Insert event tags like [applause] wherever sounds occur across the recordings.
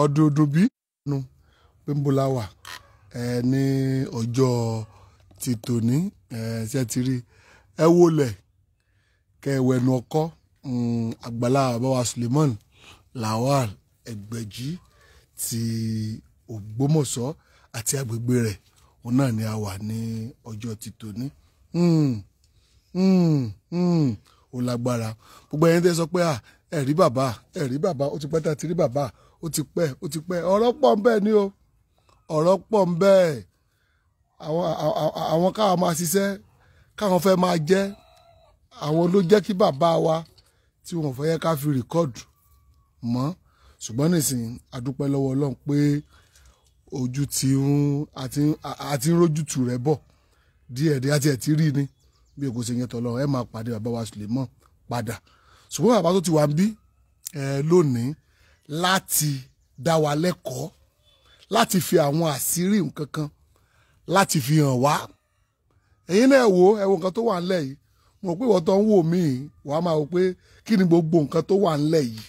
ọdọọdún eh, bí nu pínbùlà wà eh, ní ọjọ́ ti tòní eh, ṣe ti rí ẹ wọlé kẹwẹnu ọkọ mm, àgbàlá àbáwá Suleiman Lawal Ẹgbẹ̀jì ti Ògbómọ̀ṣọ́ àti agbègbè rẹ̀ òun náà ni a wà ní ọjọ́ ti tòní hmm, hmm, hmm, ó lágbára gbogbo ẹni tẹ́ sọ pé à ẹ̀rí bàbá ẹ̀rí bàbá ó ti pẹ́ tá a ti rí bàbá ó ti pẹ́ ó ti pẹ́ ọ̀rọ̀ pọ̀ ń bẹ ni o ọ̀rọ̀ pọ̀ ń bẹ àwọn àwọn káwọn máa ṣiṣẹ́ káwọn fẹ́ máa jẹ́ àwọn ló jẹ́ kí bàbá wa tí wọn fẹ́ yẹ ká fi rìkọ́dù mọ́ ṣùgbọ́n nísìnyí adúpẹ́ lọ́wọ́ ọlọ́run pé ojú ti ń àti ń rójútù rẹ̀ bọ̀ díẹ̀ díẹ̀ àti ẹ̀ ti rí ni bí o kò ṣe yẹn tọ́ lọ ẹ máa pàdé bàbá wa Suleiman padà ṣùgbọ́n bàbá tó ti wà ń bí lónìí láti dá wa lẹ́kọ̀ọ́ láti fi àwọn àṣírí nǹkan kan láti fi hàn wá ẹ̀yin náà wo ẹ̀wọ̀n nǹkan tó wà ńlẹ̀ yìí mo rò pé ìwọ tó ń wò mí wàá máa wò pé kí ni gbogbo nǹkan tó wà ńlẹ̀ yìí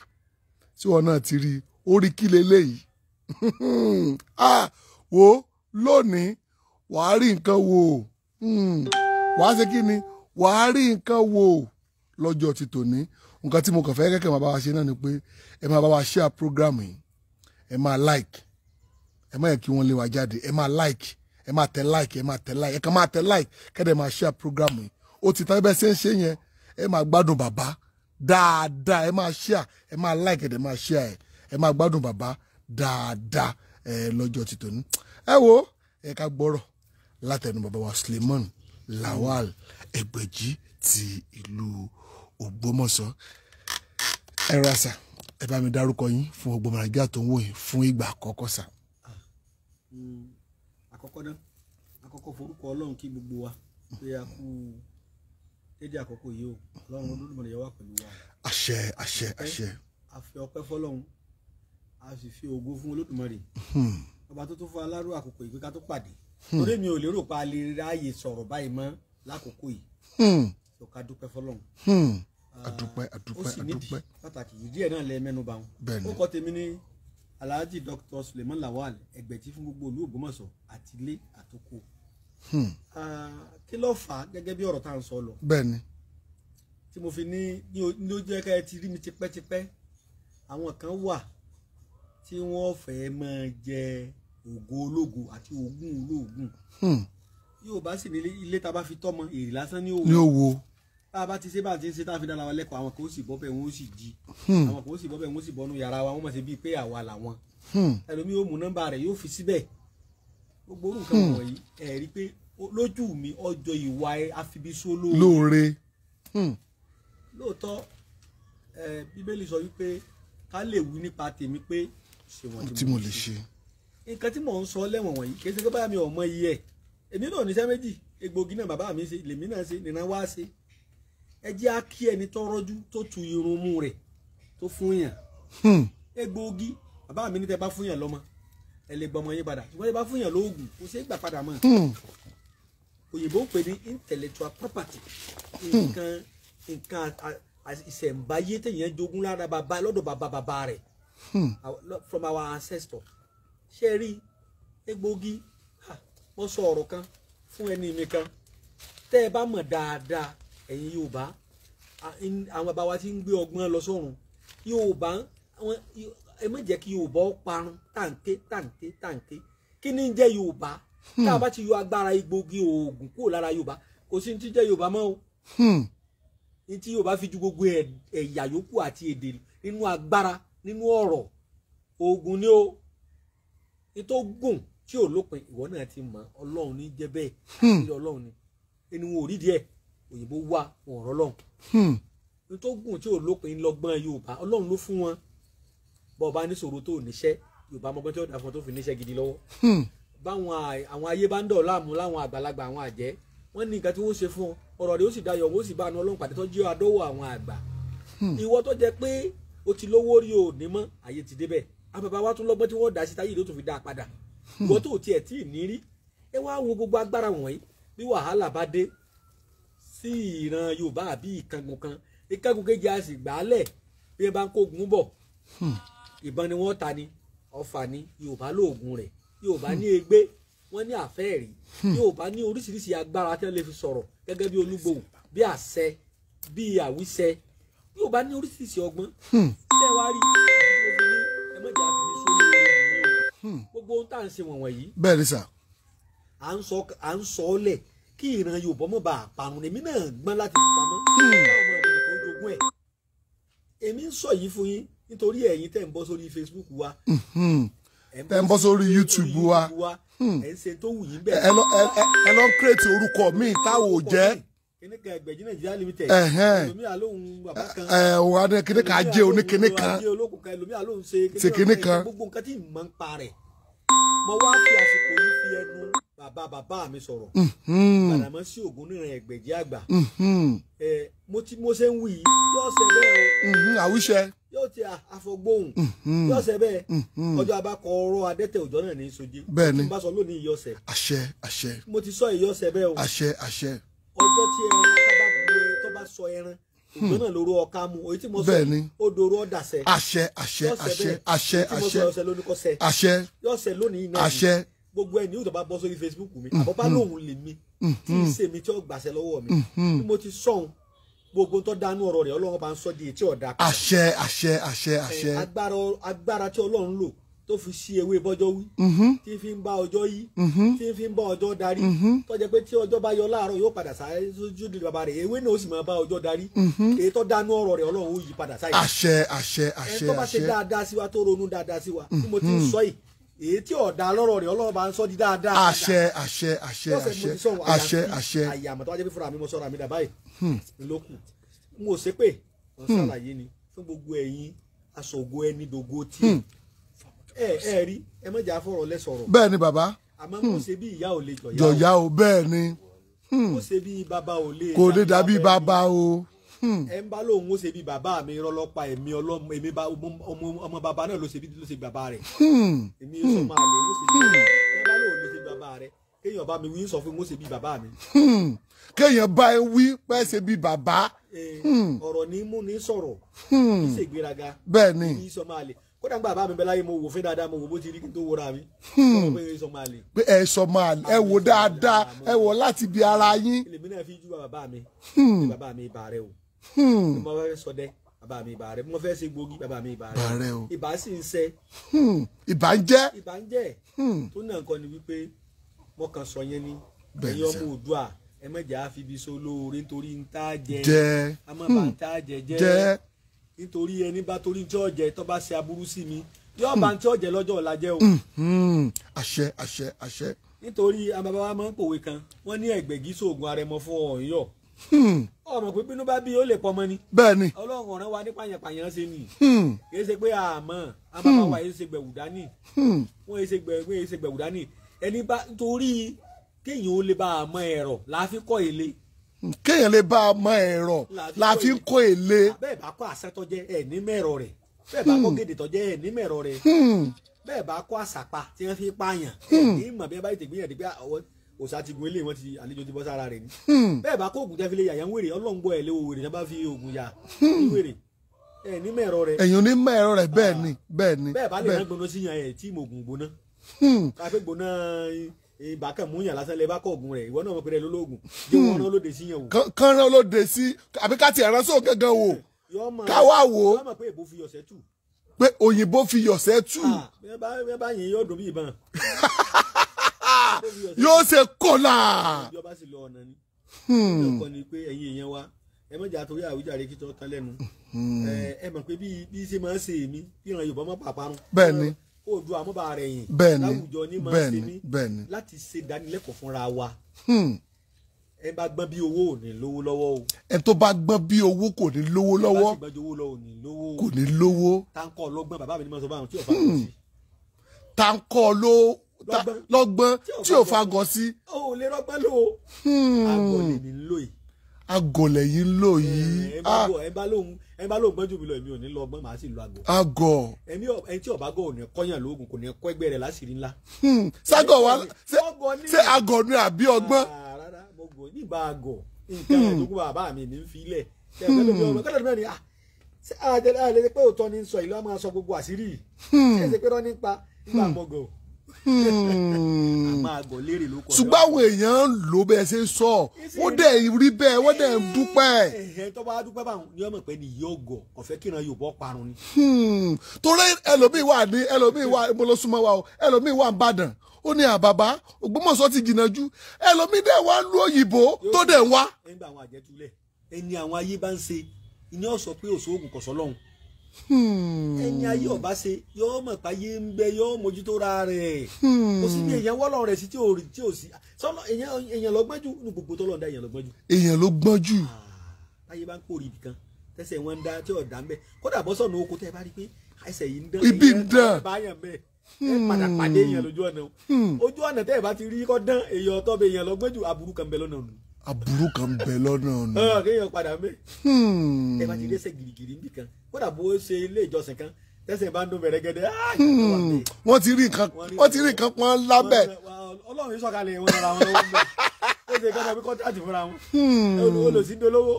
tí wọn náà ti rí orí kí leléyìí [laughs] ah wo lónìí wàá rí nǹkan wò hmm, wàá ṣe kí ni wàá rí nǹkan wò lọ́jọ́ ti tòní nǹkan tí mo kàn fẹ́ kẹ́kẹ́ máa bá wa ṣe náà ni pé ẹ máa bá wa share program yìí ẹ máa like ẹ máa yẹ kí wọ́n lé wa jáde ẹ máa like ẹ máa tẹ like ẹ máa tẹ like ẹ kàn máa tẹ like kẹ́dẹ̀ máa share program yìí ó ti tán bẹ́ẹ̀ ṣe ń ṣe yẹn ẹ máa gbádùn bàbá dáadáa ẹ máa share ẹ máa like ẹ̀dẹ̀ máa share ẹ̀ ẹ máa gbádùn bàbá dáadáa ẹ lọ́jọ́ ti tòní ẹ wo ẹ ká gbọ́rọ̀ látẹnu bàbá wa Suleiman Lawal Ẹgbẹ̀jì ti ìlú. Ògbómọ̀ṣọ́ ẹ ra sà ẹ bá mi dárúkọ yín fún gbogbo màrájà tó ń wò yín fún ìgbà àkọ́kọ́ sà. Hmm, àkọ́kọ́ náà àkọ́kọ́ forúkọ Ọlọ́run kí gbogbo wa pé a kú dédé àkókò yìí o Ọlọ́run Olódùmarè yẹ wà pẹ̀lú wa. àṣẹ àṣẹ àṣẹ. a fi ọpẹ́ fọ́lọ́run a sì fi ògo fún Olódùmarè hmm. ọba tó tó fún alárò àkókò yìí pé ká tó pàdé hmm. torí mi ò lérò pa lè ráàyè sọ̀rọ̀ báyìí mọ́ lákòókò yìí tó dúpẹ́ fọ́lọ́run adúpẹ́ ah, adúpẹ́ adúpẹ́ ó sì nídìí pàtàkì ìdí ẹ̀ náà lẹ mẹ́nu bá wọn. bẹ́ẹ̀ni ó kọ́ tèmi ní alhaji dr suleiman lawal ẹgbẹ̀tì fún gbogbo olú Ògbómọ̀ṣọ́ àti ilé àtòkò. Hmm. kí ló fà á gẹ́gẹ́ bí ọ̀rọ̀ tá à ń sọ lọ. bẹ́ẹ̀ni. tí mo fi ní ní ó jẹ́ ká ẹ ti rí mi tipẹ́tipẹ́ àwọn kan wà tí wọ́n fẹ́ máa jẹ ògo ológo àti ògùn olóògùn. Hmm. yóò bá sì ní ilé tá a bá fi tọ́ mọ èrè lásán ní òwò. ní òwò tá a bá ti ṣe bá a ti ń ṣe tá a fi dára wa lẹ́kọ̀ọ́ àwọn kan ó sì bọ́ bẹ́ẹ̀ ó sì jí hmm. àwọn kan sì bọ́ bẹ́ẹ̀ ó sì bọ́nu yàrá wa wọ́n mọ̀ ṣe bíi pé àwa làwọn hmm. ẹlòmíì ó mú nọ́mbà rẹ̀ yóò fi síbẹ̀ gbogbo orú nǹkan hmm. wọ̀nyí ẹ̀ rí pé lójú mi ọjọ́ ìwà àfibisó lóore lóòótọ́ bíbélì sọ wípé ká lè wí nípa tèmi pé ṣe wọ́n tí mo lè ṣe nǹkan tí mò ń sọ lẹ́wọ̀n wọ̀nyí kì í ṣe pé báyà mi ò mọ iye ẹ̀ èmi náà níṣẹ́ méjì egbògi náà bàbá mi ṣe lèmi náà ṣe nìyẹn wá ṣe ẹ jẹ́ á kí ẹni tó rọ́jú tó tu irun mú rẹ̀ tó fún yàn hmm. egbòogi bàbá mi ní tẹ bá fún yàn lọ́mọ ẹ lè gbọmọ yín padà ṣùgbọ́n tẹ bá fún yàn lóògùn kò ṣeé gbà padà mọ́ hmm. òyìnbó pè ní intellectual property hmm. nǹkan nǹkan ìṣẹ̀ǹbáyé téèyàn jogún lára bàbá lọ́dọ̀ bàbá bàbá rẹ̀ from our ancestor ṣe rí egbòogi mo sọ ọ̀rọ̀ kan fún ẹni mi kan tẹ́ ẹ bá mọ̀ dáadáa ẹ̀yin Yorùbá àwọn bàbá wa ti ń gbé ọgbọ́n lọ sọ́run Yorùbá ẹ má jẹ́ kí Yorùbá ó parun tàǹké tàǹké tàǹké kí ni ń jẹ́ Yorùbá hmm. tá a bá ti yọ agbára egbògi oògùn kúrò lára Yorùbá kò sí ní ti jẹ́ Yorùbá mọ́ o hmm. ní tí Yorùbá fi ju gbogbo ẹ̀yà yòókù àti èdè nínú agbára nínú ọ̀rọ̀ oògùn ni o ní tó gùn tí ò lópin ìwọ náà ti mọ̀ Ọlọ́run ní jẹ́ bẹ́ẹ̀ àti hmm. Ọlọ́run ni ẹni wọn rí díẹ̀ òyìnbó wà wọn ọ̀rọ̀ lọ́hùn. Hmm. n tó gùn tí ò lópin lọ́gbọ́n yorùbá ọlọ́run ló fún wọn bọ́ọ̀ bá ní ṣòro tó níṣẹ́ yorùbá mọ́gbọ́n tí ó dà fún ọ tó fi níṣẹ́ gidi lọ́wọ́. Hmm. báwọn àwọn ayé bá ń dọ̀ láàmú láwọn àgbàlagbà àwọn àjẹ́ wọ́n ní nǹkan tí wọ́n ṣe fún ọ ọ̀rọ̀ rẹ̀ ó sì dayọ̀ ó sì bá àánú ọlọ́run pàdé tó jẹ́ adọ́wọ̀ àwọn àgbà. Hmm. ìwọ tó jẹ pé o ti lówó rí o ní mọ́ àyè ti débẹ̀ àbàbà wa tún lọ́gbọ́n tí wọ́n dá sí táyé ló tún fi dá a padà ìwọ tó tiẹ̀ tí ì ní rí ẹ wá wo gbogbo agbára wọ̀nyí bí wàhálà bá dé sí ìran Yorùbá àbí ìkangun kan ìkangun kejì a sì gbálẹ̀ bí ẹ bá ń kógun bọ̀ hmm. ìbọn ni wọ́n ta ni ọfà ni Yorùbá lóògùn rẹ̀ Yorùbá ní hmm. egbé wọ́n ní àfẹ́ẹ̀rí hmm. Yorùbá ní oríṣiríṣi agbára tí wọ́n lè fi sọ̀rọ̀ gẹ́gẹ́ bí olúgbòhùn bí àṣẹ bí àwíṣẹ Yorùbá ní oríṣiríṣi ọgbọ́n ṣé wàá rí ẹ mọ̀jà fi mi sórí orin gbogbo ohun tá à ń ṣe wọ̀nwọ̀n yìí. bẹ́ẹ̀ ni sà. à ń sọ ọ́ lẹ̀ kí ìran Yorùbá mọ̀ bá àparun èmi náà gbọ́n láti pamọ́ hmm. ọmọ mi kò jogún ẹ̀ èmi ń sọ yìí fún yín nítorí ẹ̀yin tẹ̀ ń bọ́ sórí Facebook wa tẹ̀ hmm. ń bọ́ sórí YouTube wa hmm. ẹ̀ ń ṣe tó wù yín bẹ́ẹ̀. ẹ lọ ń kírètì orúkọ mi táwo jẹ́ kìnìkan ẹgbẹ̀jì nàìjíríà limited ẹlòmí àlóhùn bàbá kan ẹ̀hún adé kìnìkan ajé oníkìnì kan ẹlòmí àlóhùn ṣe kìnìkan gbogbo nǹkan tí mò ń pa rẹ̀ mo wá fi àsìkò yìí fi ẹnu bàbá bàbá mi sọ̀rọ̀ mm-hmm. bàdàmọ́ sí ògùn níran ẹgbẹ̀jẹ̀ àgbà mm-hmm. mo ti mo ṣe ń wí yóò ṣe bẹ́ẹ̀ o mm-hmm. yóò ti àfọgbóhùn yóò ṣe bẹ́ẹ̀ ọjọ́ abakọ ọ̀rọ̀ adẹ́tẹ̀ òjọ́ náà ní sojú bẹ́ẹ̀ni bá sọ lónìí yóò àṣẹ àṣẹ mo ti sọ yóò bẹ́ẹ̀ o àṣẹ àṣẹ ọjọ́ tí ẹran tó bá sọ ẹran hmm. òjò náà lóró ọká mu òyìn tí mo sọ ó doró ọdà sẹ àṣẹ àṣẹ àṣẹ àṣẹ àṣẹ àṣẹ àṣẹ àṣẹ lónìí náà àṣẹ gbogbo ẹni yóò tó bá bọ́ sórí Facebook mi àbọ̀bá mm, mm, lòun lè mi mm, tí ì ṣe mi tí ó gbàṣẹ lọ́wọ́ mi bí mo ti sọ̀hún gbogbo tó dánú ọ̀rọ̀ rẹ̀ ọlọ́run bá ń sọ di etí ọ̀dà kan. àṣẹ àṣẹ àṣẹ àṣẹ. agbára agbára tí ọlọ́run lò tó fi ṣí ewé bọ́jọ́ wí mm-hmm. tí fi ń bá ọjọ́ yí mm-hmm. tí fi ń bá ọjọ́ darí mm-hmm. tó pé tí ọjọ́ bá yọ láàárọ̀ yóò padà sáyé sójú di bàbá rẹ̀ ewé náà ó sì máa bá ọjọ́ darí èyí tó dánú ọ̀rọ̀ rẹ̀ ọlọ́run ó yí padà sáyé. àṣẹ àṣẹ àṣẹ àṣẹ ẹni tó bá ṣe dáadáa sí wa tó ronú dáadáa sí wa bí mo ti ń sọ yìí èyí tí ọ̀dà lọ́rọ̀ rẹ̀ ọlọ́run bá ń sọ di dáadáa. àṣẹ àṣẹ àṣẹ àṣẹ àṣẹ àṣẹ. àyè àmọ̀ tó wájú bí fúnra mi mo sọ̀rọ̀ mi dà báyìí n ò ṣépè wọn hmm. ṣàlàyé ni fún gbogbo ẹ̀yin aṣògo ẹni dògo tí hmm. ẹ ẹ rí ẹ mọ̀jà fọ̀rọ̀ lẹ sọ̀rọ̀. bẹ́ẹ̀ ni bàbá. àmọ́ kò hmm. ṣe bí ìyá ò lè jọ̀yà o. jọ̀yà o bẹ́ẹ̀ ni. kò ṣe bí bàbá ò lè. kò lè dàbí bàbá o. Hmm. ẹ ń bá lóun ó ṣe bí bàbá mi rọlọ́pàá èmi ọlọ́mọ èmi ọmọ bàbá náà ló ṣe bí ló ṣe bàbá rẹ̀ hmm. èmi sọ hmm. máa lè ó ṣe bí ẹ bá lóun ló ṣe bàbá rẹ̀ kéèyàn bá mi wí sọ fún ó ṣe bí bàbá mi. kéèyàn bá ẹ wí pé ṣe bí bàbá. Eh, ọ̀rọ̀ ní mú ní sọ̀rọ̀ kí ṣègbéraga bẹ́ẹ̀ ni sọ máa lè kódà ń gba àbá mi bẹ láyé mo wò fín dáadáa mo wò bó ti rí kí n tó wọra mi. pé ẹ sọ máa lè ẹ wò dáadáa ẹ wò láti bí ara yín. èmi náà fi jú bàbá mi bàbá mi bàrẹ o. Hmm. mo fẹ́ sọdẹ bàbá mi ibà rẹ mo fẹ́ ṣe gbòógì bàbá mi ibà rẹ ibà sì ń ṣe. ibà hmm. ń jẹ́. ibà ń jẹ́ hmm. tó náà nǹkan ni wípé mo kàn sọ yẹn ni ẹ̀yin ọmọ òdua ẹ mẹjẹ á fi ibi so lóore nítorí ń tá jẹ jẹ a má bàa tá jẹ jẹ nítorí ẹni bá torí tí ọjẹ tó bá ṣe aburú sí mi yóò bá tí ọjẹ lọ́jọ́ ọ̀la jẹ o. àṣẹ àṣẹ àṣẹ. nítorí àbàbà máa ń pòwe kan wọ́n ní ẹ̀gbẹ̀gí sóògùn arẹmọ fún ọ̀hún Hmm. ọmọ pé bínú bá bí ó lè pọmọ ni. bẹ́ẹ̀ni. Ọlọ́run ọ̀ràn wa ní pàyànpàyàn ṣe ni. Hmm. kìí ṣe pé àmọ́ àmọ́ hmm. wa yìí ṣe gbẹ̀wù dání. wọ́n yìí ṣe gbẹ̀wù yìí ṣe gbẹ̀wù dání. ẹni bá torí kéèyàn ó lè bá a mọ ẹ̀rọ la fi kọ́ èlé. kéèyàn lè bá a mọ ẹ̀rọ la fi kọ́ èlé. Ah, bẹ́ẹ̀ bá kọ́ àṣẹ tó jẹ́ ẹ̀ ní mẹ́rọ rẹ̀ bẹ́ẹ̀ bá kọ́ gèdè tó jẹ́ ẹ̀ ní mẹ́rọ rẹ̀ bẹ́ẹ̀ bá kọ́ àṣàpà tí wọ́n fi pààyàn ẹ̀ ní òṣàtìgùn eléyìí wọn ti àlejò ti bọ́ sára rẹ̀ ni. Hmm. bẹ́ẹ̀ bá kó oògùn tẹ́ yàyà ń wèrè ọlọ́ngbọ́ ẹ̀ lé wèrè náà bá fi oògùn yà hmm. ní wèrè ẹ̀ ní mẹ́ẹ̀rọ rẹ̀. ẹ̀yin ní mẹ́ẹ̀rọ rẹ̀ bẹ́ẹ̀ ni ah. bẹ́ẹ̀ ni. bẹ́ẹ̀ bá lè rán gbóná síyàn ẹ̀ tí mo gùn gbóná. Hmm. káfí gbóná ibà kan lásán lè bá kọ̀ ògùn rẹ̀ ìwọ náà mọ̀ pé òyìnbó fi yọ̀sẹ̀ tù. Ah. bẹ́ẹ̀ bá yẹn yọ̀ọ́dún bí ìbọn. [laughs] yóò ṣe kọ́là. ìjọba sì lọ ọ̀nà ni. ọkọ ni pé ẹ̀yin èèyàn wa ẹ mọ̀jà àtòrí àwíjàre kí tọ́ lẹ́nu. Hmm. ẹ mọ̀ pé bí ṣe máa ń ṣe èmi ìran Yorùbá máa pàparun. bẹ́ẹ̀ni oòdùn àmúba rẹ̀ yìn. bẹ́ẹ̀ni láwùjọ ni láti ṣe ìdánilẹ́kọ̀ọ́ fúnra wa. Hmm. ẹ bá gbọ́n bí owó ò ní lówó lọ́wọ́ o. ẹ tó bá gbọ́n bí owó kò ní lówó lọ́wọ́. kò ní lówó. táǹkọ̀ ọlọ́gbọ́n bàbá mi ni mo sọ báwọn tí ò hmm lọ́gbọ́n tí ò fagọ̀ sí. o ò lè rọ́gbọ́n lò ó. Hmm. agọ̀lẹ̀ ni lò yìí. agọ̀lẹ̀ yìí lò yìí. Eh, ẹ bá lóhun ah. ẹ bá lóhun gbọ́njú mi lọ èmi ò ní lọ ọgbọ́n màá sì lo agọ̀. agọ̀. ẹ̀mí ẹni tí ọba gọ̀ ò ní kọ́yàn lóògùn kò ní kọ́ ẹgbẹ́ rẹ̀ láṣìírí ńlá. Hmm. ságọ̀ wa ṣé agọ̀ ni àbí ọgbọ́n. Ah, rárá mo gò ní ìbá agọ̀ nǹkan ẹ̀ tó kú bàbá mi ní fi ilẹ̀ hmm. ah, ṣe àlẹ́ pé òótọ́ ni sọ ìlú àmọ́ aṣọ ṣe é Hmm. ṣùgbọ́n àwọn èèyàn ń lò bẹ́ẹ̀ ṣe sọ ó dẹ̀ rí bẹ́ẹ̀ wọ́n dẹ̀ ń dúpẹ́. tó bá dúpẹ́ ni ọmọ pẹ́ ni yìí ọgọ̀ ọ̀fẹ́ kí ìran Yorùbá parun ni. Hmm. torí ẹlòmíín wà ní ẹlòmíín wà mo wa o ẹlòmíín wà ń bàdàn ó ní àbàbà Ògbómọ̀ṣọ́ ti jìnnà ju ẹlòmíín dẹ̀ wá lu òyìnbó tó dẹ̀ wá. ẹni àwọn àjẹtulẹ̀ ẹni àwọn ayé bá ń ṣe ìní ọ̀sọ̀ Hmm. ẹ̀yin ayé ọba ṣe yọọ mọ páyé ń bẹ yọọ mójútó ra rẹ̀ hmm. kò sí bí èèyàn wọlọ rẹ̀ sí tí ò rí tí ò sí sọlọ èèyàn ló gbọ́n jù ní gbogbo tó lọ da èèyàn ló gbọ́n èèyàn ah, ló gbọ́n táyé bá ń kórè ibì kan tẹsẹ̀ wọn ń da tí ò dá ń bẹ kódà bọ́sọ̀nù oko tẹ́ ẹ bá rí pé ẹsẹ̀ yìí ń dán ibi ń dán báyàn bẹ́ẹ̀ ẹ hmm. padà pàdé èèyàn lójú ọ̀nà ojú ọ̀nà tẹ́ ẹ bá ti rí kọ́ dán èèyàn ọ̀tọ́ bẹ èèyàn lọ gbẹ́jù aburú kan bẹ lọ́nà òun aburú kan bẹ lọ́nà ọ̀nà. ọ̀ kéèyàn padà mé. Hmm. ẹ bá ti dẹ́sẹ̀ gìrìgìrì nìkan kódà bó ṣe ilé ìjọsìn kan tẹ́sẹ̀ bá ń dún bẹ̀rẹ̀gẹ̀dẹ̀. Hmm. wọ́n ti rí nǹkan wọ́n ti rí nǹkan pọ́n lábẹ́. ọlọ́run yìí sọ̀kalẹ̀ ìwọ̀n ara wọn lọ́wọ́ ó ṣe kọ́ta bí kọ́ńtàtì fúnra wọn. olùsí hmm. dolówó.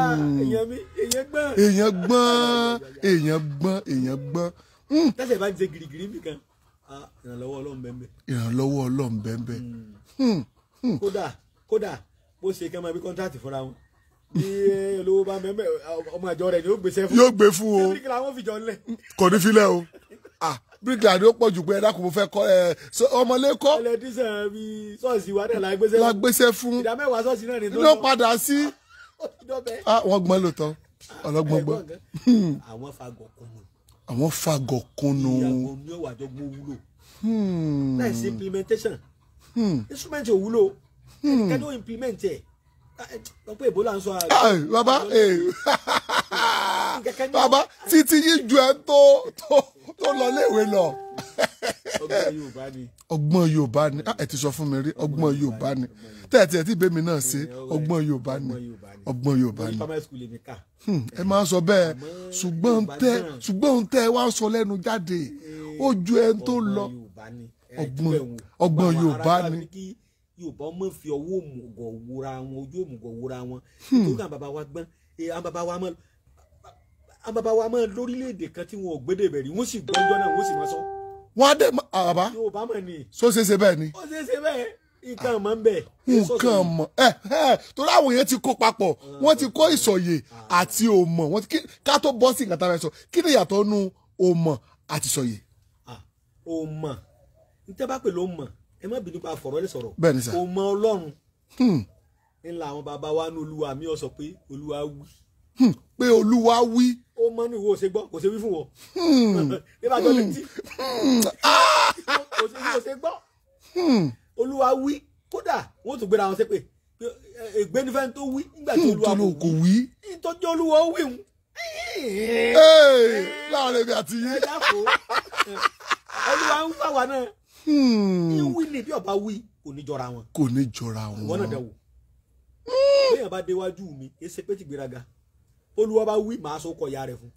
Ah, èèyàn mi èèyàn gbọ́n. èèyàn gbọ́n èèyàn gbọ́n èèyàn gbọ́n. tẹ́sẹ̀ bá ń ṣe gìrìgìrì nìkan ìrànlọ́wọ́ ọlọ́run bẹ́ẹ̀ bẹ́ẹ̀. ìrànlọ́wọ́ ọlọ́run bẹ́ẹ̀ bẹ́ẹ̀. kódà kódà bó ṣe kí wọn máa bí kọ́ńtàtì fúnra wọn bí olówó bá mẹ́mẹ́ ọmọ àjọ rẹ̀ ni gbèsè fún. yóò gbé fún o kò ní filẹ̀ o bíríkìlà ni ó pọ̀ jù pé ẹ̀dá kò mo fẹ́ kọ́ ẹ̀ ọmọlé kọ́. ẹlẹ́tísàn bí ṣọ́ọ̀ṣì wa náà lágbésẹ́ fún. lágbésẹ́ fún. ìdá mẹ́wàá ṣọ́ọ̀ṣì náà ni tó lọ. ló padà sí. wọ́n gbọ́n lò tán ọlọ́gbọ́n gbọ́n. àwọn fagọ̀ kunu. àwọn fagọ̀ kunu. ìyàgò ní ọ̀wà àjọgbọ́n ẹnìkan hmm. ló implement ẹ̀ wọ́n eh, pé ebola ń sọ ara rẹ̀. baba baba títí yìí ju ẹ tó tó lọ léèwé lọ. ọgbọ́n Yorùbá ni. ọgbọ́n Yorùbá ni ah, ẹ ti sọ fún mi rí ọgbọ́n Yorùbá ni tẹ́ẹ̀tì ẹ̀ tí bẹ́ẹ̀ mi náà ṣe ọgbọ́n Yorùbá ni ọgbọ́n Yorùbá ni. Hmm, ẹ máa sọ bẹ́ẹ̀ ṣùgbọ́n tẹ́ ṣùgbọ́n wá sọ lẹ́nu jáde eh, ó ju ẹ tó lọ ọgbọ́n Yorùbá ni yorùbá ọmọ fi ọwọ́ òmùgọ̀ wora wọn ojú òmùgọ̀ wora wọn hmm. nítorí àwọn bàbá wa gbọ́n eh, àwọn bàbá wa mọ́ àwọn bàbá wa mọ́ lórílẹ̀‐èdè kan tí wọn ò gbédè bẹ̀rẹ̀ wọ́n sì gbọ́njọ́ náà wọ́n sì máa sọ. wọn á dé ah, àbá so ṣe ṣe bẹ́ẹ̀ ni. ó ṣe ṣe bẹ́ẹ̀ nǹkan mọ̀ ń nǹkan mọ̀ ẹ ẹ torí àwọn yẹn ti kó papọ̀ ah. wọ́n ti kó ìsọ̀yè àti òmọ̀ wọ́n ti ká tó bọ́ sí ìkàtà rẹ̀ sọ kí ni ìyàtọ̀ nu òmọ̀ àti ìsọ̀yè. Ah, òmọ̀ ní tẹ́ bá pè ló mọ̀ ẹ má bínú pa fọ̀rọ̀ lè sọ̀rọ̀ o mọ ọlọ́run hmm. ńlá àwọn bàbá wa ní olúwa mi ọ sọ pé olúwa wí. Hmm. pé olúwa wí. ó mọ ní ìwọ ò ṣe gbọ́ kò ṣe wí fún wọn. nígbà tó lè ti kò ṣe wí ò ṣe gbọ́. Hmm. olúwa wí kódà wọn tún gbéra wọn ṣépè eh, ìgbẹ́nifẹ́ tó wí nígbà tí olúwa kò wí. ìtọ́jú olúwa ó wí hun. láàrin mi àti yín. [laughs] olúwa ń fà wá náà ní hmm. wí ni bí ọba wí kò ní jọra wọn. kò ní jọra wọn. ìwọ náà dẹ wò. Hmm. bẹ́ẹ̀ bá déwájú mi èsì pé ti gbéraga olúwa bá wí màá sọ ọkọ̀ ìyá rẹ̀ fún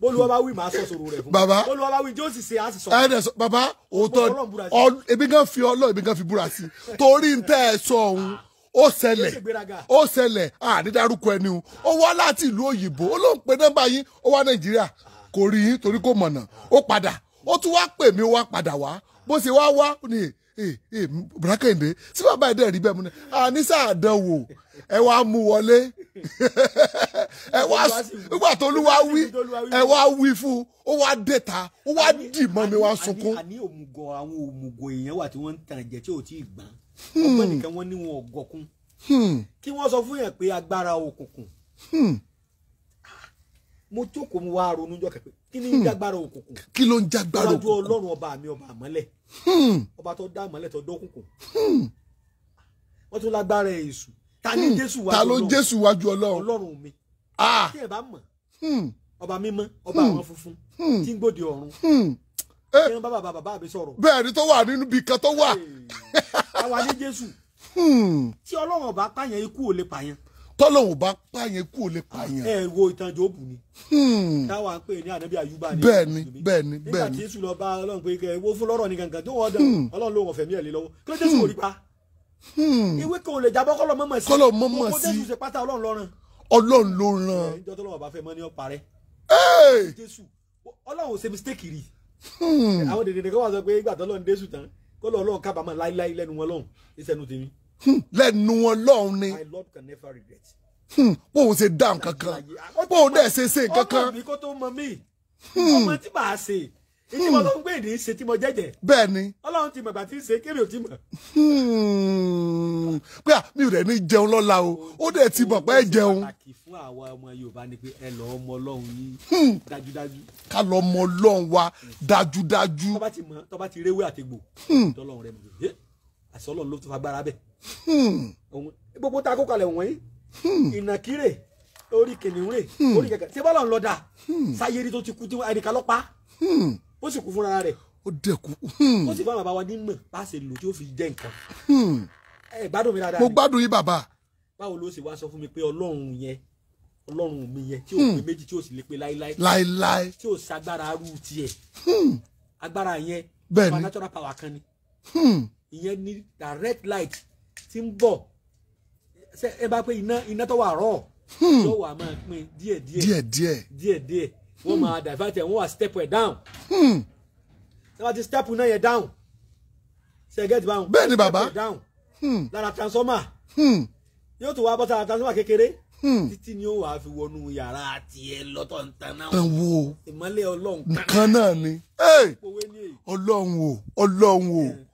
bólúwa bá wí màá sọ sọ̀rọ̀ rẹ̀ fún baba bólúwa bá wí jẹ́ òsì ṣe á sì sọ. ẹ dẹ sọ baba òótọ́ ebi gan fi ọlọ́ ebi gan fi búra sí torí n tẹ́ ẹ sọ ọ̀hún ó ṣẹlẹ̀ ó ṣẹlẹ̀ àdídárúkọ ẹni o ó wá láti ìlú òyìnbó ó ló ń pe nọ́mbà yín ó wá nàìjíríà kò rí yín torí kò mọ̀nà ó padà ó tún wá pè mí ó wá padà wá bó ṣe wá wá ni bùrákẹ́ǹdé sí bàbá ẹ̀dẹ́ rí bẹ́ẹ̀ mu ni àníṣà àdánwò ẹ wá mú wọlé [laughs] ẹ wá nígbà tó olúwa wí ẹ wá wí fún ó wá dẹ́ta ó wá dì mọ́ mi wá sunkún. a ní òmùgọ̀ àwọn òmùgọ̀ èèyàn wà tí wọ́n ń tàn jẹ tí ò tí ì gbọ́n hmm. ọgbọ́n nìkan wọ́n ní wọn ọ̀gọ̀kún hmm. kí wọ́n sọ fún yẹn pé agbára òkùnkùn hmm. mo jókòó mo wá ronú jọ kẹpẹ kí ni ń jágbára òkùnkùn kí ló ń jágbára òkùnkùn wájú ọba mi ọba àmọ́lẹ̀ Hmm. ọba tó dá ìmọ́lẹ̀ tó dókùnkùn hmm. wọ́n tún lágbára èṣù ta ni hmm. jésù wájú ọlọ́run ta ló jésù wájú ọlọ́run ọlọ́run mi ah. tí ẹ bá mọ̀ ọba mímọ́ ọba àwọn funfun tí ń gbòdì ọ̀run eh. kí wọ́n bá bàbá bàbá àbí sọ̀rọ̀. bẹ́ẹ̀ ni tó wà nínú ibi kan tó wà. àwa ni jésù tí ọlọ́run ọba pààyàn ikú ò lè pààyàn tọ́lọ́hùn bá pààyàn kú ò lè pààyàn. ẹ wo ìtàn Jóòbù ni. Hmm. táwa ń pè ní ànábì àyùbá ni. bẹ́ẹ̀ni bẹ́ẹ̀ni bẹ́ẹ̀ni. nígbà tí Jésù lọ bá Ọlọ́run pé kẹ wo fún lọ́rọ̀ ní gangan tó wọn dàn hmm. Ọlọ́run ló wọn fẹ̀mí ẹ lé lọ́wọ́ kí ló Jésù kò hmm. rí pa. ìwé kan ò lè jábọ́ kọlọ mọmọ sí. kọlọ mọmọ sí. kókó Jésù ṣe pátá Ọlọ́run ló rán. Ọlọ́run ló rán. ẹ ǹjọ́ tọ́lọ́wọ́ bá fẹ́ mọ́ ní ọ̀pá mistake rí. àwọn dèdè kan wà sọ pé ìgbà tọ́lọ́run dé sùn tán kọ́lọ́ Ọlọ́run kábàámọ̀ láíláí lẹ́nu wọn lọ́hùn Hmm, lẹ́nu ọlọ́run ni. my lord can never regret. Hmm, bó o ṣe dá nǹkan kan bó o dẹ̀ ṣe ṣe nǹkan kan. ọmọ mi kó tó mọ mí hmm. ọmọ tí màá ṣe ètí mo ló ń gbé èdè ṣe tí mo jẹ́jẹ́. bẹ́ẹ̀ni. ọlọ́run ti mọ̀gbà tí ń ṣe kéré ò ti mọ̀. pé à mi ò rẹ̀ ní jẹun lọ́la o oh, ó dẹ̀ ti mọ̀ pé ẹ jẹun. pàtàkì fún àwa ọmọ yorùbá ni pé ẹ lọ ọmọ ọlọ́run yín dájúdájú. ká lọ ọmọ ọlọ́run wa dájúdájú. tọ́ba ti mọ tọ́ba ti réwé àtegbò tọ́lọ́run rẹ̀ mọ̀ àti ọlọ́run ló tún fagbára bẹ̀. Hmm. gbogbo tá a kó kalẹ̀ wọ̀nyí hmm. ìnàkírè orí kìnìún rè hmm. orí kẹkẹ ṣé bọ́lá ń lọ dà sáyé rí tó ti kú tí ẹnìkan lọ pa ó sì kú fúnra rẹ̀ ó dẹ̀kú. ó sì fún bàbá wa nínú bá a ṣe lò tí ó fi jẹ́ nǹkan. ẹ gbádùn mi dáadáa. mo gbádùn yín bàbá. báwo ló ṣe wá sọ fún mi pé ọlọ́run yẹn ọlọ́run mi yẹn tí ò pé méjì tí ò sì lè pé láíláí. láíláí. tí ò ìyẹn ni direct light ti ń bọ̀ ẹ bá pé iná iná tó wà rọ̀ tó wà máa pín díẹ̀ díẹ̀ díẹ̀ wọ́n máa hmm. divert ẹ̀ wọ́n wà step ẹ̀ down hmm. ṣé wàá ti step náà yẹ down ṣe get down bẹ́ẹ̀ ni bàbá hmm. lára transformer yóò tún wá bọ́ sára transformer kékeré títí ni ó wà á fi wọnú yàrá tiẹ̀ lọ́tọ̀ náà tán wo ọlọ́run kan náà ni ọlọ́run o ọlọ́run o. Eh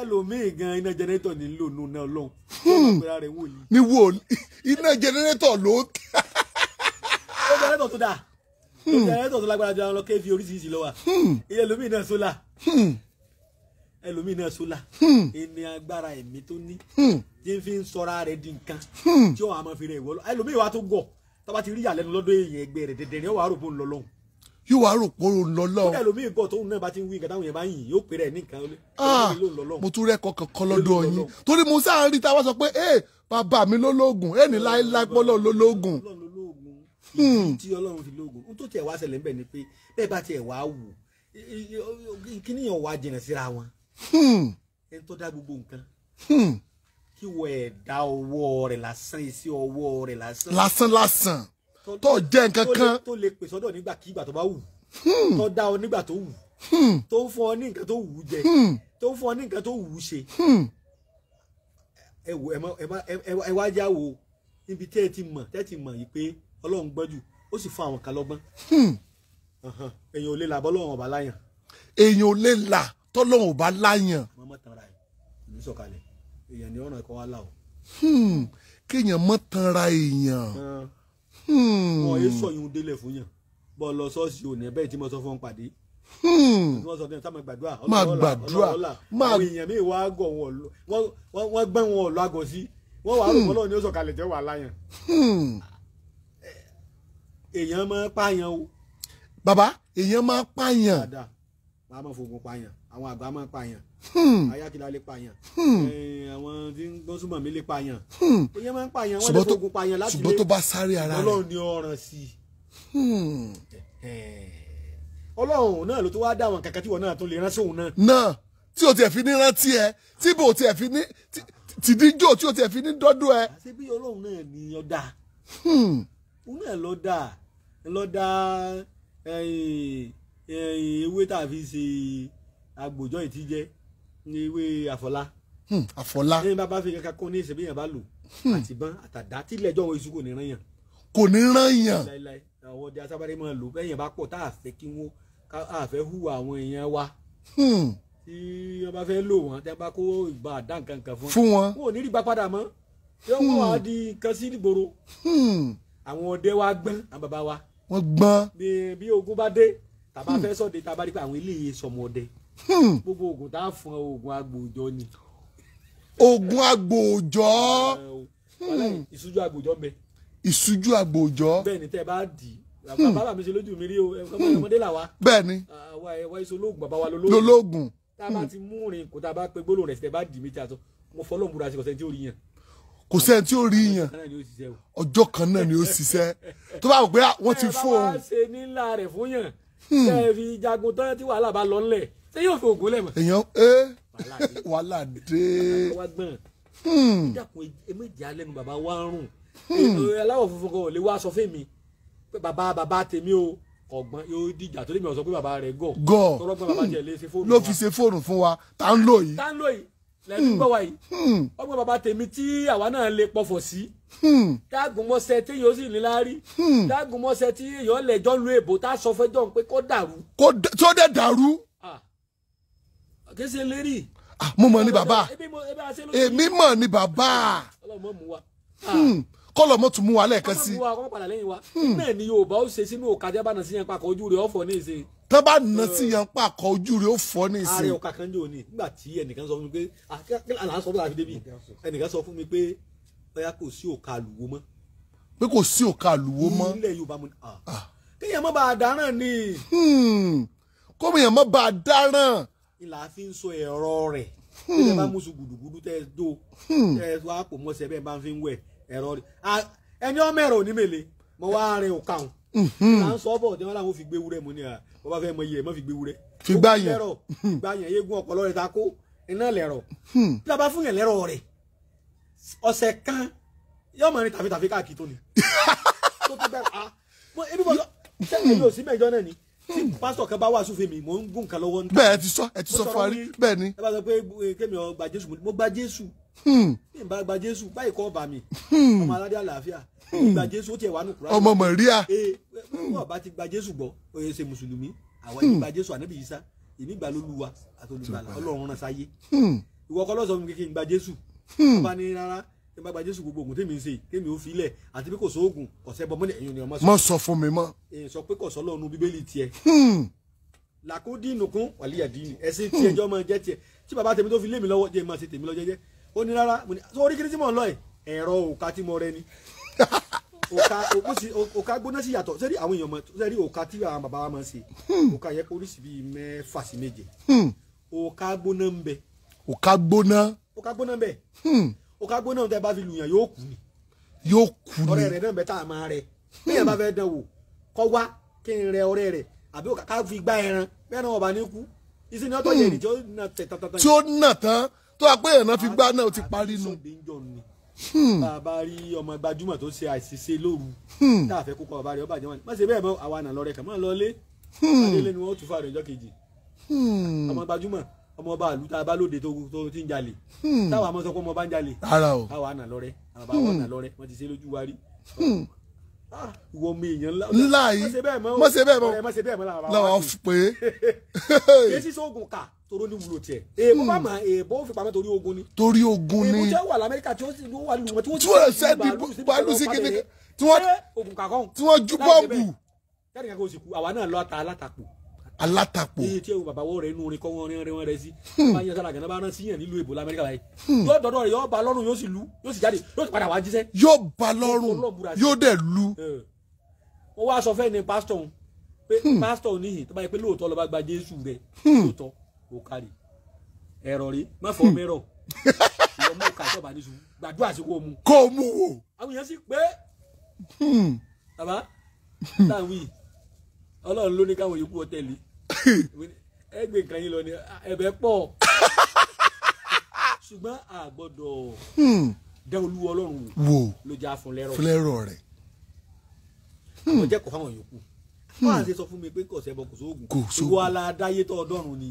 ẹlòmíì gan iná jẹnẹrétọ̀ hmm. ní lò nù náà lọ́hùn. ní wòlíì iná jẹnẹrétọ̀ ló. ó jẹnẹrétọ̀ tó dáa ó jẹnẹrétọ̀ hmm. tó lágbára jẹun lọ kéfì oríṣiríṣi lọ wà hmm. ẹlòmíì náà sólà ẹlòmíì náà sólà ẹni agbára ẹ̀mí tó ní tí n fi ń sọra rẹ̀ di nǹkan tí ó wà á máa fi rẹ̀ ìwọ́ lọ ẹlòmíì wa tó gọ̀ tọ́ba ti rí ìyàlẹ́nu lọ́dọ̀ èèyàn ẹgbẹ́ rẹ̀ dẹ̀dẹ̀ ni ó wà á rò bó lọ́hùn yóò wá rò pé ó ń lọ lọ. kódà lómi ìgbọ́ tóun náà bá ti ń wí nǹkan táwọn yẹn bá ń yìn yóò pèrè nìkan lé. mo tún rẹ́kọ̀ọ́ kankan lọ́dọ̀ yín torí mo sáà rí táwa sọ pé ẹ eh, bàbá mi lólógùn ẹ ní láéláé pọ́lọ́ lólógùn. Hmm. tí ọlọ́run fi lóògùn ohun tó tiẹ̀ wá ṣẹlẹ̀ ńbẹ̀ ni pé bẹ́ẹ̀ bá tiẹ̀ wá wù kí níyàn wá jìnnà síra wọn. Hmm. ẹ tó dá gbogbo nǹkan hmm. kí wọ́n ẹ̀ dá ọwọ́ rẹ̀ lásán iṣẹ́ ọwọ́ rẹ̀ lásán. lásán lásán tó jẹ́ nǹkan kan. tó lè pèsè ọdọ nígbàkigbà tó bá wù hmm. tó dá ọ nígbà tó wù hmm. tó ń fún ọ ní nǹkan tó wù ú jẹ hmm. tó ń fún ọ ní nǹkan tó wù ú ṣe. ẹ wò ẹ wá já wo níbi tẹ́ ẹ ti mọ̀ tẹ́ ẹ ti mọ̀ yìí pé ọlọ́run gbọ́jú ó sì fún àwọn kan lọ́gbọ́n. èèyàn ò lè là bọ́ lọ́wọ́n ọba láyàn. èèyàn ò lè là tọ́lọ́wọ́n ọba láyàn. mọ́mọ́ tanra ẹ̀ ìlú sọ̀kalẹ̀ èèyàn ni ọ̀ràn ẹ̀kọ́ wa là o. kéèyàn mọ́ tanra èèyàn. Hmm. wọn yé sọyún délẹ̀ fún yàn bọ́ lọ ṣọ́ọ̀ṣì òní ẹ̀bẹ́ tí mo sọ fún pàdé hmm. máa gbàdúrà máa èèyàn mi wá gọ̀ wọn wọ́n gbẹ́ wọn ọ̀lọ́ àgọ̀ sí wọ́n wàá rògbọ́n hmm. náà ni ó sọ̀kalẹ̀ jẹ́ wàhálà yẹn èèyàn máa pààyàn o. bàbá èèyàn máa pààyàn àwọn àgbà máa pààyàn hmm. ayákìlá lè pààyàn hmm. eh, àwọn tí ń gbọ́ súnmọ̀ mi lè pààyàn oyè hmm. máa ń pààyàn wọ́n lè fògùn pààyàn láti lé ṣùgbọ́n tó bá sáré ara rẹ̀ ọlọ́run ni ọ̀ràn sí i eh, ọlọ́run náà ló tó wá dá àwọn kankan tí wọ́n náà tó lè ránṣẹ́ òun náà. náà tí o tiẹ̀ fi ní rántí ẹ tí bò tiẹ̀ fi ní tìdíjò tí o tiẹ̀ fi ní dọ́dún ẹ. àṣé bí ọlọ́run náà ni ó òun náà ló dá ló dá eh, ewé tá ṣe agbòjọ́ ìtìjẹ́ ní ìwé àfọlá. Hmm, àfọlá. ní bàbá fi kankan kún ní ìsìnkú yẹn bá lò hmm. àtìbọn àtàdá tílẹ̀jọ́ wọn èṣù kò ní rán yàn. kò ní rán yàn. láíláí àwọn ọdẹ asábàdé máa lò bẹ́ẹ̀ yẹn bá pọ̀ tá a fẹ́ kí wọ́n a fẹ́ hùwà àwọn èèyàn wa. Hmm. tí wọ́n bá fẹ́ lò wọ́n tí wọ́n bá kó ìgbà àdá nǹkan kan fún wọn. wọn ò ní rí gbà mọ́ yọ wọn wá di nǹkan sí ìgboro. àwọn ọdẹ wa gbọ́n àwọn bàbá wa. wọ́n gbọ́n. bí ogun bá dé tàbá fẹ́ sọ̀dẹ̀ tàbá rí pé àwọn ilé sọmọ ọdẹ Hmm. gbogbo oògùn tá a fún oògùn agbòòjọ ni. oògùn agbòòjọ. Hmm. ìṣújú agbòòjọ bẹ. ìṣújú agbòòjọ. bẹ́ẹ̀ni tẹ bá dì hmm. bàbá mi ṣe lójú mi rí o ọmọdé là wa. bẹ́ẹ̀ni. àwa ẹwà iṣẹ olóògùn bàbá wa lolóògùn. tá a bá ti mú rin kó tá a bá pe gbólóhùn rẹ sí tẹ bá dì mí tí a sọ mo fọlọ́ mura sí kò sẹ́ni tí ó rí yàn. kò sẹ́ni tí ó rí yàn ọjọ́ kan náà ni ó ṣiṣẹ́ tó bá wò pé ah, wọ́n ti fóun. ẹ bá wá ṣe nílà rẹ̀ fún yàn. kẹ́ ẹ fi jagun tán tí wàhálà bá lọ ńlẹ̀ ṣé yóò fi ògùn lẹ̀ èèyàn ẹ wàhálà dé. dàkún èmi ìjà lẹ́nu bàbá wa ń rùn hmm. aláwọ̀ funfun kan ò lè wá sọ fún mi bàbá bàbá tèmi o ọgbọ́n yóò dìjà tó lè mi ọ̀sán pé bàbá rẹ̀ gọ̀ gọ̀ tọ́lọ́gbọ́n bàbá tiẹ̀ lè ṣe fóònù ló fi ṣe fóònù fún wa tá ń lò yìí tá ń lò yìí lẹ́nu hmm. gbọ́ wa yìí hmm. ọgbọ́n bàbá tèmi tí àwa náà lè pọ̀fọ̀ sí dáàgùn tí yóò sì nílá rí dáàgùn tí yóò lẹ́jọ́ lu èbó tá a sọ fẹ́jọ́ pé kó dàrú. kó dẹ̀ dàrú kèsè lérí. Ah, mo mọ̀ ni baba. èmi mọ̀ ni baba. kọlọ mọ tún mú wa lẹ́ẹ̀kan sí. náà hmm. ni yorùbá ó ṣe sínú òkà jábá náà sí yan pakọ ojú rẹ ó fọ́ ní ìsìn. tán bá nà sí eh. yan pakọ ojú rẹ ó fọ́ ní ìsìn. ààrẹ ọkà kan jò ní nígbà tí ẹnìkan sọ fún mi pé àlà ah, sọ fún mi ẹnìkan sọ fún mi pé ọyá kò sí òkà àlùwò mọ́. pé kò sí òkà àlùwò mọ́. nílẹ̀ yorùbá mo ní à mọ́ bá a dáràn ni. Hmm. kó mi yàn mọ́ bá a dáràn ìlà fi ń sọ ẹ̀rọ rẹ̀ hmm. tẹ́ bá mùsùn gùdùgùdù tẹ́ do hmm. tẹ́ wá pò mọ́sẹ̀ bẹ́ẹ̀ bá fi ń wẹ̀ ẹ̀rọ rẹ̀ ẹni ọmọ ẹ̀rọ onímèlè mo wá rin òkà hùn à hmm. ń sọ bọ̀ tí wọ́n làwọn fi gbé wúrẹ́ mu ni à wọ́n bá fẹ́ mọ iye ẹ̀ mọ́ fi gbé wúrẹ́ fi gbá yẹn gbá yẹn eégún ọ̀pọ̀lọ́ rẹ̀ ta kó iná lẹ̀rọ̀ tí a bá fún yẹn lẹ́rọ̀ rẹ̀ ọ̀sẹ̀ kan yóò máa rin tàfitàfi káàkiri tó ni [laughs] tó tó bẹ́ẹ̀ ah ebi bọ̀ tí pásítọ̀ kan bá wà sófin mi mò ń gún nǹkan lọ́wọ́ níta. bẹ́ẹ̀ ti sọ ẹ ti sọ fún ari bẹ́ẹ̀ ni. ẹ bá sọ pé eh, kémi ọ gba jésù mo gba jésù mi hmm. n bá gba jésù báyìí kọ́ bà mí hmm. ọmọ aládé àlàáfíà gba jésù ó tiẹ̀ wà nù kúrò. ọmọ mọ̀ríà. ee eh, wọn ti gba jésù gbọ́ oye ṣe mùsùlùmí àwọn ẹni gba jésù ànábì Ìsá èmi gbà lólúwa àtolùgbàlà ọlọ́run rán sáyé hmm. ìwọ kọ́ lọ́sọ̀ọ́ mi kékeré gba jésù ọba ní rárá tí n bá gba jésù gbogbo oògùn tèmi ń ṣe tèmi ò filẹ̀ àti pé kò sọ oògùn kò sẹ́ bọ́ mọ́lẹ̀ ẹ̀yin ò ní ọmọ sọ. mọ sọ fún mi mọ. èyí sọ pé kò sọ lọ́nu bíbélì tiẹ̀. Hmm. làkúndínù kún wàlíyà dínì ẹ̀sìn tiẹ̀ hmm. jọ́ máa jẹ́ tiẹ̀ tí bàbá tèmi tó fi lé mi lọ́wọ́ jẹ́ máa ṣe tèmi lọ jẹ́jẹ́ ó ní rárá mo orí kiri tí ẹ̀ ẹ̀rọ òka tí mo rẹ ni òka [laughs] òka gbóná sí yàtọ̀ sẹ́rí àwọn èèyàn mọ̀ sẹ́rí òka tí àwọn bàbá máa ń hmm. òka yẹ kó oríṣi bíi mẹ́fà sí méje òka gbóná ń bẹ. òka gbóná. òka gbóná ń bẹ ọ̀kágbó náà tẹ́ bá fi lùyàn yóò kú ni. yóò kú ni ọ̀rẹ́ rẹ̀ náà bẹ́ẹ̀ tá a máa rẹ bí ẹ̀ bá fẹ́ dán wò kọ́ wá kí n rẹ ọ̀rẹ́ rẹ̀ àbí ká fi gbá ẹran bẹ́ẹ̀ náà ọba ní kú isi ni ọtọ̀ yẹn tí ó nà tẹ̀ tán tán. tí ó nà tán tó a pé ẹ̀ràn fi gbá náà ó ti parí nu. bàbá hmm. rí ọmọ gbajúmọ̀ tó ṣe àṣìṣe lóru hmm. tá a fẹ́ kókó bàbá rẹ̀ ọba jẹ́ wọn má ṣe bẹ́ẹ̀ mọ́ àwa nà lọ́rẹ́ kàn má lọ lé hmm. adélé ni wọ́n tún fà rẹ̀ ọjọ́ kejì ọmọ gbajúmọ̀ ọmọ bá àlù tá a bá lóde tó ti ń jalè hmm. táwa mọ sọ pé ọmọ bá ń jalè táwa àna lọrẹ àwọn bàbá hmm. lọrẹ wọn ti ṣe lójú wa rí hmm. ah, ìwọ ọmọ èèyàn ńlá yìí mọ ṣe bẹ́ẹ̀ mọ mọ ṣe bẹ́ẹ̀ mọ làwọn fi pé. [laughs] kèsì sóògùn kà toró ní wúlò tiẹ̀ èèbó bá mà èèbó fi pamọ́ torí ogun ni. torí ogun ni èèbó jẹ́ wà lamẹ́ríkà tí ó sì wà lù tí wọ́n ti sẹ́yìn bàálù bàálù sí kíni tí wọ́n ju bọ́ọ̀bù alátakò. iye tí ewu bàbá wọ rẹ inú orin kọ wọn rin rẹ sí. Hmm. bá yẹn sára gànà bá rán sí yàn nílùú èbó lamẹ́ríkà báyìí. Hmm. yóò dọ̀dọ̀ rẹ̀ yóò ba lọ́rùn yóò sì lu yóò sì jáde yóò sì padà wá jíṣẹ́. yóò ba lọ́rùn yóò dẹ̀ lu. wọ́n wá sọ fẹ́ ni pásítọ̀ ń pé hmm. pásítọ̀ níhìn tó bá yẹ pé lóòótọ́ lọ́ba gba jésù rẹ̀ lóòótọ́ ó kárì ẹ̀rọ rí má fọ mẹ́rọ̀ ọlọ́run ló ní káwọn yòókù ọtẹ́ẹ̀lì ẹgbẹ́ nǹkan lọ ni ẹ̀bẹ̀ pọ̀ ṣùgbọ́n a gbọ́dọ̀ hmm. dá olúwa ọlọ́run wò ló já fún lẹ́rọ̀ fúlẹ́rọ̀ rẹ̀ àwọn hmm. jẹ́kọ̀ọ́ fáwọn yòókù hmm. wọ́n á sọ fún mi pé kò sẹ́bọ̀ kò sóògùn ìwọ aládáyé tó ọdọ́run ni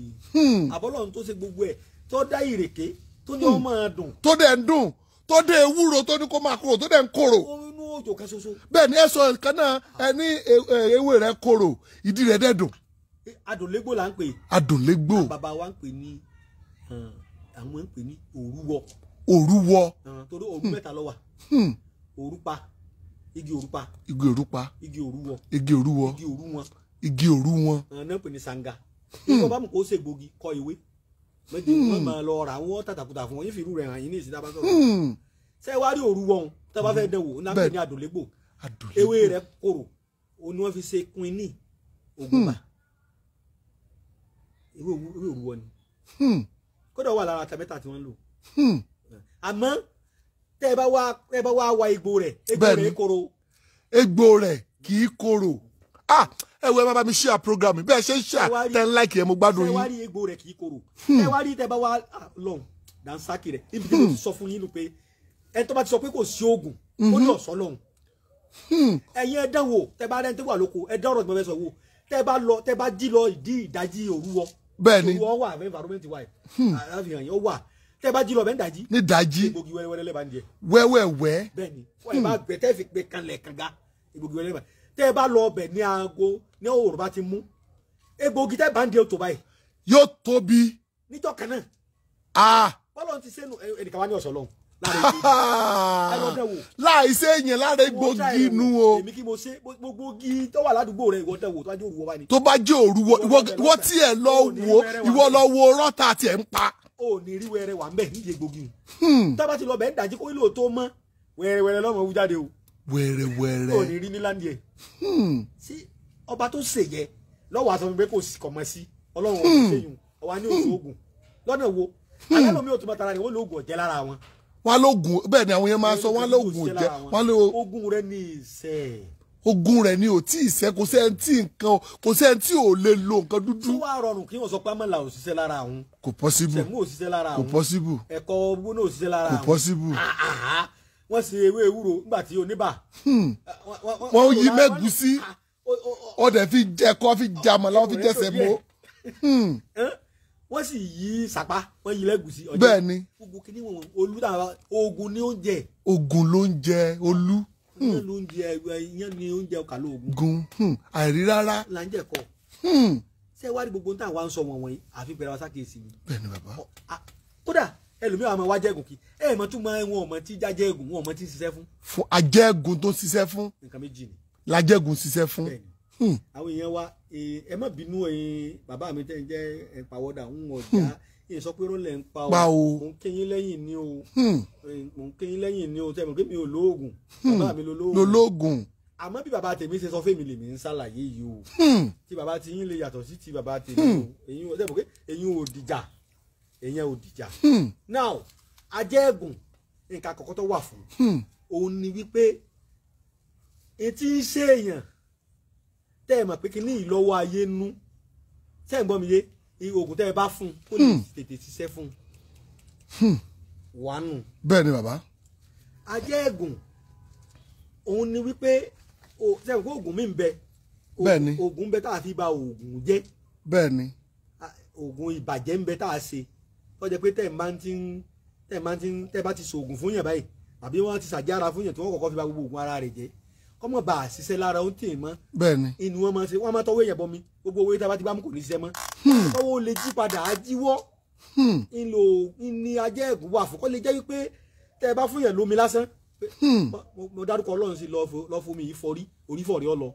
àbọ́lọ́run tó ṣe gbogbo ẹ̀ tó dá ìrèké tó ní ọmọ dùn. tó dẹ̀ ń dùn tó dẹ̀ ewúro tó ní kó máa kúrò tó dẹ̀ ń kóró. inú ẹ sọ kan náà ewé rẹ̀ kóró ìdí rẹ̀ dẹ̀ dùn. Eh, adòlégbò là ń pè. adòlégbò. bàbá wa ń pè ní eh, àwọn ń pè ní òrúwọ. òrúwọ. Eh, torí òru hmm. mẹ́ta ló wà. Hmm. òrúpa igi òrúpa. igi òrúpa. igi òrúwọ. igi òrúwọ. igi òrúwọn. igi òrúwọn. náà pè ní sanga. ìwọ hmm. bá mú kó ṣègbògi kọ ìwé. méjì wọn máa lọ ra àwọn tàtàkùtà fún wọn yín fi irú hàn yín ní ìsìn dábàá sọ̀rọ̀. ṣé wàá rí òrúwọ ohun tá a bá fẹ́ dẹ̀wò náà pè ní adòlégbò. ewé rẹ̀ korò òun ni wọ́n fi ṣe quinine ògùnbà. Hmm irú òwúwọ ni hmm. kódà wà lára tàbẹ́tà tí wọ́n ń lò hmm. àmọ́ tẹ́ ẹ bá wá ẹ bá wá wa egbò rẹ̀ egbò rẹ̀ koro. egbò rẹ̀ kì í koro ah, ẹ wo ẹ má bá mi share program mi bẹ́ẹ̀ ṣe ń share tẹ́ like yẹn mo gbádùn yín. ẹ wá rí egbò rẹ̀ kì í koro hmm. ẹ wá rí tẹ́ bá wá ah, lọ dansaki rẹ̀ ibi tí mo ti sọ fún yín nu pé ẹ tó bá ti sọ pé kò sí oògùn ó ní mhm. ọ̀sán lọ́hùn ẹ̀yin ẹ dán wò tẹ́ bá rẹ́ni tó wà lóko ẹ ọ̀rọ̀ tí mo fẹ́ sọ wò tẹ́ bá lọ tẹ́ bá jí lọ ìdí ìdajì òru wọ bẹ́ẹ̀ ni wà àbẹ hmm. environment wa yìí àfihàn yìí ó wà tẹ bá jí lọ bẹ ń dàjí. ní dàjí egbògi wẹ́rẹ́wẹ́rẹ́ lẹba ń jẹ. wẹ́wẹ́wẹ́. bẹ́ẹ̀ ni wọn ìbá hmm. gbẹ tẹ fi gbẹ kanlẹ kanga egbògi wẹ́rẹ́wẹ́rẹ́ lẹba tẹ bá lọ bẹ ní aago ní òwúrọ̀ bá ti mú egbògi tẹ bá ń di o báyìí. yóò tóbi. níjọ́ ah. kan náà. aa. ti sẹ́nu ẹnìkan wá ní ọ̀sán lọ́hùn. [laughs] láì ṣe èèyàn lára egbògi inú o. èmi kí mo ṣe gbogbo igi tó wà ládùúgbò rẹ ìwọ tẹ wò tó bá jẹ òru wọ báyìí. tó bá jẹ òru wọ ìwọ tí ẹ lọ wò ìwọ lọ wo rọta tí ẹ ń pa. o ní rí wẹrẹ wà mbẹ nídìí egbògi o. Hmm. tábà ti lọ bẹ ń dàjí kó ilé òtó mọ wẹrẹwẹrẹ lọmọ wú jáde o. wẹrẹwẹrẹ o ní rí níláńdì ẹ. sí ọba tó ṣèyẹ lọ́wọ́ àtọ́ mi pé kò kọ̀mọ́ sí ọlọ́run ọ̀sẹ̀ yìí ọ̀wá wo àlẹ́ hmm. lómi ò tún bá tara rẹ̀ wọ́n lóògùn ọ̀jẹ́ wọn lóògùn bẹ́ẹ̀ ni àwọn yẹn máa sọ wọn lóògùn jẹ wọn ló. ogun rẹ ni ìṣe. ogun rẹ ni ò tí ì ṣe kò sẹ́ni tí nǹkan kò sẹ́ni tí ò lè lo nǹkan dúdú. tí wàá rọrùn kí wọn sọ pé amọ̀là ò ṣiṣẹ́ lára àwọn. kò pọ́síbù sẹ̀mú ò ṣiṣẹ́ lára àwọn. kò pọ́síbù ẹ̀kọ́ ogun náà ò ṣiṣẹ́ lára àwọn. kò pọ́síbù ah, ah, ah. wọ́n ṣe ewé ewúro nígbà tí oníbà. Hmm. wọ́n yí mẹ́gùsí ọ̀dẹ̀ fi jẹ kọ́ fi jẹ àmàlà wọ́n fi jẹ sẹ̀mó wọ́n sì yí sàpá wọ́n yí lẹ́gùsí. bẹ́ẹ̀ ni ogun kìíní wọn olú tàbá ogun ni oúnjẹ. ogun ló ń jẹ olú. ìyẹn hmm. ló ń jẹ ìyẹn ni oúnjẹ ọkà lóògùn. gun hmm, àìrí rárá. là ń jẹ kọ. Hmm. ṣé wàá rí gbogbo táwọn wa ń sọ wọn wọ̀nyí àfi bẹ̀rẹ̀ wa sákèésì ni. bẹ́ẹ̀ ni bàbá. kódà ẹlòmíràn máa wá jẹ́gùn kí ẹ mọ̀ tún máa wọn ọmọ tí jájẹ́gùn wọn ọmọ tí ń ṣiṣẹ́ fún. fún ajẹ́gùn tó ń ṣiṣẹ́ fún. nǹkan méjì ni. lajẹ́gùn ṣiṣẹ́ fún. bẹ́ẹ̀ Hmm. àwọn èèyàn wa ẹ má bínú ẹ̀yin bàbá mi tẹ́ ń jẹ́ ẹ̀ ń wọ̀ já èyí hmm. sọ pé rólẹ̀ ń pa o mò ń kéyín lẹ́yìn ni o hmm. mò ń kéyín lẹ́yìn ni o tẹ́ mọ̀ pé mi ò bàbá mi lo lóògùn àmọ́ bí bàbá tèmi ṣe sọ fẹ́mi lèmi ń ṣàlàyé yìí o tí bàbá ti yín lè yàtọ̀ sí ti bàbá tèmi o èyí ò dìjà èyí ò dìjà now ajẹ́gùn nǹkan àkọ́kọ́ wà fún òun ni wípé etí ń ṣèèyàn tẹ́ ẹ̀ mọ̀ pé kíní ìlọ́wọ́ ayé nú tẹ́ ẹ̀ ń gbọ́ mi yé oògùn tẹ́ ẹ bá fún kó lè hmm. tètè ṣiṣẹ́ fún hmm. wánu. bẹ́ẹ̀ ni bàbá. ajẹ́ ẹ̀gùn òun ni wípé tẹ́ ẹ̀ kó oògùn mi ń bẹ bẹ́ẹ̀ni oògùn ń bẹ tá a fi ba oògùn jẹ́ bẹ́ẹ̀ni oògùn ìbàjẹ́ ń bẹ tá a ṣe tó jẹ́ pé tẹ́ ẹ̀ máa ti ń tẹ́ ẹ̀ máa ti ń tẹ́ ẹ bá ti ṣoògùn fún yàn báyìí àbí wọ́n ti ṣàjára fún yàn tí wọ́n kọ́kọ́ fi ba gbogbo oògùn ara rẹ̀ jẹ́ kọ́mọ̀ bá a ṣiṣẹ́ lára ohun tí ì mọ́. bẹ́ẹ̀ni. ìnú wọn máa ṣe wọn máa tọwọ́ èèyàn bọ mi gbogbo owó tí a bá ti bá mú kò ní ṣiṣẹ́ mọ́. Hmm. tọwọ́ lè jí padà á jíwọ́. ìlò hmm. ìní ajẹ́ ẹ̀gún wà fún kọ́ lè jẹ́ wípé tẹ́ ẹ bá fún yẹn lómi lásán. Hmm. mo dárúkọ ọlọ́run sí lọ́ọ́ fún mi yìí fọrí orífọ̀rí ọ lọ.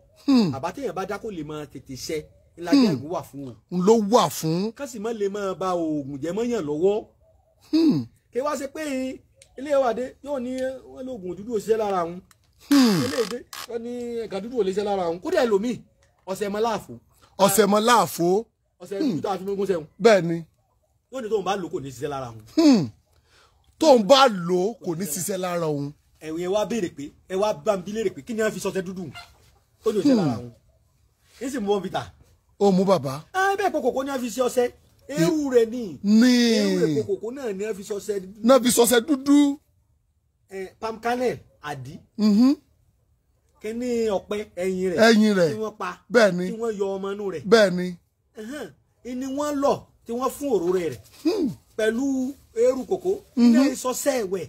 àbá téèyàn bá dákò lè máa tètè ṣẹ ìlàjẹ́ ẹ̀gún wà fún wọn. ló wà fún. kásì má lè máa ba oògùn jẹ́ mọ́yàn lọ́wọ́. kí wá ṣe pé ilé Hmm. eléyìí wọn ní ẹ̀ka dúdú òléṣẹ́ lára òun kódà ẹlòmíì ọ̀sẹ̀ mọ́ láàfo. ọ̀sẹ̀ mọ́ láàfo. ọ̀sẹ̀ dúdú hmm. tá a fi mọ́gún sẹ́wọ̀n. bẹ́ẹ̀ ni. ó ní tóun bá lò kò ní ṣiṣẹ́ lára òun. Hmm. tóun bá lò kò ní ṣiṣẹ́ lára òun. ẹ̀wìn ẹ wá béèrè pé ẹ wá bá ń bi léèrè pé kí ni wọ́n fi sọ̀tẹ́ dúdú ó ní òṣèlú ara òun. ń sì mú wọn fi tà. ó mú bàbá. bẹ́ẹ̀ kòkòkò ni wọ́n àdí mm-hmm. kíní ọ̀pẹ ẹ̀yìn rẹ̀ ẹ̀yìn rẹ̀ tí wọ́n pa bẹ́ẹ̀ ni tí wọ́n yọ ọmọ inú rẹ̀ bẹ́ẹ̀ ni ni wọ́n lọ tí wọ́n fún òróró rẹ̀ hmm. pẹ̀lú eérú kòkó mm-hmm. iná ìsọsẹ́ ẹ̀wẹ̀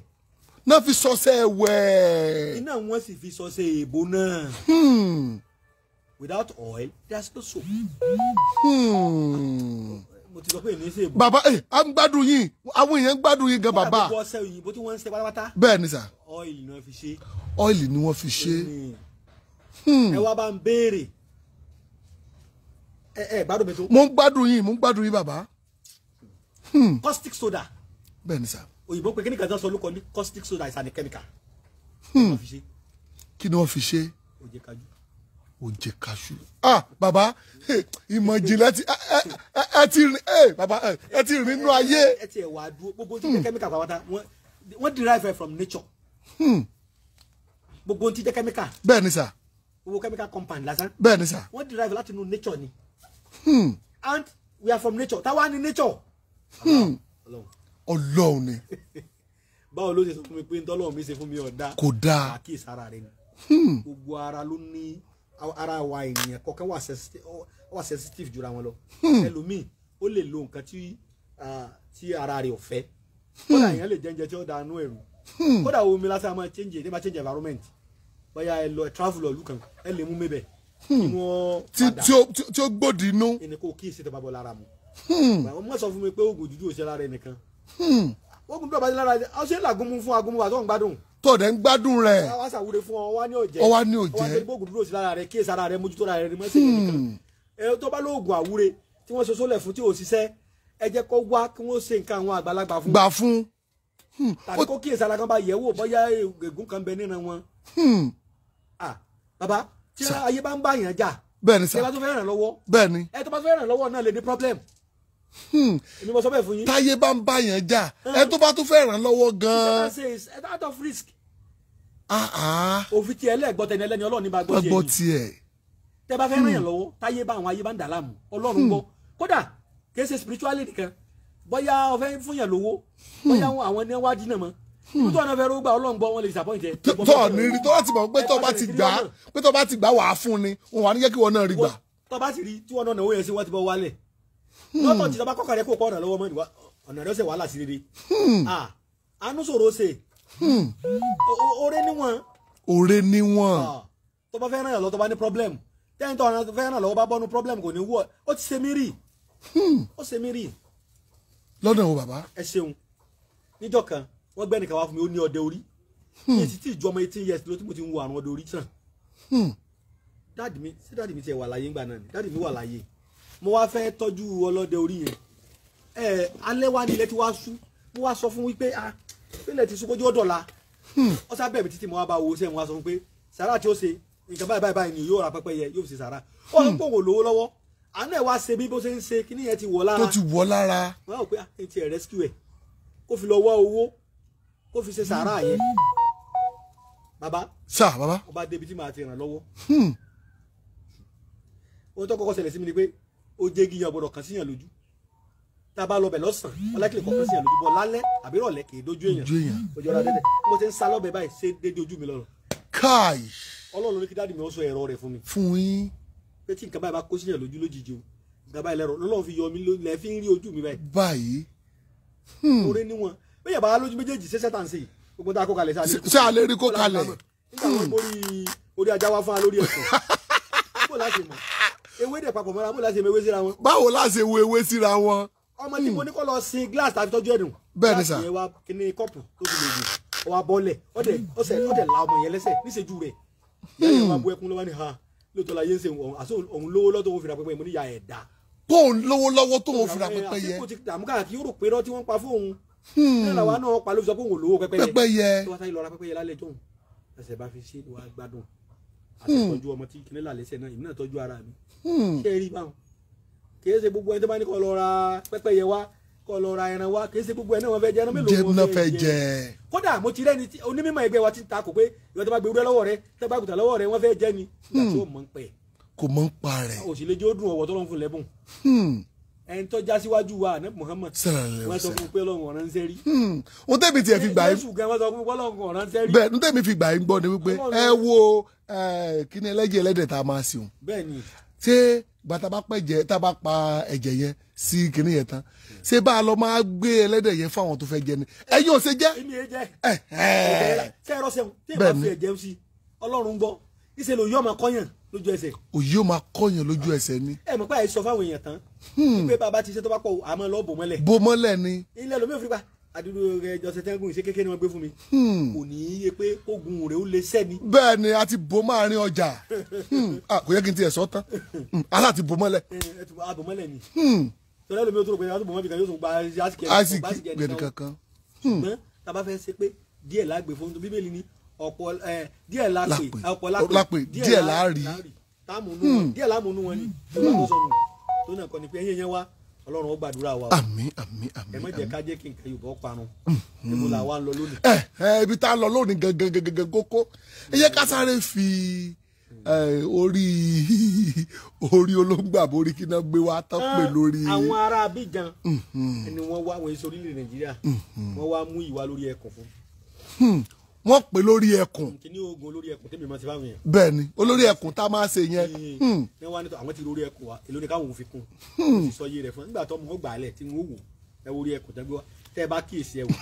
náà fi sọsẹ́ ẹ̀wẹ̀ iná wọn sì fi sọsẹ́ èèbó náà hmm. without oil there's no soap. Hmm. mo ti sọ pé èmi ṣe èèbó. bàbá ẹ eh, à ń gbádùn yín àwọn èèyàn ń gbádùn yín gan bàbá. wọ́n á wọ́n ń ṣe pátápátá. bẹ́ẹ̀ ni sà ọ́ìlì ni wọ́n fi ṣe. ọ́ìlì ni wọ́n fi ṣe. Hmm. ẹ wá bá ń béèrè. ẹ ẹ gbádùn mi tó. mo ń gbádùn yín mo ń gbádùn yín bàbá. Hmm. caustic soda. bẹ́ẹ̀ ni sà. òyìnbó pé kíníkà tán sọ olùkọ́ ní caustic soda is an chemical. Hmm. kí ni wọ́n fi ṣe. ó jẹ́ kájú ó ah baba ìmọ̀ ìjìnlẹ̀ ti ẹ ti rìn ẹ baba ẹ ti rìn nínú ayé. ẹ ti ẹ̀ wá dúró gbogbo ojú kẹ́míkà pàápàá wọ́n derive from nature. Hmm. gbogbo ti jẹ́ kẹ́míkà. bẹ́ẹ̀ ni sà. owó kẹ́míkà compound lásán. bẹ́ẹ̀ ni sà. wọ́n derive láti inú nature ni. Hmm. and we are from nature táwa ni nature. Hmm. ọlọ́run ni. [laughs] báwo ló ṣe sọ fún mi pé ntọ́lọ́run mi ṣe fún mi ọ̀dà. kò dáa àkíyèsí ara rẹ ni. Hmm. gbogbo ara ló ní ara wa ènìyàn kọ̀ọ̀kan wà sensitive jura wọn lọ. ẹlòmíì ó lè lo nǹkan tí ah, ara rẹ̀ ò fẹ́. kódà èèyàn lè jẹ́ oúnjẹ tí ó dáa nú ẹ̀rù. Hmm. kódà omi lásán a máa change ẹ bá change environment bóyá ẹ lọ travel lọ lùkàn ẹ lè mú mi bẹ. Hmm. tí ó gbòdì inú. ẹni kò kíyèsí tó bá bọ́ lára mu. Hmm. àwọn ọmọ sọ fún mi pé oògùn dúdú ò ṣe lára ẹnìkan. oògùn dúdú ò bá ṣe lára ẹ ọṣẹ làgùnmu fún agùnmu àtọ́ ń gbádùn. tó dẹ̀ ń gbádùn rẹ̀. àwa ṣàwúre fún ọ wá ní òjẹ́. ọwá ní òjẹ́. ọwá ní oògùn dúdú ò ṣe lára rẹ kíyèsí ara rẹ mójútó ara rẹ ni mọ́sẹ̀ nìkan. ẹ tó bá lóògùn àwúre tí wọ́n ṣoṣo lẹ̀ fún tí ò ṣiṣẹ́ ẹ jẹ́ kó wá kí wọ́n ṣe nǹkan àwọn àgbàlagbà fún. gbà fún Hmm. tàbí kó kíyèsí ara kan bá yẹ̀ wò bóyá ègún kan bẹ nínú wọn. Hmm. Ah, bàbá tí ayé bá ń bá yàn jà bẹ́ẹ̀ni sá ẹ bá tó fẹ́ ràn lọ́wọ́ bẹ́ẹ̀ni ẹ tó bá tó fẹ́ ràn lọ́wọ́ náà lè ní problem. Hmm. èmi mo sọ bẹ́ẹ̀ fún yín. táyé bá ń bá yàn jà ẹ tó bá tó fẹ́ ràn lọ́wọ́ gan ẹ tó out of ah, ah. òfin tiẹ̀ lẹ́gbọ́tẹ̀ ni ẹlẹ́ni ọlọ́run bá gbọ́ tiẹ̀. tẹ bá fẹ́ ràn yàn lọ́wọ́ táyé bá àwọn ayé bá ń dà láàmú ọlọ́run gbọ́ kódà kì í ṣe spirituality nìkan bóyá ọ̀fẹ́ fúnyàn lówó bóyá àwọn ní wájú náà mọ́ ibi tó ọ̀nà fẹ́ rọ́gbà ọlọ́run gbọ́ wọn lè disappoint ẹ. tó ọ̀ ní rí tó bá ti mọ̀ pé tó bá ti gbà pé tó bá ti gbà wàá fún ni wọn wà ní jẹ́ kí wọn náà rí gbà. tó bá ti rí tí wọn náà wọ́n yẹn sí wọ́n ti bọ́ wálẹ̀ lọ́tọ̀ tí tọ́ba kọ́kọ́ rẹ kó pọ̀ ọ̀nà lọ́wọ́ mọ́ ìwà ọ̀nà rẹ ó ṣe wàhálà sí rere. àánú sòro ṣe ọ̀rẹ́ níwọ̀n. ọ̀rẹ́ níwọ̀n. tó bá fẹ́ ràn yàn lọ tó bá ní problem tẹ́yìn tó fẹ́ ràn lọ́wọ́ bá bọ́nu problem kò ní wọ̀ ó ti ṣe mí rí ó ṣe mí rí lọ́dọ̀ wo bàbá. ẹ ṣeun níjọ́ kan wọ́n gbẹ́ nìkan wá fún mi ó ní ọdẹ orí èsì hmm. tí ìjọ ọmọ eighteen years ló tí mo ti ń wo àrùn ọdẹ orí sàn hmm. dáàdì mi ṣé dáàdì mi ti ẹ̀ wà láyé ńgbà náà ni dáàdì mi wà láyé mo wá fẹ́ tọ́jú ọlọ́dẹ orí yẹn ẹ alẹ́ wá ní tí wàá sú mo wá sọ fún wípé ah ilẹ̀ ti sú kójú ó dọ̀la hmm. ó sá bẹ̀rẹ̀ títí mo wá bá wo sẹ́yìn mo wá sọ fún pé sàrà tí ó ṣe nǹkan báyìí báyìí ni yóò ra pẹ́pẹ́yẹ yóò fi ṣe sàrà ó sọ pé òun lówó lọ́wọ́ àánú ẹ̀ wá ṣe bí bó ṣe ń ṣe kíní yẹn ti wọ̀ lára tó ti wọ̀ lára wọ́n á wò pé ah etí ẹ̀ rescue ẹ̀ kó fi lọ wá owó kó fi ṣe sàárà yẹn bàbá sà bàbá ọba débi tí màá ti ràn lọ́wọ́ hmm. ohun tó kọ́kọ́ ṣẹlẹ̀ sí mi ni pé ó jẹ́ gíyan gbọ́dọ̀ kàn síyàn lójú tá a bá lọ bẹ̀ lọ́sàn-án ọlákìlẹ̀ kọ̀ọ̀kan síyàn lójú bọ̀ lálẹ́ àbí rọ̀lẹ́ kì í dojú èèyàn ojú ọ̀rọ̀ adẹ́dẹ̀ mo ti ń sa lọ́bẹ̀ báyìí ṣé dédé ojú mi lọ́rùn. káì ọlọ́run ní kí dáàdì mi ó sọ ẹ̀rọ rẹ̀ fún mi. fún yín pé tí nǹkan báyìí bá kó síyàn lójú lójijì o nǹkan báyìí lẹ́rọ lọ́lọ́run fi yọ mí lẹ́ fi rí ojú mi báyìí. báyìí. Hmm. Hmm. oore níwọ̀n bẹ́ẹ̀ bá lójú méjèèjì ṣe sẹ́tà ń sè gbogbo tá a kó kalẹ̀ sí alẹ́ rí kó kalẹ̀. nígbà wọn mo rí orí ajá wá fún wa lórí ẹ̀kọ́ bó láti mọ̀ ewé dẹ̀ papọ̀ mọ́ra bó láti ewé síra wọn. báwo láti ewu ewé síra wọn. ọmọ tí mo hmm. ní kó lọ sin glass tàbí tọ́jú ẹ̀dùn. bẹ́ẹ̀ ni sà. ìyẹn wa kíní kọ́pù tó fi lè wò ọwọ́ abọ́lẹ̀ ọ̀dẹ̀ ọ̀sẹ̀ ọ̀dẹ̀ la ọmọ yẹn lẹ́sẹ̀ níṣẹ́jú rẹ̀. ìyá yẹn bu ẹkún lọ́wọ́ ni ha lóòótọ́ la yé ń ṣe òun àti òun lówó lọ́tọ́ òun fìrà pẹ́pẹ́ mo níyà ẹ̀dá. tóun lówó lọ́wọ́ tóun fìrà pẹ́pẹ́ yẹ. àti kò ti dààmú káàkiri yóò rò pé rọ́ tí wọ́n pa fóun. nílẹ̀ wa náà pa ló fi sọ pé òun lówó pẹ́pẹ́ yẹ. pẹ́pẹ́ yẹ. lọ ra pẹ́pẹ́ yẹ lálẹ́ jọ̀hún ẹsẹ̀ bá fi ṣe wá gbádùn. Hmm. àtẹ̀tọ́jú ọmọ tí kìnìún làlẹ́sẹ̀ náà ìmú tọ́jú ara mi. Hmm. ṣé báwọn kì í ṣe gbogbo ẹni tó bá ní kọ́ lọ ra pẹ́pẹ́ yẹ wá kọ́ lọ ra ẹran wa kì í ṣe gbogbo ẹ̀ náà wọ́n fẹ́ jẹ ẹran mélòó wọ́n fẹ́ jẹ kódà mo ti rẹ́ni onímọ̀ ẹgbẹ́ wa ti ń ta kò pé ìwọ tó bá gbé ewúrẹ́ lọ́wọ́ rẹ tó bá gùtà lọ́wọ́ rẹ wọ́n fẹ́ jẹ ni ìgbà tó hmm. mọ̀ ń pẹ́ kò mọ̀ ń pa rẹ̀ òṣèlè ó dùn ọ̀wọ́ tọ́lọ́ fún lẹ́bùn hmm. ẹni tó já síwájú wa àná Muhammad wọ́n sọ fún pé Ọlọ́run ọ̀ràn ń sẹ́rí. Hmm. ohun tẹ́mi tiẹ̀ fi gbà yín bẹ́ẹ̀ ohun tẹ́mi fi gbà yín gbọ́ ni wípé ẹ wo kíni ẹlẹ́jẹ̀ ẹlẹ́dẹ̀ tá a gbàtà bá pẹ́ jẹ tá a bá pa ẹ̀jẹ̀ yẹn sí kinní yẹn tán ṣé bá a lọ máa gbé ẹlẹ́dẹ̀ yẹn fún àwọn tó fẹ́ jẹ ni ẹ yóò ṣe jẹ́. èmi yé jẹ ẹ ẹ ṣe ẹrọ sẹun tí èèyàn bá fi ẹ̀jẹ̀ sí Ọlọ́run gbọ́ ìṣe lòyí ọmọ kọyàn lójú ẹsẹ̀. òyì ó máa kọyàn lójú ẹsẹ̀ ni. ẹ mọ̀ pé àìsọ fáwọn èèyàn tán. Hmm. pé bàbá ti ṣe tó bá pọ̀ àmọ́ lọ bò mọ́lẹ̀. bò mọ́lẹ̀ ni. ilé lomi fi pa adúró rẹ jọsẹ tẹgùn ìṣe kékeré ni wọn gbé fún mi. Hmm. kò ní í yé pé oògùn rẹ ó lè sẹ́ni. bẹ́ẹ̀ ni a ti bo máàrin ọjà hmm. [laughs] ah, kò yẹ kí n tiẹ̀ sọ tán ala hmm. ti bo mọ́lẹ̀. Eh, ẹ ti bo mọ́lẹ̀ ni. sọlá lómi ó tó rò pé a tó bò mọ́ kan yóò tó gba asiki ẹni kankan. ṣùgbọ́n tá fẹ́ ṣe pé díẹ̀ la gbé fún bíbélì ni ọ̀pọ̀ díẹ̀ la ọ̀pọ̀ la díẹ̀ la táàmù nù wọn díẹ̀ láàmù nù wọn ni tó náà kọ́ ni pé ẹ̀yẹ̀ ọlọ́run ó gbàdúrà wa. àmín àmín àmín. ẹ má jẹ́ ká jẹ́ kí nǹkan yorùbá parun. èmo hmm, hmm. la wa ń lọ lónìí. ẹ ẹ ibi tá a lọ lónìí gangan gangan kókó ẹ yẹ fi orí orí olóńgbò kíná gbé wa tán pè ah, lórí. àwọn ará abidjan hmm, ni wọ́n wá àwọn èso orílẹ̀ nàìjíríà wọ́n wá mú ìwà lórí ẹkùn fún wọ́n pè lórí ẹkùn. kìíní oògùn olórí ẹkùn ni olórí ẹkùn tá a máa ṣe yẹn. ẹ hmm. wá nítorí àwọn ti lórí ẹkùn wa èlò ni káwọn ò kún. Hmm. sọ iye rẹ̀ fún nígbà tó mọ̀ gbà á lẹ̀ tí wọ́n wò ẹ wo orí ẹkùn tẹ́ gbé wa bá kíyèsí ẹ wò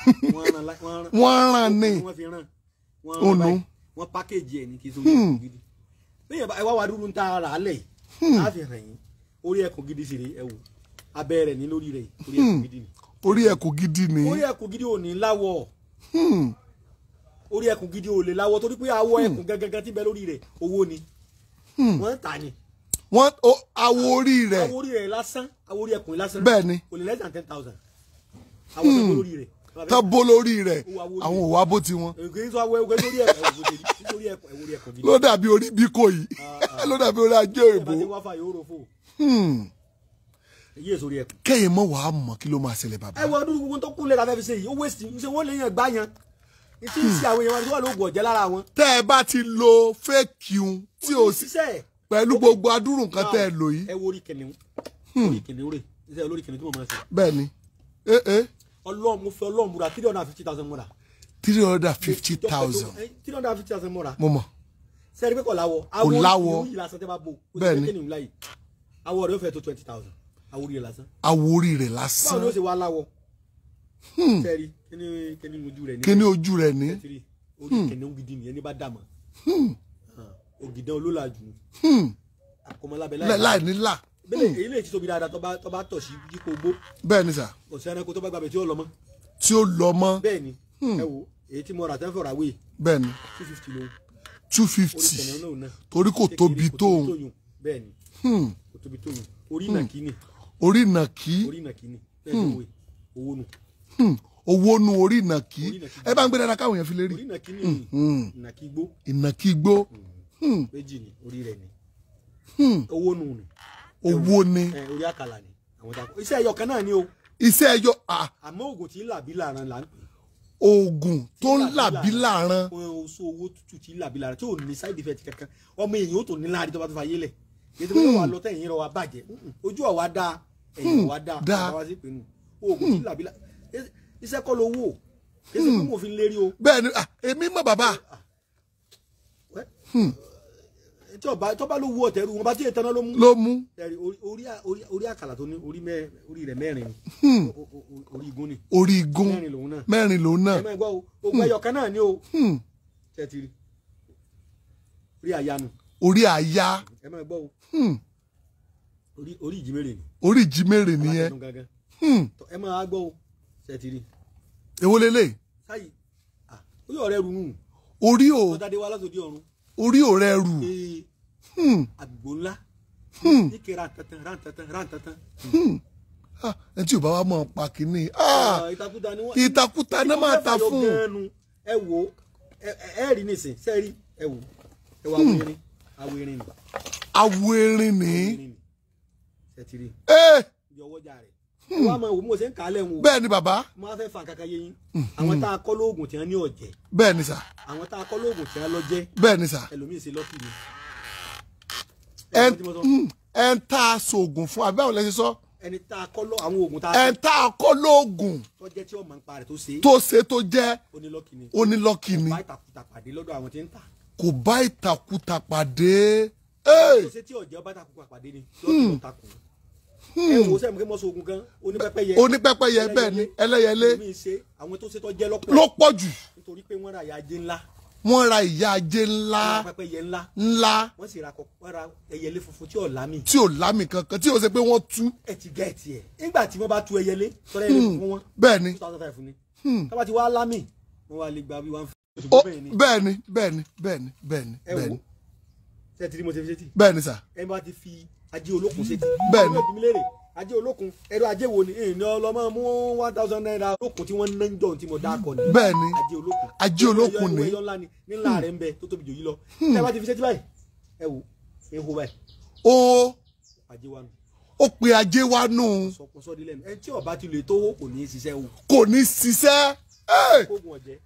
wọ́n ràn ní. ònú. wọ́n pákéjì ẹ̀ ní kí sórí ẹkùn hmm. gidi. bí ẹ wá wá dúró ta ara alẹ̀ á fi hàn yín orí ẹkùn gidi sì rè ẹ wò abẹ́ ní lórí rẹ̀ orí ẹkùn gidi ni. orí ẹkùn gidi ni. orí ẹkùn gidi ò ní láwọ̀ orí ẹkùn gidi ò lè láwọ torí pé awọ hmm. ẹkùn gangan tí bẹ lórí rẹ̀ owó ni hmm. wọ́n ń tà ni. wọ́n awọ orí rẹ̀ awọ orí rẹ̀ lásán awọ orí ẹkùn lásán bẹ́ẹ̀ni kò lè less than ten thousand awọ bẹ hmm. lórí rẹ̀ tán bó lórí rẹ̀ àwọn òwà bó ti wọn. ló dàbí orí bí kò yìí ah, ah. [laughs] ló dàbí orí ajé òyìnbó kẹ́yìn mọ́ wàá mọ̀ kí ló máa ṣẹlẹ̀ bàbá. ẹ wọ ọdún gbogbo tó kún lẹ́ka fẹ́ fi ṣe yìí ó wéṣì ṣe wọ́n lè yàn gbá yan ìtí ń ṣe àwọn èèyàn wa tí wọ́n gbọ̀jẹ́ lára wọn. tẹ́ ẹ bá ti lo fake un tí o sì pẹ̀lú gbogbo adúrú nǹkan tẹ́ ẹ lò yìí. ẹ wo orí kìnìún hmm. orí kìnìún rè ṣe olórí kìnìún tí mo máa ṣe. bẹ́ẹ̀ni eh, eh. ọlọ́run mo fẹ́ ọlọ́run múra three hundred and fifty thousand múra. Eh, three hundred and fifty thousand. three hundred and fifty thousand múra. mo mọ̀. sẹ́ni pé kò láwọ̀ awọ ìlú ìlàsán tẹ́ bá bò o ti fẹ́ kìnìún láyè awọ rẹ̀ yóò fẹ́ tó twenty thousand awọ orí rẹ̀ lásán. awọ orí lásán. báwo ni ó ṣe wá láwọ̀ sẹ́rí hmm. kíní ojú rẹ̀ ní. kíní ojú rẹ̀ ní. orí hmm. kẹ̀nẹ́ ògidì ni ẹni bá dà mọ́. Hmm. ògìdán olólàjù. àkọmọlábẹ láì ní là. bẹ́ẹ̀ èyí lè ti tóbi dáadáa tó bá tọ̀ sí yípo gbó. bẹ́ẹ̀ ni sà. kò sí ẹranko tó bá gbàgbé tí ó lọ mọ́. tí ó lọ mọ́. bẹ́ẹ̀ ni ẹ wo èyí tí mo rà tẹ́ fọ̀rọ̀ àwé. bẹ́ẹ̀ ni two fifty ló. two fifty torí kò tóbi tóun. bẹ́ẹ̀ ni kò tóbi tóun orí nàkí ni. orí nàkí. orí nàkí ni bẹ́ẹ̀ ni owó nù. Hmm, owó nu orí ìnàkí ẹ bá ń gbé dáadáa káwọn fi lè rí. ìnàkí ni hmm, hmm. ni orí rẹ ni. ni. owó ni. orí àkàlà ni ẹyọ kan náà ni o. iṣẹ́ ẹyọ. àmọ́ oògùn tí ń làbí làran là ń pè. oògùn tó ń làbí oṣù owó tútù tí ń làbí tí ò side effect kankan ọmọ èèyàn ó tó ní láàrin tó bá iṣẹ́ kọ́ ló kí hmm. mo fi lérí o. ni ah, èmi bàbá. Eh, ah. hmm. eh, tí ọba tí ọba ló wú ọ̀tẹ̀ rú wọn bá tí ló mú. ló mú. orí àkàlà tó ní orí rẹ̀ mẹ́rin hmm. orí igun ni. orí igun mẹ́rin lòun náà. ẹ̀mẹ́ gbọ́ náà ni o. orí ìjì ni. orí ìjì mẹ́rin nìyẹn. ẹ o. ṣe ti rí. èwo ah sáyì orí ọ̀rẹ́ rù nù. orí o ọ̀dàdé wa látòdì ọ̀run. orí ọ̀rẹ́ rù. Hmm. àgbò ńlá. ìkẹrẹ hmm. àtàtàn rántàtàn rántàtàn. Hmm. Ah, ẹ tí o bá wa mọ̀ pa kínní. Ah, ah, ìtakùtà ni máa ta fún. ẹ wo ẹ rí nísìn ṣe rí ẹ wo ẹ wo awérin awérin ni. awérin ni. ẹ ti rí. ẹ eh! yọwọ́ jà rẹ̀ wọ́n á máa wò bí mo ṣe ń kà á lẹ́hìn o. bẹ́ẹ̀ ni bàbá. mo fẹ́ fa kankan yé àwọn tá a kọ́ lóògùn tí wọ́n ní ọ̀jẹ̀. bẹ́ẹ̀ ni sà. àwọn tá a kọ́ lóògùn tí wọ́n lọ jẹ́. bẹ́ẹ̀ ni sà. ẹlòmíì ṣe lọ́kì ni. ẹ ń tá sògùn fún àbí báwo lẹ sọ. ẹni tá a kọ́ lọ àwọn oògùn tá a. ẹ ń tá kọ́ lóògùn. tó jẹ́ tí ọmọ ń pa rẹ̀ tó ṣe. tó ṣe tó jẹ́. onílọ́kì ni. kò bá ìtàkùtà pàdé lọ́dọ̀ Hmm. ẹ wò sẹ́mi kí mo bẹ́ẹ̀ ni ẹlẹ́yẹlé ló pọ̀ jù wọ́n ra ìyá ajé ńlá ńlá tí ò lámì kankan tí ò ṣe pé wọ́n tú. nígbà tí wọ́n bá tú ẹyẹlé tọ́lá ẹyẹlé hmm. fún wọn bẹ́ẹ̀ ni two hmm. ti wá lámì wọ́n wá lè gba bí wọ́n. bẹ́ẹ̀ ni bẹ́ẹ̀ ni bẹ́ẹ̀ ni bẹ́ẹ̀ ni bẹ́ẹ̀ ni ṣe ti rí mo ti fi ṣe ti. bẹ́ẹ̀ni ẹ bá ti fi ajé olókun ṣe ti. ọmọ ìdílé rè ajé olókun ẹ̀rọ ajé wo ni èèyàn ọlọ́mọ mú one thousand naira olókun tí wọ́n ná ń jọ tí mo dá akọ ni. bẹ́ẹ̀ni ajé olókun ajé olókun ni ẹyọ ńlá ni nílá rẹ ń bẹ tó tóbi jù yí lọ. Hmm. ẹ bá ti fi ṣe báyìí ẹ wò ẹ hó báyìí. o ajé wa nù. ó pe ajé wa nù. sọkùnsọ di lẹ́nu ẹ tí ọba ti lè tówó kò ní í ṣiṣẹ́ o. kò ní í ṣiṣẹ́. kógun ọ̀jẹ̀.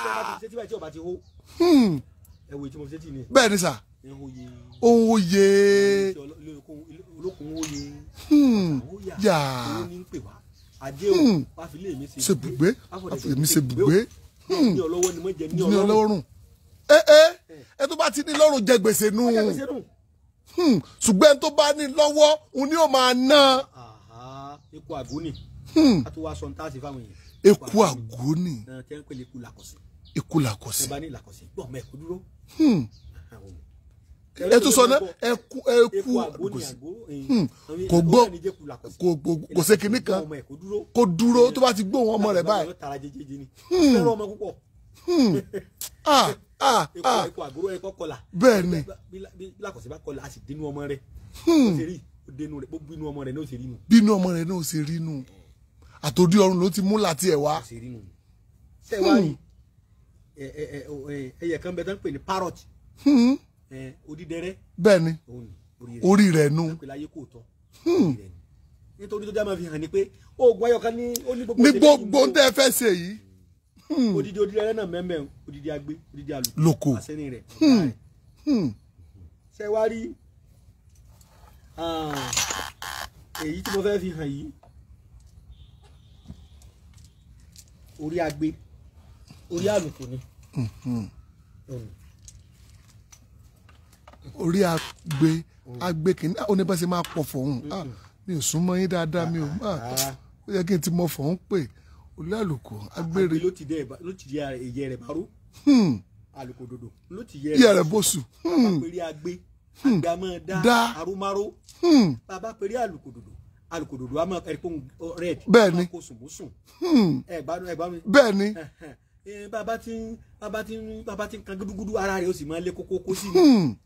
tí ọba ti fi ṣe báyìí tí ọba ti ẹwọ ìtumọ̀ ṣe tì ní. bẹ́ẹ̀ ni sà ohun oyè. olókun hmm. oyè. yà á ajé o hmm. wàfílẹ̀ mi ṣe bùgbé wàfílẹ̀ mi ṣe bùgbé ní hmm. ọlọ́wọ́ ni mo jẹ ní ọlọ́rùn. ẹ ẹ ẹ tó bá ti ní lọ́rùn jẹ gbèsè nù ṣùgbọ́n ẹni tó bá ní lọ́wọ́ òun ni ó máa ná. eku àgónì a tó wá sọ ní táàsì fáwọn èèyàn. eku àgónì. ẹ tẹ́ ń pè é eku ẹ bá ní làkọ̀sí gbọ́ mẹ́ẹ̀kú dúró. Hmm. ẹ tún sọ náà ẹ kú ẹ kú eh. hmm. kò gbọ́ kò kò ṣe kinní kan kò dúró tó bá ti gbóhùn ọmọ rẹ̀ báyìí hmm. ah, ah, [laughs] ah. bẹ́ẹ̀ni bínú ọmọ rẹ̀ ní òsèré nù àtòdí ọrùn ló ti mú láti ẹ̀ wá ẹyẹ kan bẹ́ẹ̀ tó pè ní parrot hmm. odídẹrẹ́ bẹ́ẹ̀ hmm. orí rẹ̀ nu nítorí tó dá máa fi hàn ní pé oògùn ayọ̀kan ní gbogbo ní gbogbo ń tẹ́ fẹ́ ṣe yìí. Hmm. odidi odidi náà mẹ́mẹ́ odidi agbe odidi àlùkò àsẹ́ni rẹ̀ ṣe wá rí èyí tí mo fẹ́ fi hàn yìí orí agbe orí àlùkò ni. Hmm, hmm. orí agbe agbe kìíní ó ní bá máa pọ̀ fọ̀hún ah, mi ò súnmọ́ yín dáadáa mi ò máa ah, ó yẹ kí n ti mọ fọ̀hún pé orí àlùkò agbére. ló ti dẹ ẹyẹ rẹ bárò àlùkò dòdò ló ti yẹ ẹyẹ rẹ bóṣù. àpèrè agbe hmm. àgbàmọ dá arúmárò bàbá pèrè àlùkò dòdò àlùkò dòdò àmọ ẹrí pé òun rẹ ti. bẹ́ẹ̀ni bẹ́ẹ̀ni. Eh, bàbá tí bàbá tí bàbá tí kan gúdúgúdú ara rẹ̀ ó sì máa lé kókó hmm. kó sí mi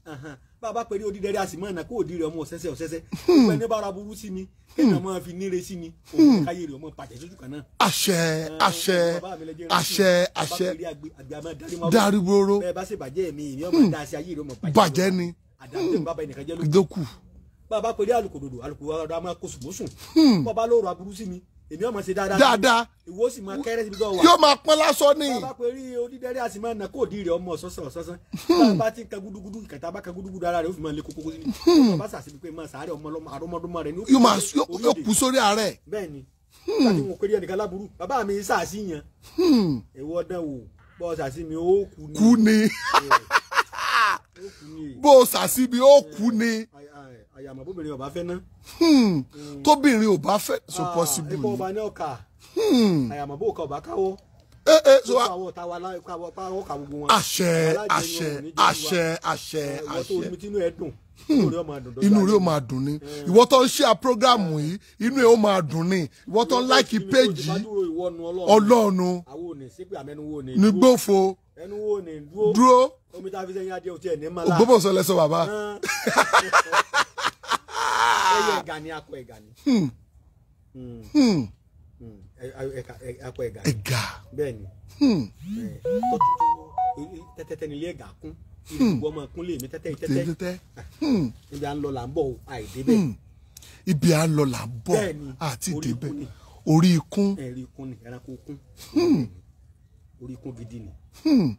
bàbá pẹ̀lú odídẹ́rẹ́ àsìmọ́ ọ̀nà kó òdi rẹ̀ ọmọ ọ̀sẹ̀sẹ̀ ọ̀sẹ̀sẹ̀ ìgbà hmm. ní bára burú sí mi kéèyàn hmm. máa fi níre sí mi òun káyé rẹ̀ ọmọ pàṣẹ sójú kan náà. àṣẹ àṣẹ àṣẹ àṣẹ darigboro bẹ́ẹ̀ bá ṣe bàjẹ́ mi ìní ọmọ dáa sí ayé rẹ̀ ọmọ bàjẹ́ ni àdàbọ̀ bàbá ẹnìkan bàbá pẹ̀lú alùkòdòdò alùkòdòdò a máa bàbá lóru aburú sí mi èmi ọmọ ṣe dáadáa dáadáa ìwọ sì máa kẹrẹ síbi gan wa yóò máa pọn lásán ni. bàbá pé rí onídẹ́rẹ́ àti máa nà kó di rẹ̀ ọmọ sọ́sàn sọ́sàn bàbá ti ń ka gúdúgúdú ìkàtà bá ka gúdúgúdú ara rẹ̀ ó fi máa lé kókó sí ni bàbá hmm. sàṣìbí pé máa sàárẹ̀ ọmọ ọlọ́mọ àrọ́mọdọ́mọ rẹ̀ ní. yóò máa yóò kú sórí àárẹ̀. bẹ́ẹ̀ni láti hmm. mọ péré ẹnìkan láburú bàbá mi sàṣìyàn ìwọ hmm. dán wò bọ́ọ̀sà sí mi ó kú ni bó o sàṣìbí ó kú ni. àyàmọ̀ bóbìnrin ò bá fẹ́ ná. Hmm. tóbìnrin ò bá fẹ́ so ah, possible. ẹ̀kọ́ ọba ní ọkà hmm. àyàmọ̀ bó ọkà eh eh so àṣẹ àṣẹ eh, àṣẹ àṣẹ àṣẹ hmm. inú rẹ ó máa dùn ni eh. ìwọ tó ń ṣe àpọ́gàmù yìí inú ẹ ó máa dùn ni ìwọ tó ń láìkì péjì ọlọ́ọ̀nù nígbòfo ẹnu wo ni dúró dúró omi tá a fi sẹ́yìn adé òtí ẹ̀ ní mọ́lá ògbómọ̀sọ lẹ́sọ bàbá. ẹyẹ ẹ̀gà ni akọ ẹ̀gà ni hmm. Hmm. Hmm. akọ ẹ̀gà ni ẹ̀gà bẹ́ẹ̀ ni tẹ́tẹ́tẹ́ ni ilé ẹ̀gà kún ìlú ọmọ kúnlé mi tẹ́tẹ́ tẹ́tẹ́ ah. ibi à ń lọ là ń bọ̀ àìdé bẹ́ẹ̀. ibi à ń lọ là ń bọ̀ àti ìdè bẹ́ẹ̀ orí ikún ẹ̀rí ikún ni ẹranko kún orí ikún gidi ni. Hmm.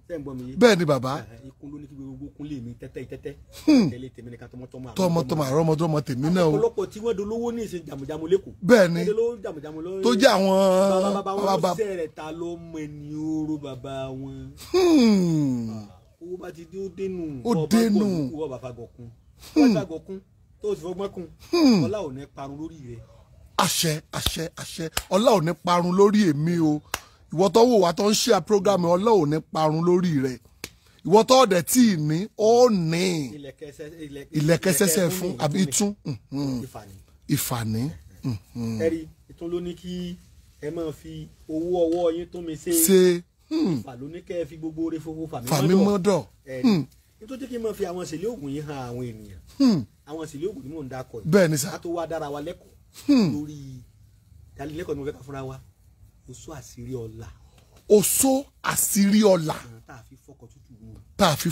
bẹ́ẹ̀ ni bàbá. ikún ló ní kí gbogbo kún lè mi tẹ́tẹ́ tẹ́tẹ́. Hmm. tẹ́lẹ̀ tèmi ni ká tọmọtọmọ àrọ́mọdọ́mọ. tọmọtọmọ àrọ́mọdọ́mọ tèmi náà o. ọ̀pọ̀lọpọ̀ tí wọ́n dolówó ní ìsìn jàmùjàmù lẹ́kọ̀ọ́. bẹ́ẹ̀ ni tó jẹ́ àwọn. bàbá wọn ṣe rẹ̀ ta ló mọ ẹni oró bàbá wọn. Hmm. Ah, owó bá ti dé ó dénú. ó dénú. ọlá ò ní parun lórí rẹ̀. àṣẹ àṣẹ àṣẹ ọlá ò ní parun lórí èmi o ìwọ tó wò wá tó ń ṣe program ọlọ́run ní parun lórí rẹ̀ ìwọ tó ọ̀dẹ̀ tí ì ní ó ní ìlẹ̀kẹsẹsẹ fún àbí ìtún mhm. ìfàní. Mhm. ẹ̀rí ìtún ló ní kí ẹ máa fi owó ọwọ́ yín tó mi ṣe hmm. ìfà ló fi gbogbo oore fowó fàmí mọ́dọ̀ nítorí hmm. kí n máa fi àwọn ìṣẹ̀lẹ̀ ògùn yìí han àwọn ènìyàn hmm. àwọn ìṣẹ̀lẹ̀ ògùn ni mò ń dákọ̀ yìí bẹ́ẹ̀ ni sá a tó wá dára wa lẹ́kọ̀ọ́ lórí ìdánilẹ́kọ̀ọ́ ni mo fẹ́ ká fúnra wa ó sọ àṣírí ọ̀la. ó sọ àṣírí ọ̀la. tá a fi fọkọ tútù mu. tá a fi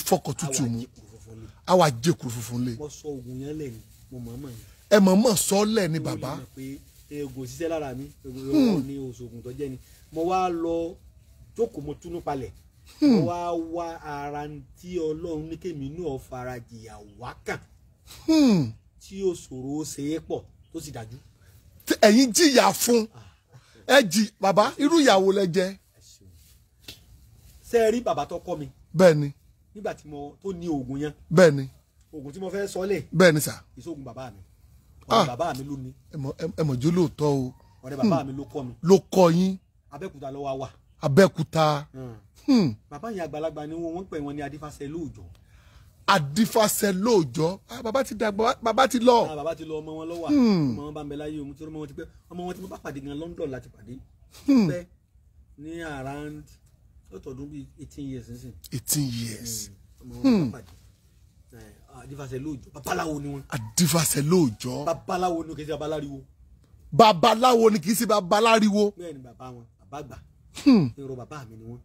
jẹkùrú funfun lé. mo sọ oògùn yẹn lẹ̀ ni mo mọ̀ mọ̀ yẹn. ẹ mọ̀ mọ̀ sọ lẹ̀ ni baba. oògùn ṣiṣẹ́ lára mi oògùn hmm. ni oṣoògùn tó jẹ́ ni mo wá lọ jókòó mo túnú palẹ̀ hmm. mo wá wá ara tí ọlọ́run ní kémi náà farajìyà wá kàn hmm. tí ó ṣòro ṣe é pọ̀ tó sì dájú. ẹ̀yin jìyà fún. Ah ẹ jì bàbá irú ìyàwó lẹ jẹ. ṣé ẹ rí bàbá tó kọ́ mi. bẹ́ẹ̀ni. nígbà tí mo tó ní oògùn yẹn. bẹ́ẹ̀ni. oògùn tí mo fẹ́ sọ́lẹ̀. bẹ́ẹ̀ni sà. ìṣòògùn bàbá mi ah. ọ̀rẹ́ bàbá mi ló ní. ẹ mọ̀ jó lóòótọ́ o. ọ̀rẹ́ bàbá mi ló kọ́ mi. ló kọ́ yín. abẹ́kúta ló wá abẹ́kúta. Hmm. Hmm. bàbá yẹn àgbàlagbà ni wọ́n pè wọ́n ní adífàṣẹ lóòjọ́ àdìfàṣẹ lóòjọ́ ah, bàbá ti dàgbà bàbá ti lọ. Ah, bàbá ti lọ ọmọ wọn lọ wà hmm. ọmọ wọn bá ń bẹ láyé òun tí ọmọ wọn ti pẹ́ ọmọ wọn ti mú bá pàdé gan London láti pàdé hmm. pẹ́ ní around lọ́tọ̀ọ́dún bíi eighteen years nísìn. eighteen hmm, years. ọmọ wọn bá pàdé eh, àdìfàṣẹ lóòjọ́ babaláwo ni wọn. àdìfàṣẹ lóòjọ́. babaláwo ni kì í ṣe babaláriwo. babaláwo ni kì í ṣe babaláriwo. bẹ́ẹ̀ni bàbá wọn bàbá àgbà. èrò bàbá mi ni wọn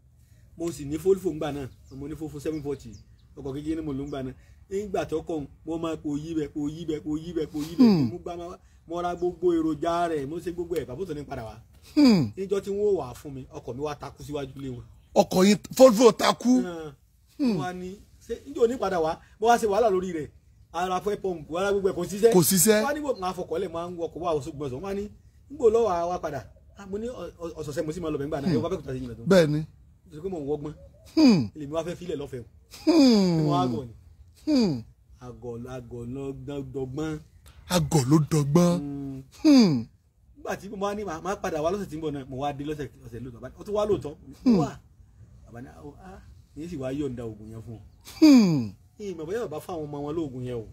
mo sì ní fólífò ńgbà náà mo ní fólífò seven forty ọkọ̀ kékeré ní mò ló ń gbà náà nígbà tó kọ̀ mo máa kò yí bẹ̀ kò yí bẹ̀ kò yí bẹ̀ kò yí bẹ̀ hmm. mo gbá máa mo ra gbogbo èròjà rẹ̀ mo ṣe gbogbo ẹ̀ bàbá tó ní padà wá. Hmm. níjọ́ tí wọ́n wà fún mi ọkọ̀ mi wá takú síwájú lé wọn. ọkọ̀ yìí fọ́lùfọ́ takú. wọ́n hmm. á ní ṣé níjọ́ ní padà wá mo wá ṣe wàhálà lórí rẹ̀ ara fẹ́ pọ́ǹpù ara gbogbo ẹ̀ kò ṣiṣẹ́. kò ṣiṣẹ́. wọ́n á ní máa fọkọ̀ lẹ̀ máa ń wọkọ̀ wá Òṣogbo ọ̀sán wọ́n á nígbò lọ́wọ́ àwa padà mo ní ọ̀sọ̀ọ̀sẹ̀ mo sì máa lọ bẹ̀ ńgbà náà yóò bá fẹ́ kúta sí ìyìnbọn tó. bẹ́ẹ̀ ni. ìṣèkú mọ̀ ń wọ́gbọ́n. èmi wá fẹ́ filẹ̀ lọ́fẹ̀ẹ́ Hmm. wọn àgọ̀ ni hmm. àgọ̀ àgọ̀ náà dọ́gbọ́n. àgọ̀ ló dọ́gbọ́n. Hmm. nígbà tí mo wá ní màá padà wá lọ́sẹ̀ tí ń bọ̀ náà mo wá dé lọ́sẹ̀ ọ̀sẹ̀ lóòótọ́ bàbá ó tún wá lóòótọ́ wà bàbá ní àwọn á ní sì wá yọ̀ǹda oògùn yẹn fún un. ìmọ̀ bóyá bàbá fáwọn ọmọ wọn lóògùn yẹn o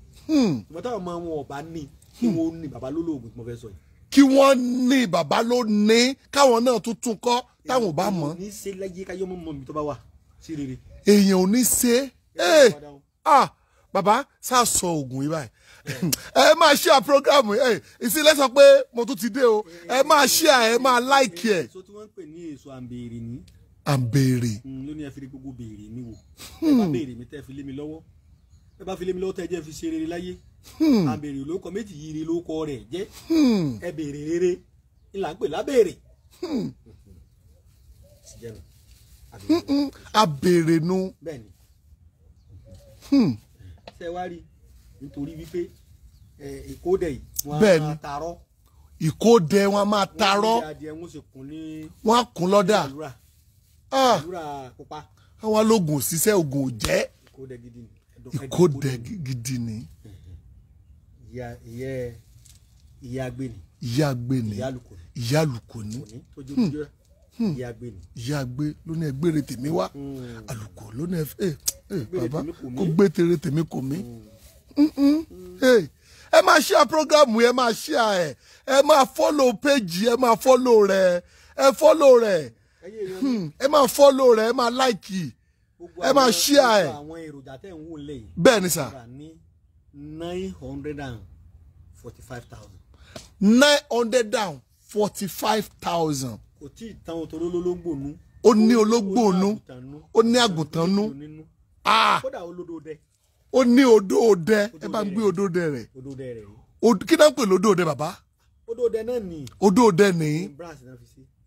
ìmọ̀ táwọn ọmọ wọn ọ̀bá ní kí wọ́n ní bàbá ló lóògùn tí mo fẹ́ sọ yìí. kí wọ́n ní bàbá ló ní káwọn náà tuntun kọ́ táwọn ò bá mọ̀. ní èèyàn ò ní ṣe é ah bàbá sá sọ oògùn yìí báyìí ẹ máa ṣíà programu ẹ ìsílẹ̀ sọ pé mo tún ti dé o ẹ máa ṣíà ẹ máa láìkì ẹ. èso tí wọ́n ń pè ní èso àǹbèrè ni. àǹbèrè. Hmm, lónìí ẹ fi gbogbo béèrè mi wò ẹ bá hmm. béèrè mi tẹ́ fi lé mi lọ́wọ́ ẹ bá fi lé mi lọ́wọ́ tẹ́ jẹ́ fi ṣe láyé hmm. àǹbèrè ló kọ méjì yiri ló kọ rẹ̀ jẹ́ ẹ béèrè rere ńlá ń pè lábèrè abèrè nu. Hmm. ṣe wá rí nítorí wípé ìkódẹ yìí wọn máa tarọ. ìkódẹ wọn máa tarọ wọn á kún lọ́dà ah. àwọn alógun òṣìṣẹ́ ogun ò jẹ́ ìkódẹ gidi ni. ìyá gbé ni ìyá àlùkò ni. Hmm. yàgbé ló ní ẹgbẹ́rẹ́ tèmi wá hmm. àlùkò ló ní ẹ bàbá kó gbé tere tèmi kò mí hmm. ẹ máa ṣíà programu ẹ máa ṣíà ẹ ẹ máa fọ́lò péjì ẹ máa fọ́lò rẹ ẹ fọ́lò rẹ ẹ máa fọ́lò rẹ ẹ máa láìkì ẹ máa ṣíà ẹ bẹ́ẹ̀ ni sà. nine hundred and forty-five thousand. nine hundred and forty-five thousand kò tí ì tán otoro lólógbò nú. ó ní ológbò nú ó ní àgùntàn nú kódà olódò dẹ. ó ní odò dẹ ẹ bá ń gbé odò dẹ rẹ kí náà ń pè lódò dẹ bàbá. odò dẹ náà owó odò dẹ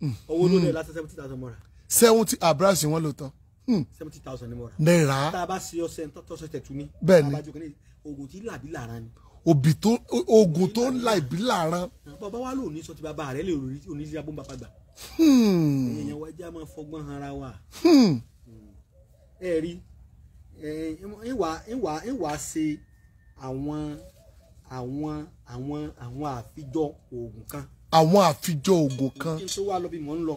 hmm. lásán seventy thousand mọ́ra. seventy abrasi wọn ló tán. Hmm. seventy thousand ni mọ́ra. náírà. tá a bá ṣe ọsẹ tọ́sọ tẹ̀tù ni. bẹ́ẹ̀ni oògùn tí làbí làrá ni òbí tó oògùn tó ń la ìbí làrán. bàbá wa ló ní sọ ti bàbá rẹ lè rí oníṣẹ́ abúmbàbà gbà. Hmm. èèyàn wa já máa fọgbọ́n ara wa hmm. Hmm. ẹ rí ìwà ìwà ìwà ṣe àwọn àwọn àwọn àwọn àfijọ oògùn kan àwọn àfijọ oògùn kan. kí n tó wá lọ bí mò ń lọ.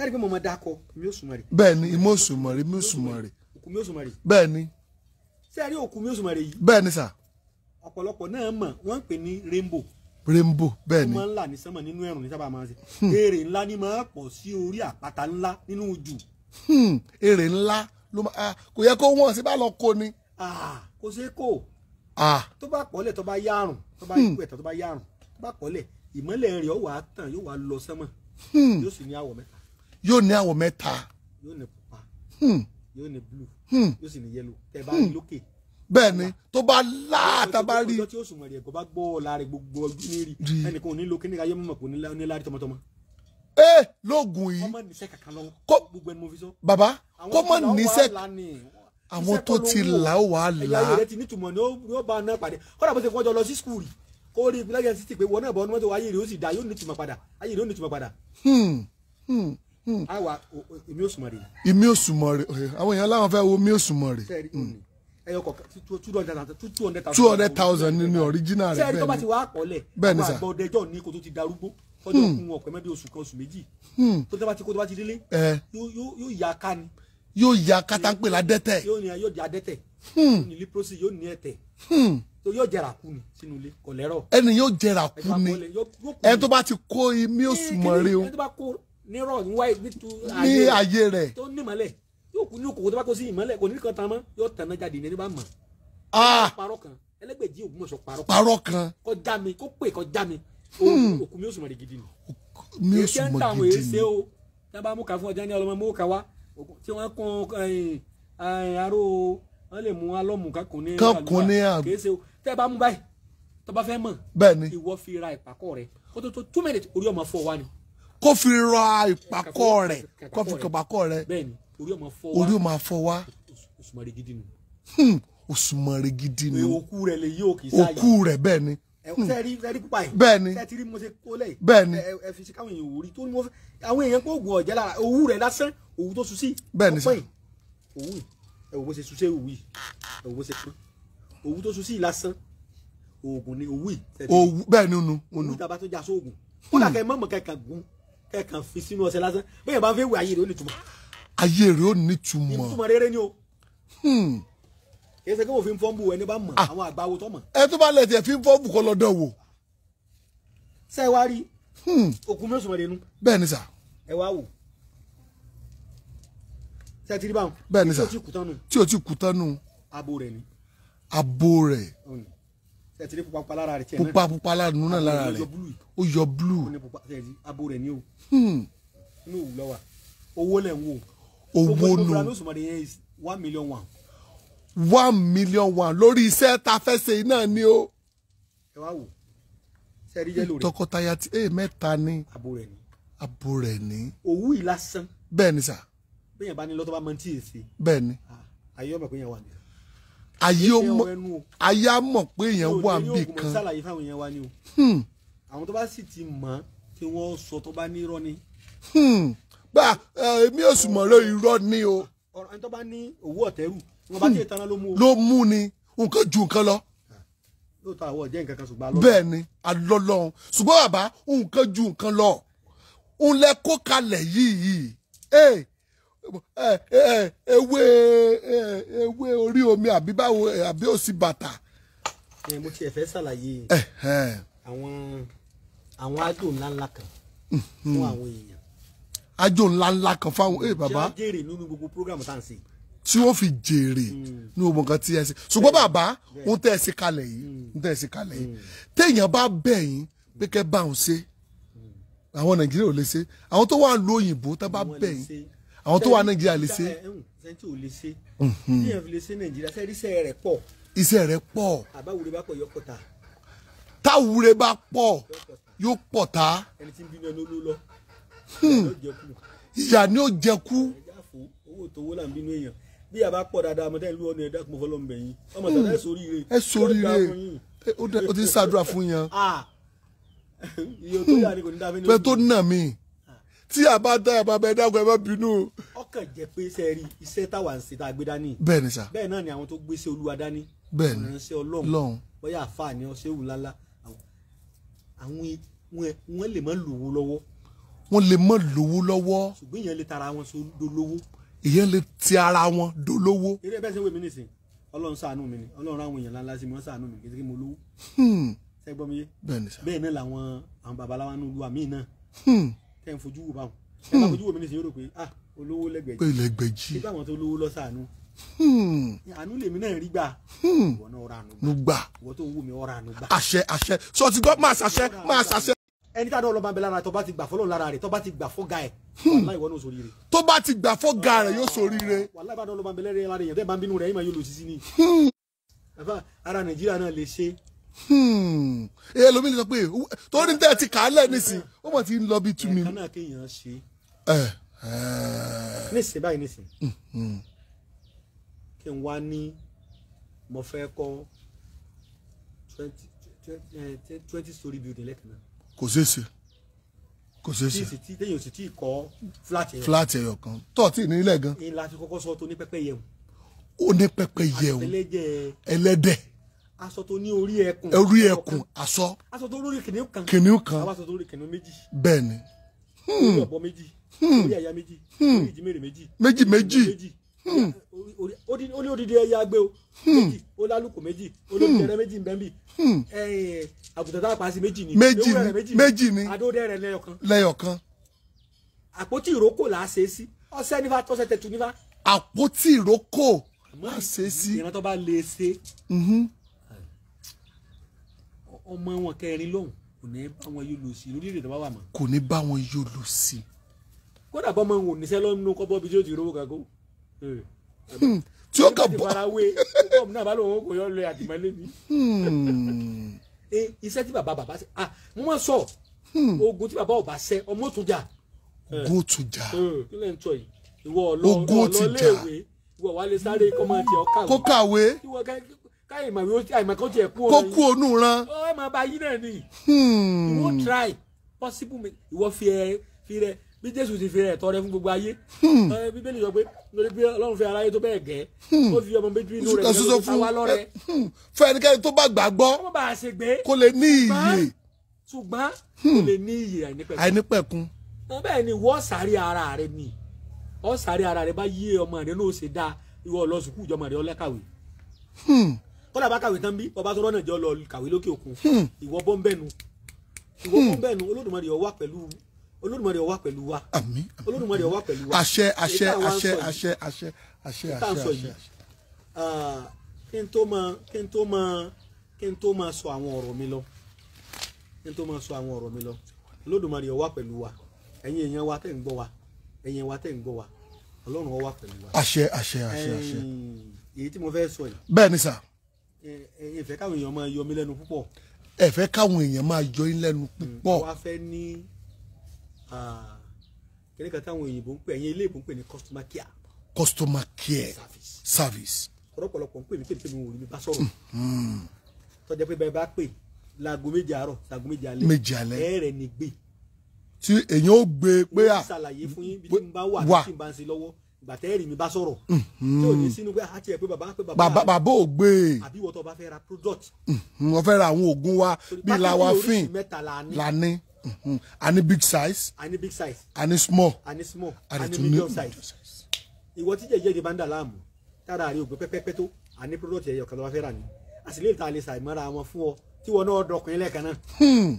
ẹ rí i pé mo máa dákọ mi ò sùnmọ̀ rè. bẹ́ẹ̀ni mi ò sùnmọ̀ rè mi ò sùnmọ̀ rè. òkú mi ò sùnmọ̀ rè. bẹ́ẹ̀ni. ṣé ẹ rí òkú mi ò sùnmọ̀ rè yìí. bẹ́ẹ̀ni sà. ọ̀pọ̀lọpọ̀ náà mọ̀ wọ́n ń pè ní rainbow rainbow bẹ́ẹ̀ ni. ó máa ń là ní sánmọ̀ nínú ẹ̀rùn ní sábà máa ń ṣe. èrè ńlá ni máa pọ̀ sí orí àpáta ńlá nínú ojú. Hmm, èrè ńlá ló máa ah, kò yẹ kó wọ́n sí bá lọ kó ni. kò ṣeé kó tó bá pọ̀lẹ̀ tó bá yárùn tó bá hmm. ikú ẹ̀tọ́ tó bá yárùn tó bá pọ̀lẹ̀ ìmọ́lẹ̀ rẹ̀ ó wà á tàn yóò wá lọ sánmọ̀ hmm. yóò sì ní àwọ̀ mẹ́ta. yóò ní àwọ̀ mẹ́ta. yóò ní pupa yóò ní blue yóò sì ní yellow tẹ̀ bẹ́ẹ̀ ni tó bá láàtà bá rí. ọjọ́ tí ó sùn mọ̀rẹ̀ ẹ̀kọ́ bá gbọ́ ọ̀la rẹ̀ gbogbo ọdún ní rí ẹnìkan ò ní lo kíní ayé mọ̀mọ̀ kò ní lárí tọmọtọmọ. ẹ lóògùn yìí kó bàbá kó mọ̀ níṣẹ́ àwọn tó ti là ó wà á là. ẹ̀yà rẹ̀ ti nítumọ̀ ni ó bá náà pàdé kọ́dà bó ṣe fọ́jọ́ lọ sí skul kó rí i lẹ́yìn sí ti pé wọ́n náà bọ́ ọdún mọ́tò ayé rẹ̀ ó sì dá yóò nítumọ̀ padà ayé rẹ̀ ó nítumọ̀ padà. àwa hmm, hmm, hmm. èmi ò sùnmọ̀ rè. èmi ò sùnmọ̀ rè àwọn èèyàn láwọn fẹ́ wo mi ò sùnmọ̀ rè ẹyọ kọ̀ọ̀kan two hundred thousand two hundred thousand. two hundred thousand ni original rẹ bẹ́ẹ̀ ni sẹ́ẹ̀rì tó bá ti wá àkọọ́lẹ̀ bẹ́ẹ̀ ni sà àgbà ọ̀dẹ́jọ́ ní kó tó ti darúgbó ọjọ́ òkun hmm. ọ̀pẹ mẹ́bí oṣù kan oṣù méjì hmm. tó tó bá ti kó tó bá ti délé yóò yá ká ni. yóò yá kátàpé la dẹ́tẹ̀. yóò ní yóò di adẹ́tẹ̀ hmm. yóò ní leprosi yóò ní ẹ̀tẹ̀ tó yóò jẹrà kú ni sínú ilé kò lẹ́rọ̀. ẹni yóò jẹrà kú ni ẹni tó bá ti kó imí òṣùmọ̀ rẹ o ní ayé rẹ̀ tó ní mọ́lẹ̀ yóò kú ní okòwò tó bá kó sí ìmọ́lẹ̀ kò ní kan tán mọ́ yóò tàn náà jáde ní ẹni bá mọ̀. Ah! parọ́ kan ẹlẹ́gbẹ̀jì ògbómọ̀ṣọ́ parọ́ kan parọ́ kan kó já mi kó pè kó já mi hmm. òkú mi ò sùnmọ̀ gidi ni. mi ò sùnmọ̀ gidi ni. èyí tẹ́ ń ta àwọn èsè o tí wọ́n bá mú ka fún ọjà ní ọlọ́mọ mú ka wá tí wọ́n eh, eh, o tẹ́ bá mú báyìí tó fi ra ìpàkọ́ rẹ kó tó tó two minutes orí ọmọ fọ wa ni. kó fi ra ìpàkọ́ rẹ kó fi ìpàkọ́ rẹ bẹ́ẹ̀ni orí ọmọ fọ wá orí ọmọ fọ wá òṣùmàrè gidi nù. òṣùmàrè hmm, gidi nù òkú rẹ̀ lè yí òkè sáyà òkú rẹ̀ bẹ́ẹ̀ ni bẹ́ẹ̀ni bẹ́ẹ̀ni àwọn èèyàn kó oògùn ọ̀jẹ̀ lára owó rẹ̀ lásán owó tó sùn sí bẹ́ẹ̀ni sọ owó ẹwọ bó ṣe sùn sí owó yìí ẹwọ bó ṣe pín owó tó sùn sí lásán oògùn ni owó yìí. owó bẹ́ẹ̀ ni nu nu. owó tàbá tó já sóògùn kódà hmm. kẹ mọ̀mọ́ kẹkàn gún kẹkàn fi sínú ọṣẹ lásán bẹ́ẹ̀ bá fẹ́ wẹ̀ ayé rẹ̀ ó lè túmọ̀ ayé rẹ ó nítumọ̀ ìtumọ̀ rere ni o èsì kí wọ́n fi ń fọ́nbù ẹni bá mọ̀ ah. àwọn àgbáwo tó mọ̀. ẹ tó bá lẹ̀ tiẹ̀ fi ń fọ́nbù kọ́ lọ́dọ̀ wò. ṣé ẹ wá rí òkú mi ò sùnmọ̀ lẹ́nu. bẹ́ẹ̀ ni sà. ẹ wá wò ṣé ẹ ti rí báwọn. bẹ́ẹ̀ ni sà tí o ti kú tán abo rẹ ni. abo rẹ. ṣé ẹ ti rí pupa pupa lára rẹ tiẹ̀ náà. pupa pupa lára nù lára rẹ ó yọ blu. abo rẹ ni o. Hmm. inú òwú wa owó lẹ̀ ń wò owó nù one million one. one million one lórí iṣẹ́ ta fẹ́ ṣe iná ni o. ẹ wá wò sẹ́ẹ̀rí yẹ́lò rẹ̀. tọkọtaya ti ee eh, mẹ́ta ni. abo rẹ̀ ni. abo rẹ̀ ni. òwú ìlàsán. bẹ́ẹ̀ ni sà. bẹ́ẹ̀ bá ní lọ́tọ́ bá mọ tí èsì. bẹ́ẹ̀ ni. Ah, ayé ọmọ pé yẹn wà ní. ayé ọmọ ayé ọmọ pé yẹn wà bí kan. Hmm. àwọn tó bá sì ti mọ̀ tí wọ́n sọ tó bá ní irọ́ ni. Hmm gbà èmi ò sùn mọ́ ló irọ́ ni o. ọ̀rọ̀ ẹni tó bá ní òwú ọ̀tẹ́rù wọn bá hmm. tiẹ̀ tanná ló mú o. ló mú ni nǹkan ju nǹkan lọ. Ah, lóòótọ́ àwọ̀ jẹ́ nǹkan kan ṣùgbọ́n alọ́. bẹ́ẹ̀ ni alọ́lọ́run ṣùgbọ́n bàbá nǹkan ju nǹkan lọ òun lẹ kó kalẹ̀ yìí ewé ewé orí omi àbí báwo àbí òsì bàtà. mo tiẹ̀ fẹ́ ṣàlàyé àwọn àwọn àdó ńláńlá kan hmm, hmm. fún àwọn èèyàn àjò ńláńlá kan fáwọn ẹ eh, bàbá tí ó fi jèrè hmm. ní gbogbo nǹkan tí ẹ ṣe ṣùgbọ́n bàbá ohun tẹ́ ẹ ṣe kalẹ̀ yìí hmm. ohun tẹ́ ẹ ṣe kalẹ̀ yìí hmm. téèyàn bá bẹ̀ yín pé kẹ́ bá òun ṣe àwọn nàìjíríà ò lè ṣe àwọn tó wà lóyìnbó tó bá bẹ̀ yín àwọn tó wà nàìjíríà lè ṣe. sẹ́ńtì ò lè ṣe mhm. téèyàn fi lè ṣe nàìjíríà sẹ́ẹ̀rí iṣẹ́ rẹ̀ pọ̀. iṣẹ́ rẹ̀ pọ̀. bá pọ̀ ta. táwúre bá pọ̀ yóò pọ̀ ta. ẹni tí ń bínú ẹni ló lọ. Hmm. ìyà ni ó jẹkú. owó tówó là ń bínú èèyàn bí a bá pọ̀ dáadáa ọmọdé ìlú ọ̀nà ẹ̀dá kò fọlọ́ mbẹ̀yìn ọmọ tàbí sórí ire. ẹ sórí ire ó ti ṣàdúrà fún yẹn. pẹ tó nà mí tí a bá dá ẹ̀ bá dákun ẹ̀ bínú. ọkàn jẹ́ pé iṣẹ́ rí iṣẹ́ táwa ń ṣe tá a gbé dání. bẹ́ẹ̀ ni sà. bẹ́ẹ̀ náà ni àwọn tó gbé sí olúwa dání. bẹ́ẹ̀ ni ìránṣẹ́ Ọlọ́run àfa ni ọṣẹ wù lálá àwọn wọn lè má lówó lọ́wọ́ wọ́n lè mọ́ lówó lọ́wọ́. ṣùgbọ́n ìyẹn lè tara wọn dolówó. ìyẹn lè ti ara wọn dolówó. eré bẹ́ẹ̀ ṣe wèmí nìsín ọlọ́run ṣàánú mi ni ọlọ́run ráwọn èèyàn ńláńlá sí mi wọ́n ṣàánú mi kí mo lówó. Hmm. ṣe gbọ́ mi yé bẹ́ẹ̀ náà làwọn àwọn babaláwa ní olúwa míì náà hmm. tẹ́ ń fojú wò báwọn ẹ bá hmm. fojú wò mí nìsín yóò rò pé ah olówó lẹ́gbẹ̀ẹ́jì nígbà wọn tó lówó lọ́ ṣàánú àánú lèmi náà rí gbà ìwọ náà ọ̀rọ̀ àánú gbà ìwọ tó ń mí ọ̀rọ̀ àánú gbà. àṣẹ àṣẹ sọ ti gbọ́ máa ṣàṣẹ máa ṣàṣẹ ẹni tá a dọ̀rọ̀ máa bẹ lára tó bá ti gbà fọlọ́run lára rẹ̀ tó bá ti gbà fọ́gà ẹ̀ hmm. tó bá ti gbà fọ́gà rẹ̀ yóò sórí rẹ̀. wàláì bá dọ̀rọ̀ máa bẹ lẹ́rẹ̀ lára èèyàn tẹ́ bá ń bínú rẹ̀ yín máa yóò lò sísí ni. ara nàìjíríà náà lè ṣe. ee hmm. lomi lè sọ pé torí tẹ́ ti kàálẹ̀ nísìn ó mọ̀ ti ń lọ bí tú ẹ̀ka náà kéèyàn ṣe. Hmm, ní kò ṣeé ṣe kò ṣeé ṣe téèyàn sì tí ì kọ́ fúláàtì ẹyọ fúláàtì ẹyọ kan tọ́ọ̀tì nílẹ̀ gan. ni láti kọ́kọ́ sọ tó ní pẹ́pẹ́yẹ o. ó ní pẹ́pẹ́yẹ o ẹlẹ́dẹ̀. aṣọ tó ní orí ẹkùn. orí ẹkùn aṣọ. aṣọ tó lórí kìnìún kan. kìnìún kan. àwọn aṣọ tó lórí kìnìún méjì. bẹ́ẹ̀ ni. orí hmm. ọ̀bọ méjì. Hmm. orí àyà méjì. Hmm. orí ìjì mèrè méjì. méjì méjì ó hmm. ní odidi ẹyà gbé o hmm. méjì ó lálùkò méjì olóòtẹrẹ hmm. méjì nbẹ nbí àgùntàn tá a pa sí méjì ni méjì ni méjì ni adóòdẹ rẹ lẹ́yọ̀kan lẹ́yọ̀kan àpótí ìrókò là á ṣe é sí ọ̀sẹ̀ nífa tọ̀sẹ̀ tẹtù nífa. àpótí ìrókò là á ṣe é sí. ìran tó bá lè ṣe mm-hmm. ọmọ wọn kẹrin lóhùn kò ní bá wọn yóò lò sí lórílẹ̀ tó bá wà mọ́. kò ní bá wọn yóò lò sí. kódà bọ́ mọ òun níṣẹ́ lọ́nù kọ́bọ́ bíi tí ó ti rówó kankan tí ó kà bọ́ hmm. iṣẹ́ tí bàbá bàbá ṣe ah mo máa sọ hmm. ogun tí bàbá ọba ṣe ọmọ òtún jà. ogun òtún jà ogun òtún jà kó kàwé kó kú òun ran ọ ẹ máa ba yín náà ni ìwọ hmm. try possible ìwọ fi ẹ fi rẹ bí jésù ti fi rẹ̀ tọrẹ fún gbogbo ayé hmm. bíbélì sọ pé lórí bí ọlọ́run fi aráyé tó bẹ́ẹ̀ gẹ́ hmm. ó fi ọmọ méjì inú rẹ̀ ló ta wá lọ́rẹ. Hmm, fún ẹnikẹ́ni tó bá gbàgbọ́ kó lè ní iyè ṣùgbọ́n kó lè ní iyè àìnípẹ̀kun. bẹ́ẹ̀ ni ìwọ sàárì ara rẹ ni ọ sàárì ara rẹ bá yí ọmọ rẹ ló ṣe dáa ìwọ lọ sùkú ìjọmọ rẹ ọlẹ́kàwé. kódà bá kàwé tán bí ọba tó rọ́nà jọ lọ kàwé lókè òkun ìwọ bọ́ńbẹ́nu ìwọ bọ́ńbẹ́nu Olódùmarè ó pẹ̀lú olódùmarè ó wà pẹ̀lú wa àmín olódùmarè ó wà pẹ̀lú wa àṣẹ àṣẹ àṣẹ àṣẹ àṣẹ àṣẹ àṣẹ àṣẹ. Ah, kí n tó máa kí n tó máa kí n tó máa sọ àwọn ọ̀rọ̀ mi lọ kí n tó máa sọ àwọn ọ̀rọ̀ mi lọ olódùmarè ó wà pẹ̀lú wa ẹ̀yin èèyàn wa tẹ̀ ń gbọ́ wa ẹ̀yin wa tẹ̀ ń gbọ́ wa ọlọ́run ó pẹ̀lú wa. àṣẹ àṣẹ àṣẹ àṣẹ. èyí tí mo fẹ́ sọ yìí. bẹ́ẹ̀ ni sà. ẹ káwọn èèyàn máa yọ mí lẹ́nu púpọ̀. ẹ káwọn èèyàn máa yọ yín lẹ́nu hmm, púpọ̀. wọ́n á fẹ́ ní Ah. kìnìún kan táwọn òyìnbó ń pè ẹ̀yìn ilé ìbò ń pè ní customer care. customer care service. service. ń pè mí pèmí pèmí òun mi bá sọ̀rọ̀ hmm, hmm. tọ́jà pé bẹ́ẹ̀ bá pè láago méje àárọ̀ láago méje alẹ́ ẹ̀rẹ̀ ni gbé. tí èèyàn ó gbé pé à wọ́n ṣàlàyé fún yín bí tí bá wà tí n bá ń ṣe lọ́wọ́ gbàtẹ́rì mi bá sọ̀rọ̀ hmm, tí ò ní sínú pé ah, àti ẹ̀ pé bàbá pé bàbá bàbá ò gbé e àbí Mm-hmm. a big size. a big size. a small. a small. a medium size. ìwọ tí jẹjẹrẹ bá ń dà láàmú tára rí ògbé pẹ́pẹ́pẹ́ tó a product ẹ̀yọ̀ kan ló wá fẹ́ rà ní a sì lè ta lè ṣàìmọ́ra wọn fún ọ tí wọn náà dọkùnrin lẹ́ẹ̀kan náà. Hmm.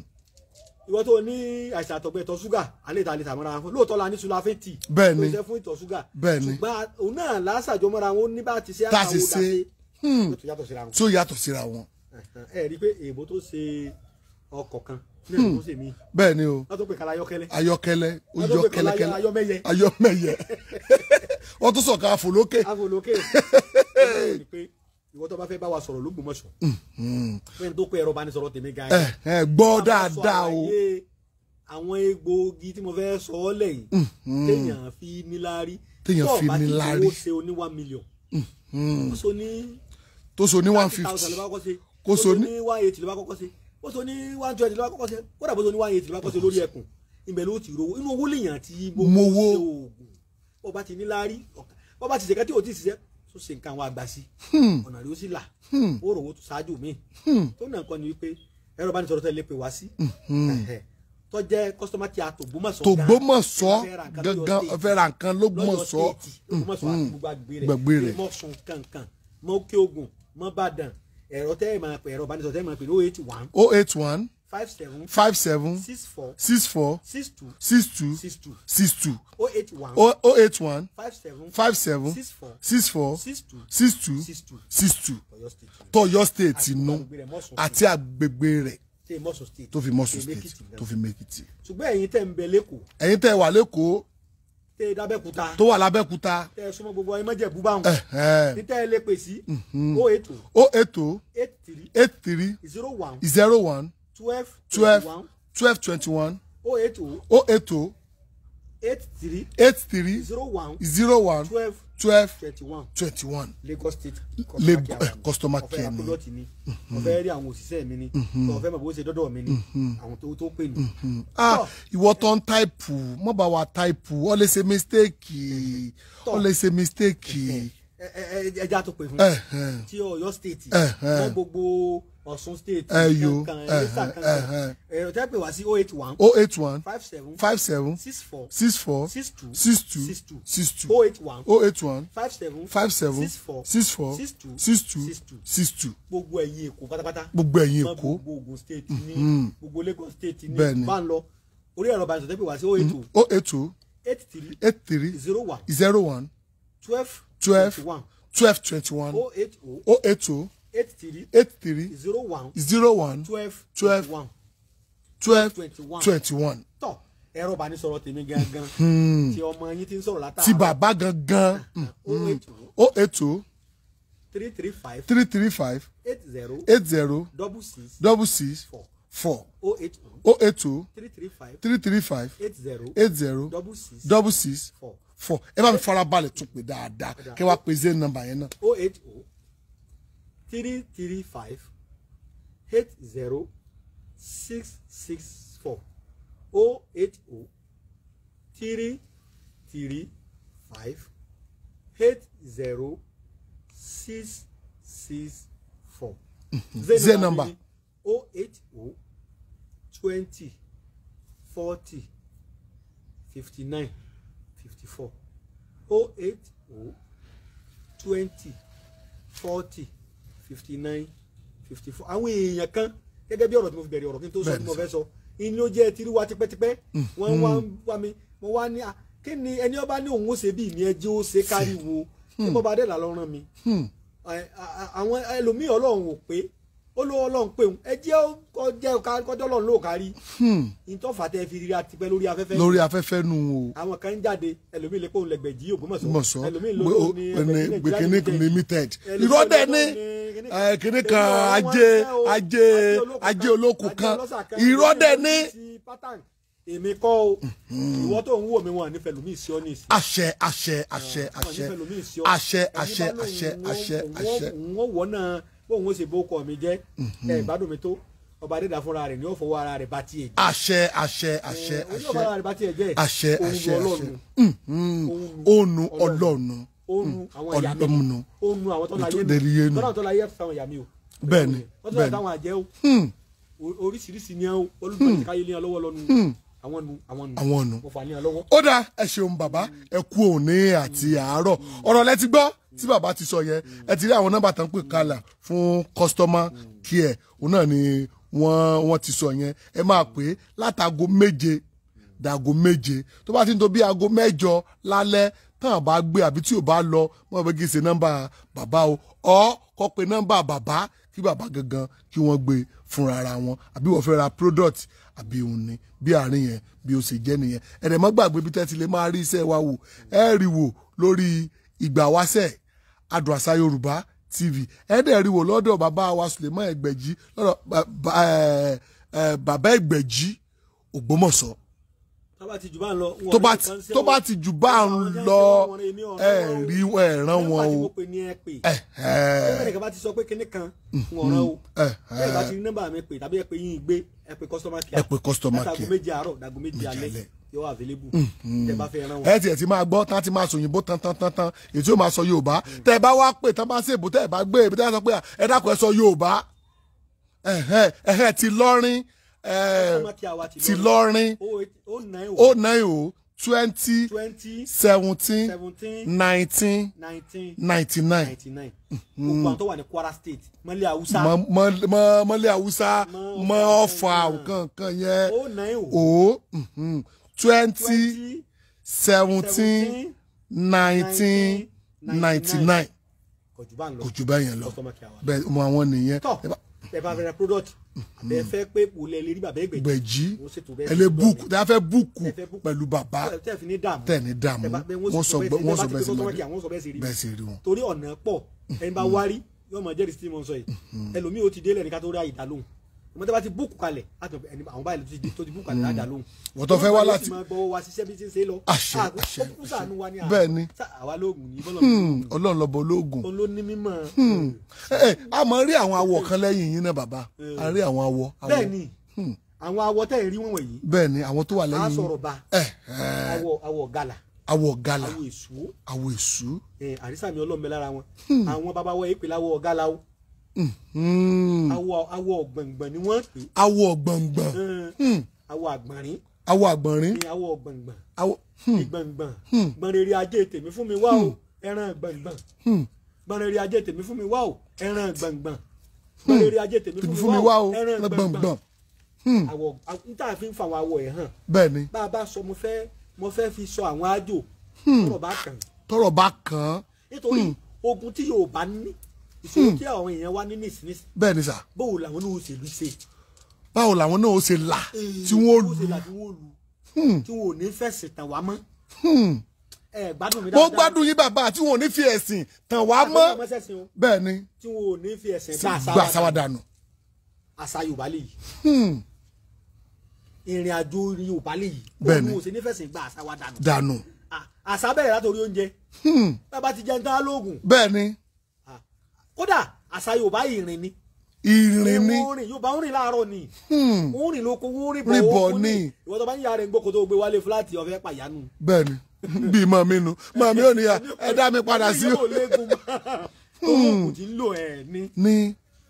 ìwọ tó ní àìsàn àtọ̀gbẹ ìtọ̀ ṣúgà a lè ta lè ṣàìmọ́ra wọn fún lóòótọ́ la ní sulafẹ́ tì. bẹ́ẹ̀ni tó ṣe fún ìtọ̀ ṣúgà. bẹ́ẹ̀ni ṣùgbọ́n òun náà lásàjọmọ́ra wọn ní bá ti ṣe àwọn òdàṣe tó hmm, yàtọ̀ síra wọn. ẹ rí i pé èèbó tó ṣe ọkọ̀ kan bẹ́ẹ̀ ni o ayọkẹlẹ oyọkẹlẹkẹlẹ ayọmẹyẹ wọ́n tún sọ̀ka àfòlókè. àfòlókè ìwọ tó bá fẹ́ bá wa sọ̀rọ̀ l'Ógbómọ̀ṣọ́ hmm, hmm. fẹ́ni tó kó ẹ̀rọ eh, eh, bá ní sọ̀rọ̀ tèmi gan. gbọ́ dáadáa o. àwọn egbòogi tí mo fẹ́ sọ ọ́ lẹ́yìn hmm, téèyàn fi níláárí téèyàn fi níláárí tó bá ti ṣe oní one million. tó so ní one fifty tó so ní one eighty ló bá kọ́kọ́ ṣe bó so ní one twenty lọ́wọ́ kọ́kọ́ ṣe kódà bó so ní one eighty lọ́wọ́ kọ́kọ́ ṣe lórí ẹkùn ìbẹ̀ ló ti rówó inú owó lèèyàn ti gbogbo ṣe oògùn bó bá ti ní láárí bó bá ti ṣèkẹ́ tí ò ti ṣiṣẹ́ tó ṣe nǹkan àwọn àgbà sí hmm. ọ̀nà rí ó sì là hmm. ó rò ó ṣáájú mi hmm. tó nà nǹkan ni wípé ẹ̀rọ bá ní sọ̀rọ̀ tẹ́lẹ̀ pé wá sí tó jẹ́ kọ́sítọ́mà tí a tògbómọ̀sọ́ tògbómọ̀sọ́ gangan ra nǹkan lógbómọ̀sọ́ gbàgbé rẹ̀ mọ̀sùn kankan mọ́kẹ́ ogun ẹ̀rọ tẹ́ ẹ̀ máa ẹ̀rọ bá tẹ́ ẹ̀ máa pè ní o oh eight one. o oh eight one. five seven. five seven. six four. six four. six two. six two. six two. six two. o oh eight one. o eight one. five seven. five seven. six four. six four. six two. six two. six two. six two. tọ̀yọ́ state inú àti agbègbè rẹ̀ tó fi mọ́sùn state tó fi mẹ́kìtì. ṣùgbọ́n ẹ̀yin tẹ́ ń bẹ lẹ́kọ̀ọ́. ẹ̀yin tẹ́ wà lẹ́kọ̀ọ́ tẹ labẹ́kúta tó wà labẹ́kúta tẹ súnmọ́ gbogbo ẹ mọ́jẹ̀bú báwọn ní tẹ ẹ lè pè sí o eight o eight o eight three eight three zero one zero one twelve twelve twelve twenty one o eight o o o eight three eight three zero one zero one twelve twelve twenty-one twenty-one Lagos State customer care eh, ni ọ̀fẹ́ akọ́lọ́tì ni mm-hmm. ọ̀fẹ́ rí àwọn òṣìṣẹ́ mi ni mm-hmm. ọ̀fẹ́ mọ̀ bó ṣe dọ́dọ̀ mi ni mm-hmm. àwọn tó tó pè ní. Ah, ìwọ tó ń táìpù mọ́ bá wa táìpù ọ lè ṣe mistake ọ lè ṣe mistake. ẹja tó pè fún tí Ọ̀yọ́ state wọn gbogbo. Ọ̀ṣun state ẹ̀yọ ẹ̀rọ tẹ́ pè wá sí oh eight one oh eight one five seven five seven six four six four six two six two six two six two oh eight one oh eight one five seven five seven six four six four six two six two six two. gbogbo ẹ̀yin Èkó pátápátá gbogbo ẹ̀yin Èkó gbogbo Ògùn state ní mm-hmm. gbogbo Lagos state ní bá ń lọ orí ẹ̀rọ bá ń sọ wá sí oh eight two oh. Mm-hmm. oh eight two oh. eight three eight three zero one zero one twelve twelve Twenty one. twelve twenty one oh eight oh oh eight oh eight three eight three zero one zero one twelve twelve twelve twenty one. tọ ẹ̀rọ ìbánisọ̀rọ̀ tèmi gangan hmm. tí ọmọ yín ti ń sọ̀rọ̀ látàrà. ti bàbá gangan o hmm. hmm. ètò three three five three three five eight zero eight zero double six double six four four oh eight two oh eight two three three five three three five eight zero eight zero double six double six four four ẹ bá mi farabalẹ̀ tún pé dáadáa kẹ́ wá pé zero number yẹn náà. oh eight oh three three five eight zero six six four o oh eight o oh three three five eight zero six six four. z number o oh eight o twenty forty fifty nine fifty four o eight o twenty forty fifty nine fifty four àwọn èèyàn kan gẹ́gẹ́ bí ọ̀rọ̀ tí mo fi bẹ̀rẹ̀ ọ̀rọ̀ kí n tó sọ tí mo fẹ́ sọ ìní ó jẹ́ tiriwa tipẹ́tipẹ́ hmm, wọ́n wá hmm. wá mi mo wá ní kí ni ẹni ọba ní òun ó ṣe bí ìní ẹjẹ́ ó ṣe kárí hmm. wo tí mo bá dẹ̀ là lọ́rùn mi àwọn ẹlòmíì ọlọ́run ò pé olówó ọlọ́run pé ẹ jẹ́ kọjá kọjọ́ ọlọ́run ló kárí. ìtọ́fà hmm. tẹ fi rira tipẹ́ lórí afẹ́fẹ́. lórí afẹ́fẹ́ nù o. àwọn kan ń jáde ẹlòmíì lè pòun lẹ́gbẹ̀ẹ́ jí Ògbómọ̀ṣọ́. mọ̀sọ́ gbẹ̀kẹ́ni limited ìrọ́dẹ̀ ní kìnní kan ajé ajé ajé olókùn kan ìrọ́dẹ̀ ní èmi kọ́ o hmm. ìwọ tó ń wò mí wọn nífẹ̀ẹ́ lómi ìsọ́ ní ìsìn. àṣẹ àṣẹ àṣẹ àṣẹ àṣẹ àṣẹ àṣẹ àṣẹ àṣẹ. wọ́n wọ́n náà bóun ó sì bó kọ mi jẹ́ mhm. ẹ̀ ìbádùn mi tó ọba adéda fúnra rẹ̀ ni ó fọwọ́ ara rẹ̀ bá tiẹ̀ jẹ́. àṣẹ àṣẹ àṣẹ àṣẹ òun yóò fọwọ́ àṣẹ àṣẹ àṣẹ ònu ọlọ́ọ̀nù ònu àwọn ìyá mi ònu àwọn tó la yẹ fún àwọn o. bẹ́ẹ̀ni bẹ́ẹ̀ni wọ́n tó la yẹ hmm. fún o oríṣiríṣi ni ó olùdókítà hmm. káyé ní ọlọ́wọ́ lọ́nu. Hmm àwọn nu ó dáa ẹ ṣeun bàbá ẹ kú òní àti àárọ̀ ọ̀rọ̀ lẹ ti gbọ́ tí bàbá ti sọ yẹn ẹ ti rí àwọn nọ́mbà tán pè kalà fún customer care òun náà ni wọ́n wọ́n ti sọ yẹn ẹ máa pè é látago méje dàgo méje tó bá ti ń tó bí aago mẹ́jọ lálẹ́ tán àbá gbé àbí tí ò bá lọ wọ́n fẹ́ kí n ṣe nọ́mbà bàbá o ọ kọ́ pé nọ́mbà bàbá kí bàbá gangan kí wọ́n gbé fúnra ara wọn àbí wọ́n fẹ́ ra product àbí òun ni bí àárín yẹn bí ó ṣe jẹ́ nìyẹn ẹ̀rẹ̀ mọ́ gbàgbé bí tẹ́tí lè máa rí iṣẹ́ wa wò ẹ rí wò lórí ìgbà wáṣẹ̀ Yorùbá TV ẹ dẹ̀ rí wò lọ́dọ̀ bàbá wa Suleiman Ẹgbẹ̀jì lọ́dọ̀ bàbá Ẹgbẹ̀jì Ògbómọ̀ṣọ́ tó bá ti jù bá ń lọ ẹ rí ẹ̀ràn wọn o. ẹnìkan bá ti sọ pé kinní kan fún ọ̀ràn o bẹ́ẹ̀ bá ti rí nọ́mbà mi pè tàbí ẹ pè yín gbé ẹ pè ẹ pè customer care available mhm. tẹ́ bá fẹ́ ràn wọn. ẹ tiẹ̀ ti máa gbọ́ tán ti máa sòyìnbó tán tán tán tán ètò yóò máa sọ yorùbá mm. tẹ́ bá wá pè tán bá ṣèbò tẹ́ bá gbé ebi tẹ́ bá sọ pé ẹ dákun ẹ sọ yorùbá ẹ̀hẹ́ ẹ̀hẹ́ ti lọ́rin ti lọ́rin Oh. oh nine oh twenty seventeen nineteen ninety nine. Mm-hmm. gbogbo àwọn tó wà ní Kwara State mọ́lẹ̀ Haúsá. mọ́lẹ̀ Haúsá mọ́ ọ̀fà òkankan yẹn o oh, oh. mm-hmm. twenty seventeen nineteen ninety nine kò jù bá yẹn lọ bẹ́ẹ̀ mọ àwọn nìyẹn. tọ́ ẹ bá fẹ́ràn product bẹ́ẹ̀ fẹ́ pé wòlẹ̀ lè rí bàbá ẹgbẹ̀jì gbẹ̀jì ẹlẹ́ búùkù tẹ́ fẹ́ búùkù pẹ̀lú bàbá tẹ̀ ní dààmú wọ́n sọ bẹ́ẹ̀ sí lọ́dún bẹ́ẹ̀ sì rí wọn. torí ọ̀nà pọ̀ ẹni bá mm-hmm. wárí yóò máa jẹ́rìí sí ti mọ̀ sọ yìí mm-hmm. ẹlòmíì ó ti délẹ̀ ní ká tó rí àyè dá lóhùn ọmọdé bá ti búùkù kalẹ̀ àwọn báyìí tó ti búùkù kalẹ̀ ládàá mm. lóhùn. wọ́n tó fẹ́ wá láti àṣẹ ah, àṣẹ ah. bẹ́ẹ̀ hmm, ni ọlọ́run lọ́bọ ológun hmm. eh, eh, a máa rí àwọn awọ kan lẹ́yìn yín náà bàbá a rí àwọn awọ. bẹ́ẹ̀ ni hmm. àwọn awọ tẹ̀ ń rí wọ̀n wọ̀nyí. bẹ́ẹ̀ ni àwọn tó wà lẹ́yìn. a sọ̀rọ̀ ba eh, awọ gala. awọ gala awọ èṣù. awọ èṣù. àrísàmì ọlọ́mọbẹ lára wọn àwọn baba wọ èpè láwọ gala o. Mm-hmm. awọ awọ ọ̀gbọ̀ngbọ̀n ni wọ́n pè. awọ ọ̀gbọ̀ngbọ̀n. Eh, hmm. awọ àgbọ̀nrín. awọ àgbọ̀nrín. ni awọ ọ̀gbọ̀ngbọ̀n. awọ hmm. ìgbọ̀ngbọ̀n. Hmm. gbọ̀nrẹ̀rì ajé tèmi fún mi wá o ẹran gbọ̀ngbọ̀n. gbọ̀nrẹ̀rì ajé tèmi fún mi wá o ẹran gbọ̀ngbọ̀n. gbọ̀nrẹ̀rì ajé tèmi fún mi wá o ẹran gbọ̀ngbọ̀n. awọ n tà fi ń fa àwọn awọ ẹ̀ hàn. bẹ́ẹ̀ni. bá a bá sọ mo fẹ́ mo fẹ́ fi sọ àwọn àjò tọ́rọ̀ bá kàn. tọ́rọ̀ bá kàn. nítorí ogun tí Yorùbá ní ìṣòro hmm. tí àwọn èèyàn wá ní nísinsìnyí. bẹ́ẹ̀ ni sà. báwo làwọn náà ó ṣe lù ṣe. Eh, báwo làwọn náà ó ṣe là tí wọ́n lù. Hmm. tí wọ́n ò ní fẹ̀sìn tàn wá mọ́. Hmm. ẹ gbádùn mi dáadáa. mo gbádùn yín bàbá tí wọ́n ò ní fi ẹ̀sìn tàn wá mọ́. bẹ́ẹ̀ ni. tí wọ́n ò ní fi ẹ̀sìn gbà sáwá dànù. àṣà Yorùbá lè yìí ìrìn àjò Yorùbá lè yìí òun ò sí nífẹ̀sìn gba àṣà wa dànù. dànù. àṣà bẹ̀rẹ̀ látòrí oúnjẹ. bàbá ti jẹun tán lóògùn. bẹ́ẹ̀ ni kódà àṣà yorùbá ìrìn ni ìrìn ni yorùbá ń rìn láàárọ̀ ni ń hmm. rìn lóko ń rìn bọ̀ ní ìwọ tó bá ń yára ń gbókòtò gbé wálé fúláàtì ọ̀fẹ́ pàyánù. bẹ́ẹ̀ni [laughs] bí màmí nu màmí ò níyà ẹ dá mi padà sí o. oògùn [laughs] hmm. tí ń lò ẹ ní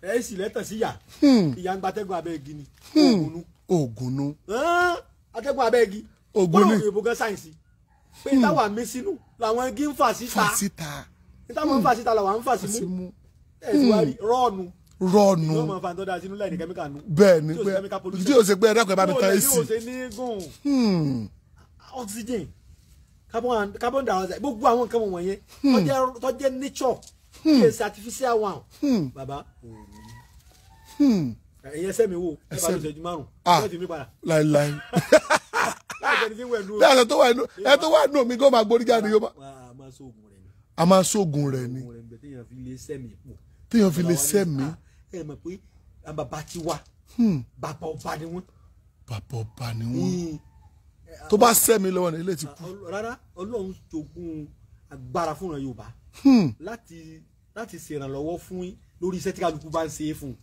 ẹ sì lẹ́tọ̀ sí yà hmm. ìyá ń gbatẹ́gùn abẹ́ igi ni oògùn nu. oògùn nu. atẹ́gùn abẹ́ igi oògùn ni kọ́lọ̀ òyìnbó gan sáyẹ̀nsì pé táwa mí sínú làwọn igi ń fà síta. fà síta. táwọn ń fà síta làwọn ń fà símú. Hmm. rọ́ọ̀nù rọ́ọ̀nù bẹ́ẹ̀ ni pé tí o ṣe pé ẹ̀dá kan bá mi tán èsì hmm. oxygen carbon carbon dioxide gbogbo àwọn nǹkan wọ̀nyẹn hmm. tó nature kí artificial one bàbá ẹ̀yẹ sẹ́mi wo ẹ bá tó ṣẹ́jú márùn-ún ah. ẹ ti mi padà. láìláì [laughs] láìsọ tó wà nù ẹ tó wà nù mí kó máa gbórí jáde yóò máa. a máa sóògùn rẹ ni. a máa sóògùn rẹ ni téèyàn fi lè sẹ́mi. ẹ mọ̀ pé bàbá ti wá hmm. bàbá ọba ni wọ́n. bàbá ọba ni wọ́n hmm. tó bá sẹ́mi lọ́wọ́ ní ilé ti kú. rárá ọlọ́run jogún agbára fúnra yorùbá hmm. láti láti ṣèrànlọ́wọ́ fún lórí iṣẹ́ tí kálukú bá ń ṣe é fún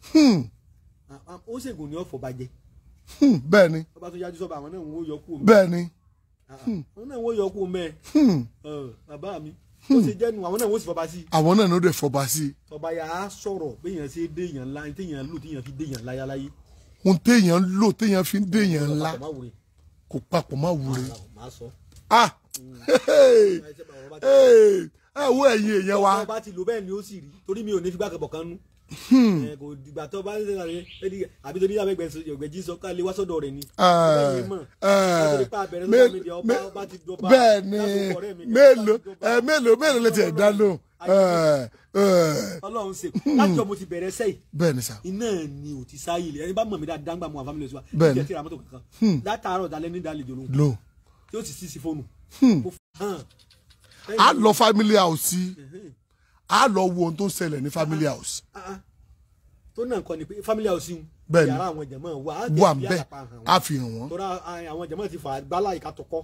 un ó ṣègùn ní ọ̀fọ̀ bàjẹ́. bẹ́ẹ̀ ni ọba tó yájú sọ́ba àwọn náà ń wó yọkú omi. bẹ́ẹ̀ ni. àwọn náà ń wó yọkú omi ẹ̀ bàbá mi. Hmm. ó ṣe jẹ́ nu àwọn náà wọ́n sì fọba sí. àwọn náà ló dẹ̀ fọba sí. ọba yà á sọ̀rọ̀ béèyàn ṣe déèyàn ńlá téèyàn lò téèyàn fi déèyàn ńlá yáláyé. ohun téèyàn lò téèyàn fi déèyàn ńlá kò papọ̀ má wúre. ah ẹ wo ẹ̀yin èèyàn wa. ọba ti lò bẹ́ẹ̀ ni ó sì rí torí mi ò ní fi gbàgbọ́ kan nú. Hmm. Eh, kò dìgbà tó bá ń sẹ́yìn àrẹ ẹni àbí tó ní àbẹ̀gbẹ̀ ọ̀gbẹ̀jì sọ ká lè wá sọ́dọ̀ rẹ̀ ni. Ah, ah. bẹ́ẹ̀ ni eh, mélòó mélòó mélòó lè tiẹ̀ dá lóhùn. Eh, Ọlọ́run ṣe láti ọmọ ti bẹ̀rẹ̀ sẹ́yìn. iná ni ò ti sáyé ilé ẹni bá mọ̀ mí dáadáa ń gbà mọ àwọn ìjẹ́ ti ra mọ́tò kankan. Hmm. látàárọ̀ dalẹ́ ní dalẹ́ jòló. lo yóò sì sí sí fóònù. Hmm. a lọ family house a lọ wo ohun tó ń ṣẹlẹ̀ ní family ah, house. Ah, ah. tó náà kọ́ ni pé family house ń yàrá àwọn jẹ̀mọ́ wa á bẹ̀ á fi hàn wọ́n. tọ́ra àwọn jẹ̀mọ́ ti fà á gbálà ìka tọkọ́.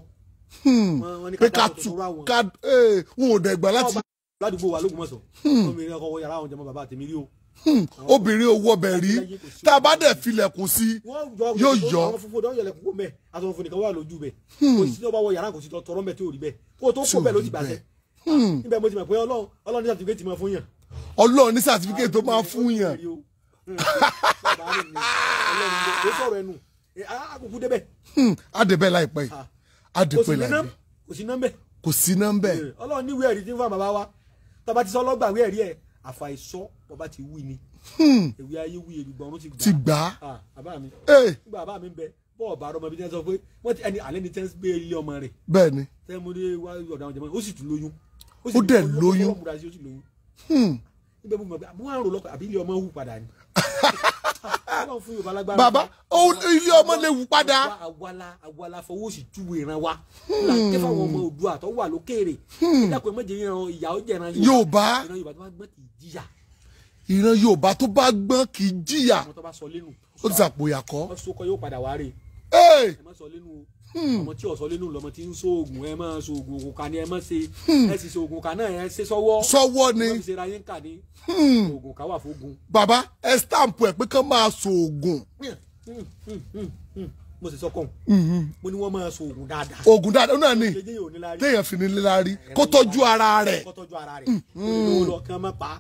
pé ká tù ká n ò dẹ̀ gbà láti. ládùúgbò wa lóògùn mọ̀sán obìnrin ọkọ̀ wọ yàrá àwọn jẹ̀mọ́ bàbá àtẹ̀mí rí o. Hmm. obìnrin owó ọbẹ̀ rí tá a bá dẹ̀ filẹ̀kùn sí yóò yọ. àwọn funfun dán yẹlẹ̀kùn kó mẹ́ àtọ̀fun nìkan wà lójú bẹ́ẹ̀ hmm. kò sí ọba wọ yàrá kò sí tọrọ mẹ́ tí ò rí bẹ́ẹ̀ kó o tó kó bẹ́ẹ̀ ló ti bàtẹ́ Hmm. níbẹ̀ mo ti mọ̀ pé ọlọ́run ọlọ́run ní sàtífíkẹ́tì máa fún yàn. ọlọ́run ní sàtífíkẹ́tì tó máa fún yàn. ó hmm. sọ̀rọ̀ ẹnu àkókò hmm. débẹ̀. a débẹ̀ láìpẹ́ yìí a débẹ̀ ah. láìpẹ́. kò sí nọ́mbẹ̀. kò sí nọ́mbẹ̀. ọlọ́run ní ìwé ẹ̀rí tí ń fún bàbá wa tọ́ba ti sọ ọlọ́gbà ìwé ẹ̀rí ẹ̀ àfàìsọ bàbá ti wí ni. ewì ayé wí èlùgbọ̀n ti gbà. Ah, bàbá mi eh. bàbá mi bẹ bọ́ọ̀ bá ọmọ bíi tẹ́ sọ pé wọ́n ti ẹni àlẹ́ ni tẹ́ ń gbé ilé ọmọ rẹ̀. bẹ́ẹ̀ ni. tẹ́ mo dé wá ọ̀dà ọ̀jọ̀ mọ́ ó sì tún lóyún ó dẹ̀ lóyún hmm. baba ilé ọmọ lè wù padà. àwàlà àwàlà fọwọ́ sí ju ìran wa. kí hmm. fáwọn ọmọ Oòduà tó wà lókèèrè. ìdàpọ̀ hmm. méje ìran ìyàwó jẹran ìran Yorùbá ìran Yorùbá tó bá gbọ́n kì í jìyà. ó ti sàpòyà kọ́. ọ̀sùn kọ́ yóò padà wá rè. ẹ má sọ lẹ́nu o. Hmm. ọmọ tí ọ̀sọ́ lẹ́nu lọ́mọ tí ń sóògùn ẹ máa sóògùn òkùnkà ni ẹ máa ṣe hmm. ẹ sì sóògùn kà náà ẹ ṣe sọ́wọ́ sọ́wọ́ ni ẹ ṣe ra yín kà ní òògùn hmm. kà wà fógun. bàbá ẹ stamp ẹ pé kán máa sóògùn. mo sì sọ kàn mo ní wọ́n máa sóògùn dáadáa. oògùn dáadáa náà ni téèyàn fi ní lílárí kó tọ́jú ara rẹ̀. kó tọ́jú ara rẹ̀ kí wọ́n lọ kí wọ́n má pa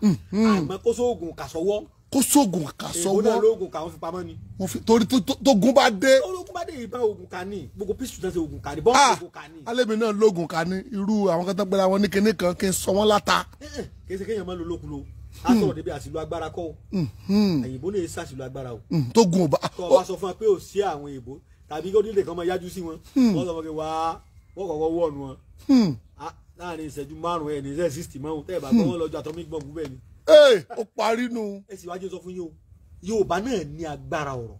àmọ́ kó sóògùn kà sọ́wọ́ kó sóògùn kà sọwọ́ èèwọ̀ náà lóògùn kà wọ́n fi pamọ́ ni. wọ́n fi torí tógun bá dé. ológun bá dé ìbá oògùn kà ní gbogbo píṣù náà ṣe oògùn kà ní bọ́ọ̀lù ah, oògùn kà ní. alẹ́ mi náà lóògùn kà ní irú àwọn kan tó gbéra wọn ní kinní kan kí n sọ wọn láta. Eh, eh, kése kéèyàn máa lo olókun lo a sọ̀rọ̀ débi àṣìlò agbára kọ́ àyìnbó hmm, hmm. lè ṣàṣìlò agbára o. Hmm, tó gun ọba. tó o bá sọ fún wa pé ò sí àwọn èèbó tàbí kó nílé kan máa yájú sí wọn wọ́n sọ fún mi wá wọ́n kọ̀ọ̀kan wọ́ọ̀nù wọn ah, láàrin ìṣẹ́jú márùn ee ó parí nu. ẹ sì wájú sọ fún yín o yorùbá náà ní agbára ọ̀rọ̀.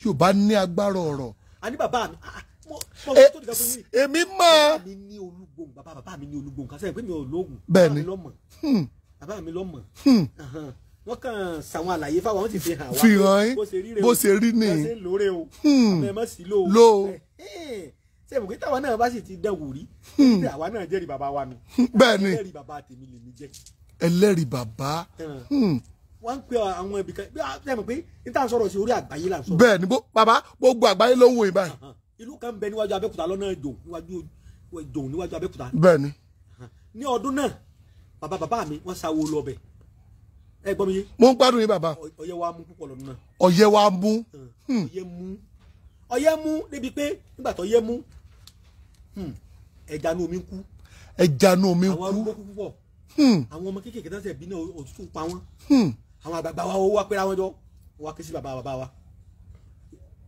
yorùbá ní agbára ọ̀rọ̀. a bàbá mi ah, ah, mo eh, sọ èmi máa. bàbá mi ní olúgbòhùn bàbá bàbá mi ní olúgbòhùn kásẹ̀ pé mi ò lóògùn. bẹ́ẹ̀ni bàbá mi lọ́mọ. Hmm. Hmm. wọ́n kàn sàwọn àlàyé fáwọn wọ́n sì fi hàn wá. fi hàn yín bó ṣe rí ni. bó ṣe lóore o. Hmm. àmọ́ ẹ má sí lò. lò ó ṣe mọ̀ pé táwa náà bá sì ti dẹ̀wò rí. àwa náà jẹ́rìí bàbá wa mi. bẹ́ẹ̀ni jẹ́rìí bàbá tèmi lèmi jẹ́ ẹlẹ́rìí bàbá. Hmm. wọ́n ń pe àwọn ibì kan bí a mọ̀ pé n tà ń sọ̀rọ̀ sí orí àgbáyé là ń sọ̀rọ̀. bẹ́ẹ̀ ni bàbá gbogbo àgbáyé ló ń wò yín báyìí. ìlú kan bẹ níwájú Abẹ́òkúta lọ́nà ìjòun níwájú Abẹ́òkúta. bẹ́ẹ̀ ni. ní ọdún náà bàbá bàbá mi wọ́n sáwó lọ bẹ̀. ẹ gbọ́ mi yé. mo ń gbádùn yín bàbá. ọyẹ wa mú púpọ̀ lọ́dún náà. ọyẹ wa mú. Hmm. ọyẹ mú ọyẹ mú débi pé nígbà tó yẹ mú hmm, ẹja nu omi ń kú. ẹja nu omi ń kú. àwọn arúgbó púpọ̀ àwọn ọmọ kéékèèké tó ń sẹ̀ bí náà òtútù pa wọ́n àwọn àgbààgbà wa ó wá pé láwọn jọ wá ké sí bàbá bàbá wa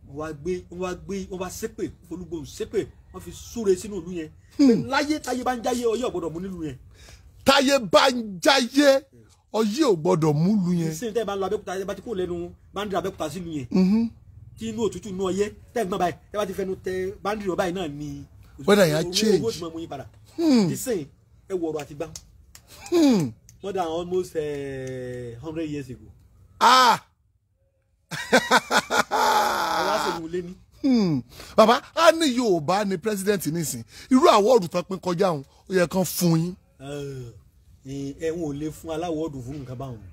wọ́n wá gbé wọ́n wá gbé wọ́n wá ṣépè Olúgbòhùn ṣépè wọ́n fi súre sínú ìlú yẹn láyé táyé bá ń jáyé ọyẹ́ ọ̀gbọ́dọ̀ mú nílùú yẹn. táyé bá ń jáyé ọyẹ́ ọ̀gbọ́dọ̀ mú lu yẹn. sísè tẹ́ ẹ bá ń lọ Abẹ́òkúta ẹ bá ti kó lẹ́nu báńdìrì Abẹ́òkúta sílùú yẹn tí inú òtútù inú ọyẹ́ tẹ́ ẹ gbọ́n báyìí tẹ́ bá ti fẹnu tẹ báńdìrì ọba náà ni. wẹ́dà yà change. Hmm. More than almost uh, eh, 100 years ago. Ah! hmm. Bàbá a ní Yorùbá ni president nísìn irú àwọ́ọ̀dù tán pín kọjá òun ó yẹ kán fún yín. Eh, eh, Ẹ̀wọ̀n ò lè fún aláwọ̀ọ̀dù fún nǹkan báwọn.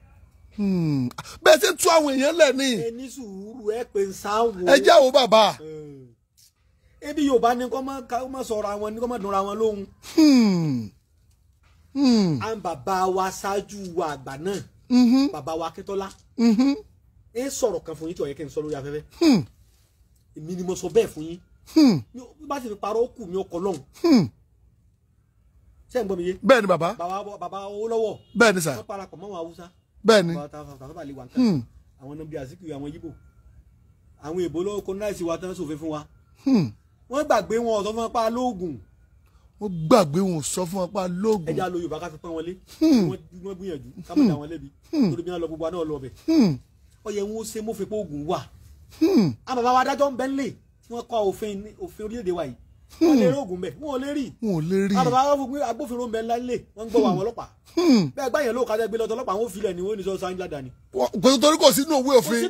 Hmm. Bẹ́ẹ̀ ṣe ń tú àwọn èèyàn lẹ̀ ni. Ẹ ní sùúrù ẹ pé ń sáwọ. Ẹ jẹ́ àwọ̀ bàbá. Ebi Yorùbá ni kọ́ máa sọ̀rọ̀ àwọn ni kọ́ máa dùnra wọn lóhun. Hmm. Hmm. à ń bàbá wa ṣáájú wa àgbà náà mm-hmm. bàbá wa Akíntọ́lá mm-hmm. ẹ sọ̀rọ̀ kan fún yín tí ó yẹ kí n sọ lórí afẹ́fẹ́ hmm. èmi ni mo sọ bẹ́ẹ̀ fún yín hmm. bí bá ti fi parọ́ ó kù mí ọkọ̀ lọ́hùn ṣé ń gbọ́ mi yé. bẹ́ẹ̀ ni bàbá bàbá Awólọ́wọ̀ bẹ́ẹ̀ ni sà wọ́n parapọ̀ mọ́ àwọn Haúsá bẹ́ẹ̀ ni àwọn ọ̀nà bíi àsìkò àwọn Yíbò àwọn èbó lọ́wọ́ kọ́ńdáìsì wa tán sòfin fún wa wọ́n gbàgbé wọn ọ̀sán fún apá lóògùn wọ́n gbàgbé wọn sọ fún wọn pa lóògùn. ẹja lo yorùbá ká fi pọ́n wọn lé hmm. wọ́n gbìyànjú ká má dá wọn lẹ́bi hmm. Hmm. torí bí wọ́n lọ gbogbo àná lọ ọyẹ ń ṣe mo fi pé oògùn wà. a bàbá wa adájọ́ ń bẹ́ lè tí wọ́n kọ́ òfin orílẹ̀-èdè wa yìí wọ́n lè rí oògùn bẹ̀ wọ́n lè rí. wọ́n lè rí. a bàbá wa fún agbófinró ń bẹ ńlá lè wọ́n ń gbọ́ àwọn ọlọ́pàá. bẹ́ẹ̀ gbá yẹn ló kájá gbé lọ́tọ̀ ọlọ́pàá wọn ò filẹ̀ ni wọ́n ní sọ sáńjá dání. pẹ̀lú torí kò sínú òwe òfin.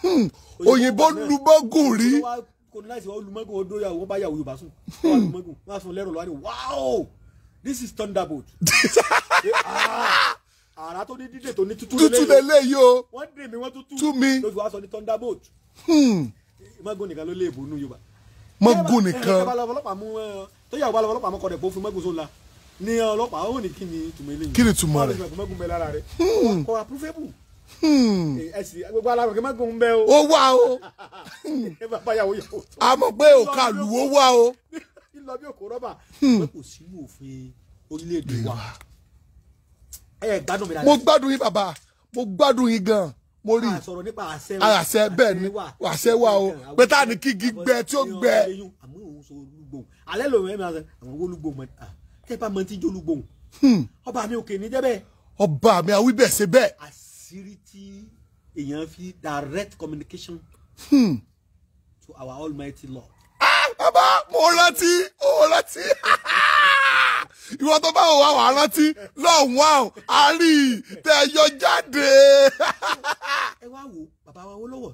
Hmm, òyìnbó lumọ́gùn rí. wow this is thunderbolt. [laughs] Ah, àrà tó ní dídè tó ní tútù lélẹ́yìí tútù lélẹ́yìí o wọ́n dè mí wọ́n tútù tú mi lójú wa sọ ní thunderbolt. Hmm. mọ́gùn nìkan ló lé èbó nú Yorùbá. mọ́gùn nìkan. ẹ bá lọ ọlọ́pàá mú tó yà wọ́n bá lọ ọlọ́pàá mọ́kọ̀ rẹ̀ bó fún mọ́gùn sóńlá ní ọlọ́pàá ó ní kí ni tùmọ̀ eléyìí. kí ni tùmọ̀ rẹ̀. kọ́ àpúrúfẹ́bù. Hmm. Eh, gbogbo alábọ̀ kí n má gùn bẹ́ẹ̀ o. ó wà o. [laughs] a mọ̀ pé òkà lù ó wà o. lílọ [laughs] bí òkú rọ́bà hmm. kò sínú òfin orílẹ̀-èdè wa. ẹ gbádùn mi dáadáa. mo gbádùn yín bàbá mo gbádùn yín gan mo rí àṣẹ bẹ́ẹ̀ ni àṣẹ wà o pé tá a ní kígi gbẹ tí ó gbẹ. alẹ́ lòun ẹ̀ máa sọ àwọn olùgbòhùn mọ̀ ah, kẹ́ẹ̀ bá mọ̀ tí jó olùgbòhùn hmm. ọba mi òkè ní jẹ́ bẹ́ẹ̀. ọba mi àwíbẹ̀ ṣe bẹ́ẹ̀ àṣírí èèyàn fi direct communication hmm. to our almighty lord. Ah, bàbá mo rántí mo rántí [laughs] ìwọ tó bá wà wà rántí lọ́hùn wà ó a rí i tẹ yọ jáde. [laughs] ẹ wá wo bàbá wa Awólọ́wọ̀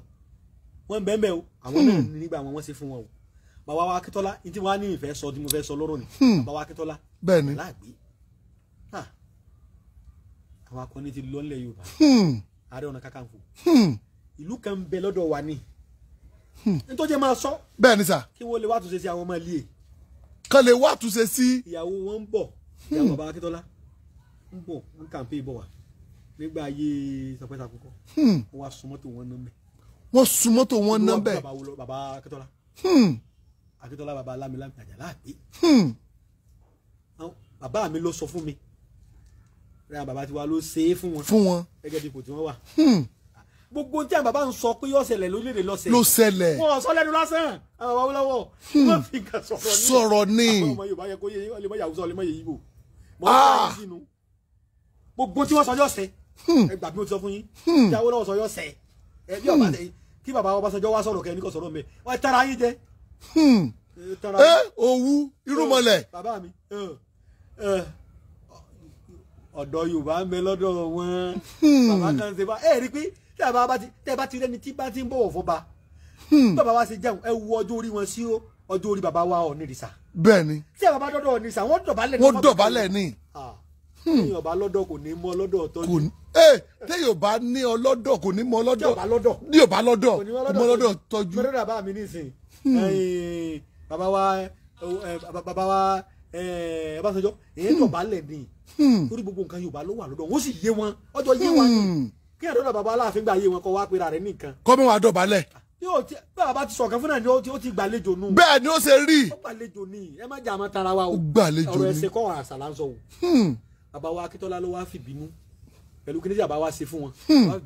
wọ́n ń o àwọn náà hmm. nígbà wọn ṣe fún wọn o bàbá wa Akíntọ́lá ní tí wọ́n á ní ìfẹ́ sọ tí mo fẹ́ sọ lọ́rọ̀ ni hmm. bàbá wa Akíntọ́lá bẹ́ẹ̀ àwọn akọni ti lọ́lẹ̀ yorùbá hmm. ààrẹ ọ̀nà kakanfò hmm. ìlú kan ń bẹ lọ́dọ̀ wa ni hmm. nítorí máa sọ bẹ́ẹ̀ ni sà kí wọ́n lè wá àtúnṣe sí àwọn ọmọ ilé e. kan lè wá àtúnṣe sí. ìyàwó wọn ń bọ̀ ìyàwó bàbá akíntola ń bọ̀ ń kàǹpé bọ̀ wá nígbà ayé sọpẹ́sà kúkọ́ wọ́n wá sun mọ́tò wọn náà bẹ́ẹ̀. wọ́n sun mọ́tò wọn náà bẹ́ẹ̀. bàbá akíntola akíntola bàbá lámilámi àjàlá àgbé bàbá mi ló sọ fún mi ra bàbá tiwa ló ṣe é fún wọn. fún wọn. gẹ́gẹ́ bí ipò tí wọ́n wà. Hmm. gbogbo tí àwọn bàbá sọ pé yóò ṣẹlẹ̀ lórílẹ̀‐èdè ló wọn sọ lẹ́nu lásán àwọn bàbá wọlọ́wọ́. Hmm. fi nǹkan sọ̀rọ̀ ní. àwọn ọmọ yorùbá yẹ kó yẹ ọlẹ́mọ yàwùsọ ọlẹ́mọ yẹ yíbo. gbogbo tí wọ́n sọ yóò ṣẹ. Hmm. bí mo ti sọ fún yín. tí àwọn sọ yóò ẹ bí ọba kí bàbá Ọbásanjọ́ wá sọ̀rọ̀ kẹ́ ní kò sọ̀rọ̀ mẹ́ wọ́n tara yín jẹ. ẹ òwú eh, irúmọlẹ̀. bàbá mi eh, eh, ọ̀dọ̀ Yorùbá ń bẹ lọ́dọ̀ wọn hmm. bàbá kan ṣe bá ẹ rí pé tẹ́ bá ti rẹ́ni tí bá ti ń bọ̀wọ̀ fọba hmm. bàbá wa ṣe jẹun ẹ wo ọjọ́ orí wọn sí o ọjọ́ orí bàbá wa Ọ̀nìrìṣà. bẹ́ẹ̀ni. tí bàbá dọdọ Ọ̀nìrìṣà wọn dọ̀bálẹ̀ ní. wọn dọ̀bálẹ̀ ní. téèyàn bá lọ́dọ̀ kò ní mọ lọ́dọ̀ tọjú. ee téèyàn bá ní ọlọ́dọ̀ kò ní mọ lọ́dọ̀. téèyàn bá lọ́dọ̀. mọ lọ́dọ̀ tọjú. Hmm. bàbá wa bàbá wa Ọbásanjọ́ èyí dọ̀bálẹ̀ ní. Hmm. torí gbogbo nǹkan Yorùbá ló wà lọ́dọ̀ wọn sì yé wọn ọjọ́ yé wọn hmm. kí ẹ̀rọ náà bàbá aláàfin gbà yé wọn kọ́ wá pera rẹ̀ nìkan. kọ́mi wàá dọ̀bálẹ̀ yóò ti bàbá ti sọ̀kan fún náà ni ó ti gbàlejò nù. bẹ́ẹ̀ ni ó ṣe rí. ó gbàlejò ni ẹ má jà máa tara wa o. ó gbàlejò ni ọ̀rọ̀ ẹ̀sìn kọ́ àṣà là ń sọ o. Hmm. bàbá wa Akíntọ́lá ló wá fìbínú pẹ̀lú kí bàbá wa ṣe fún wọn. bàbá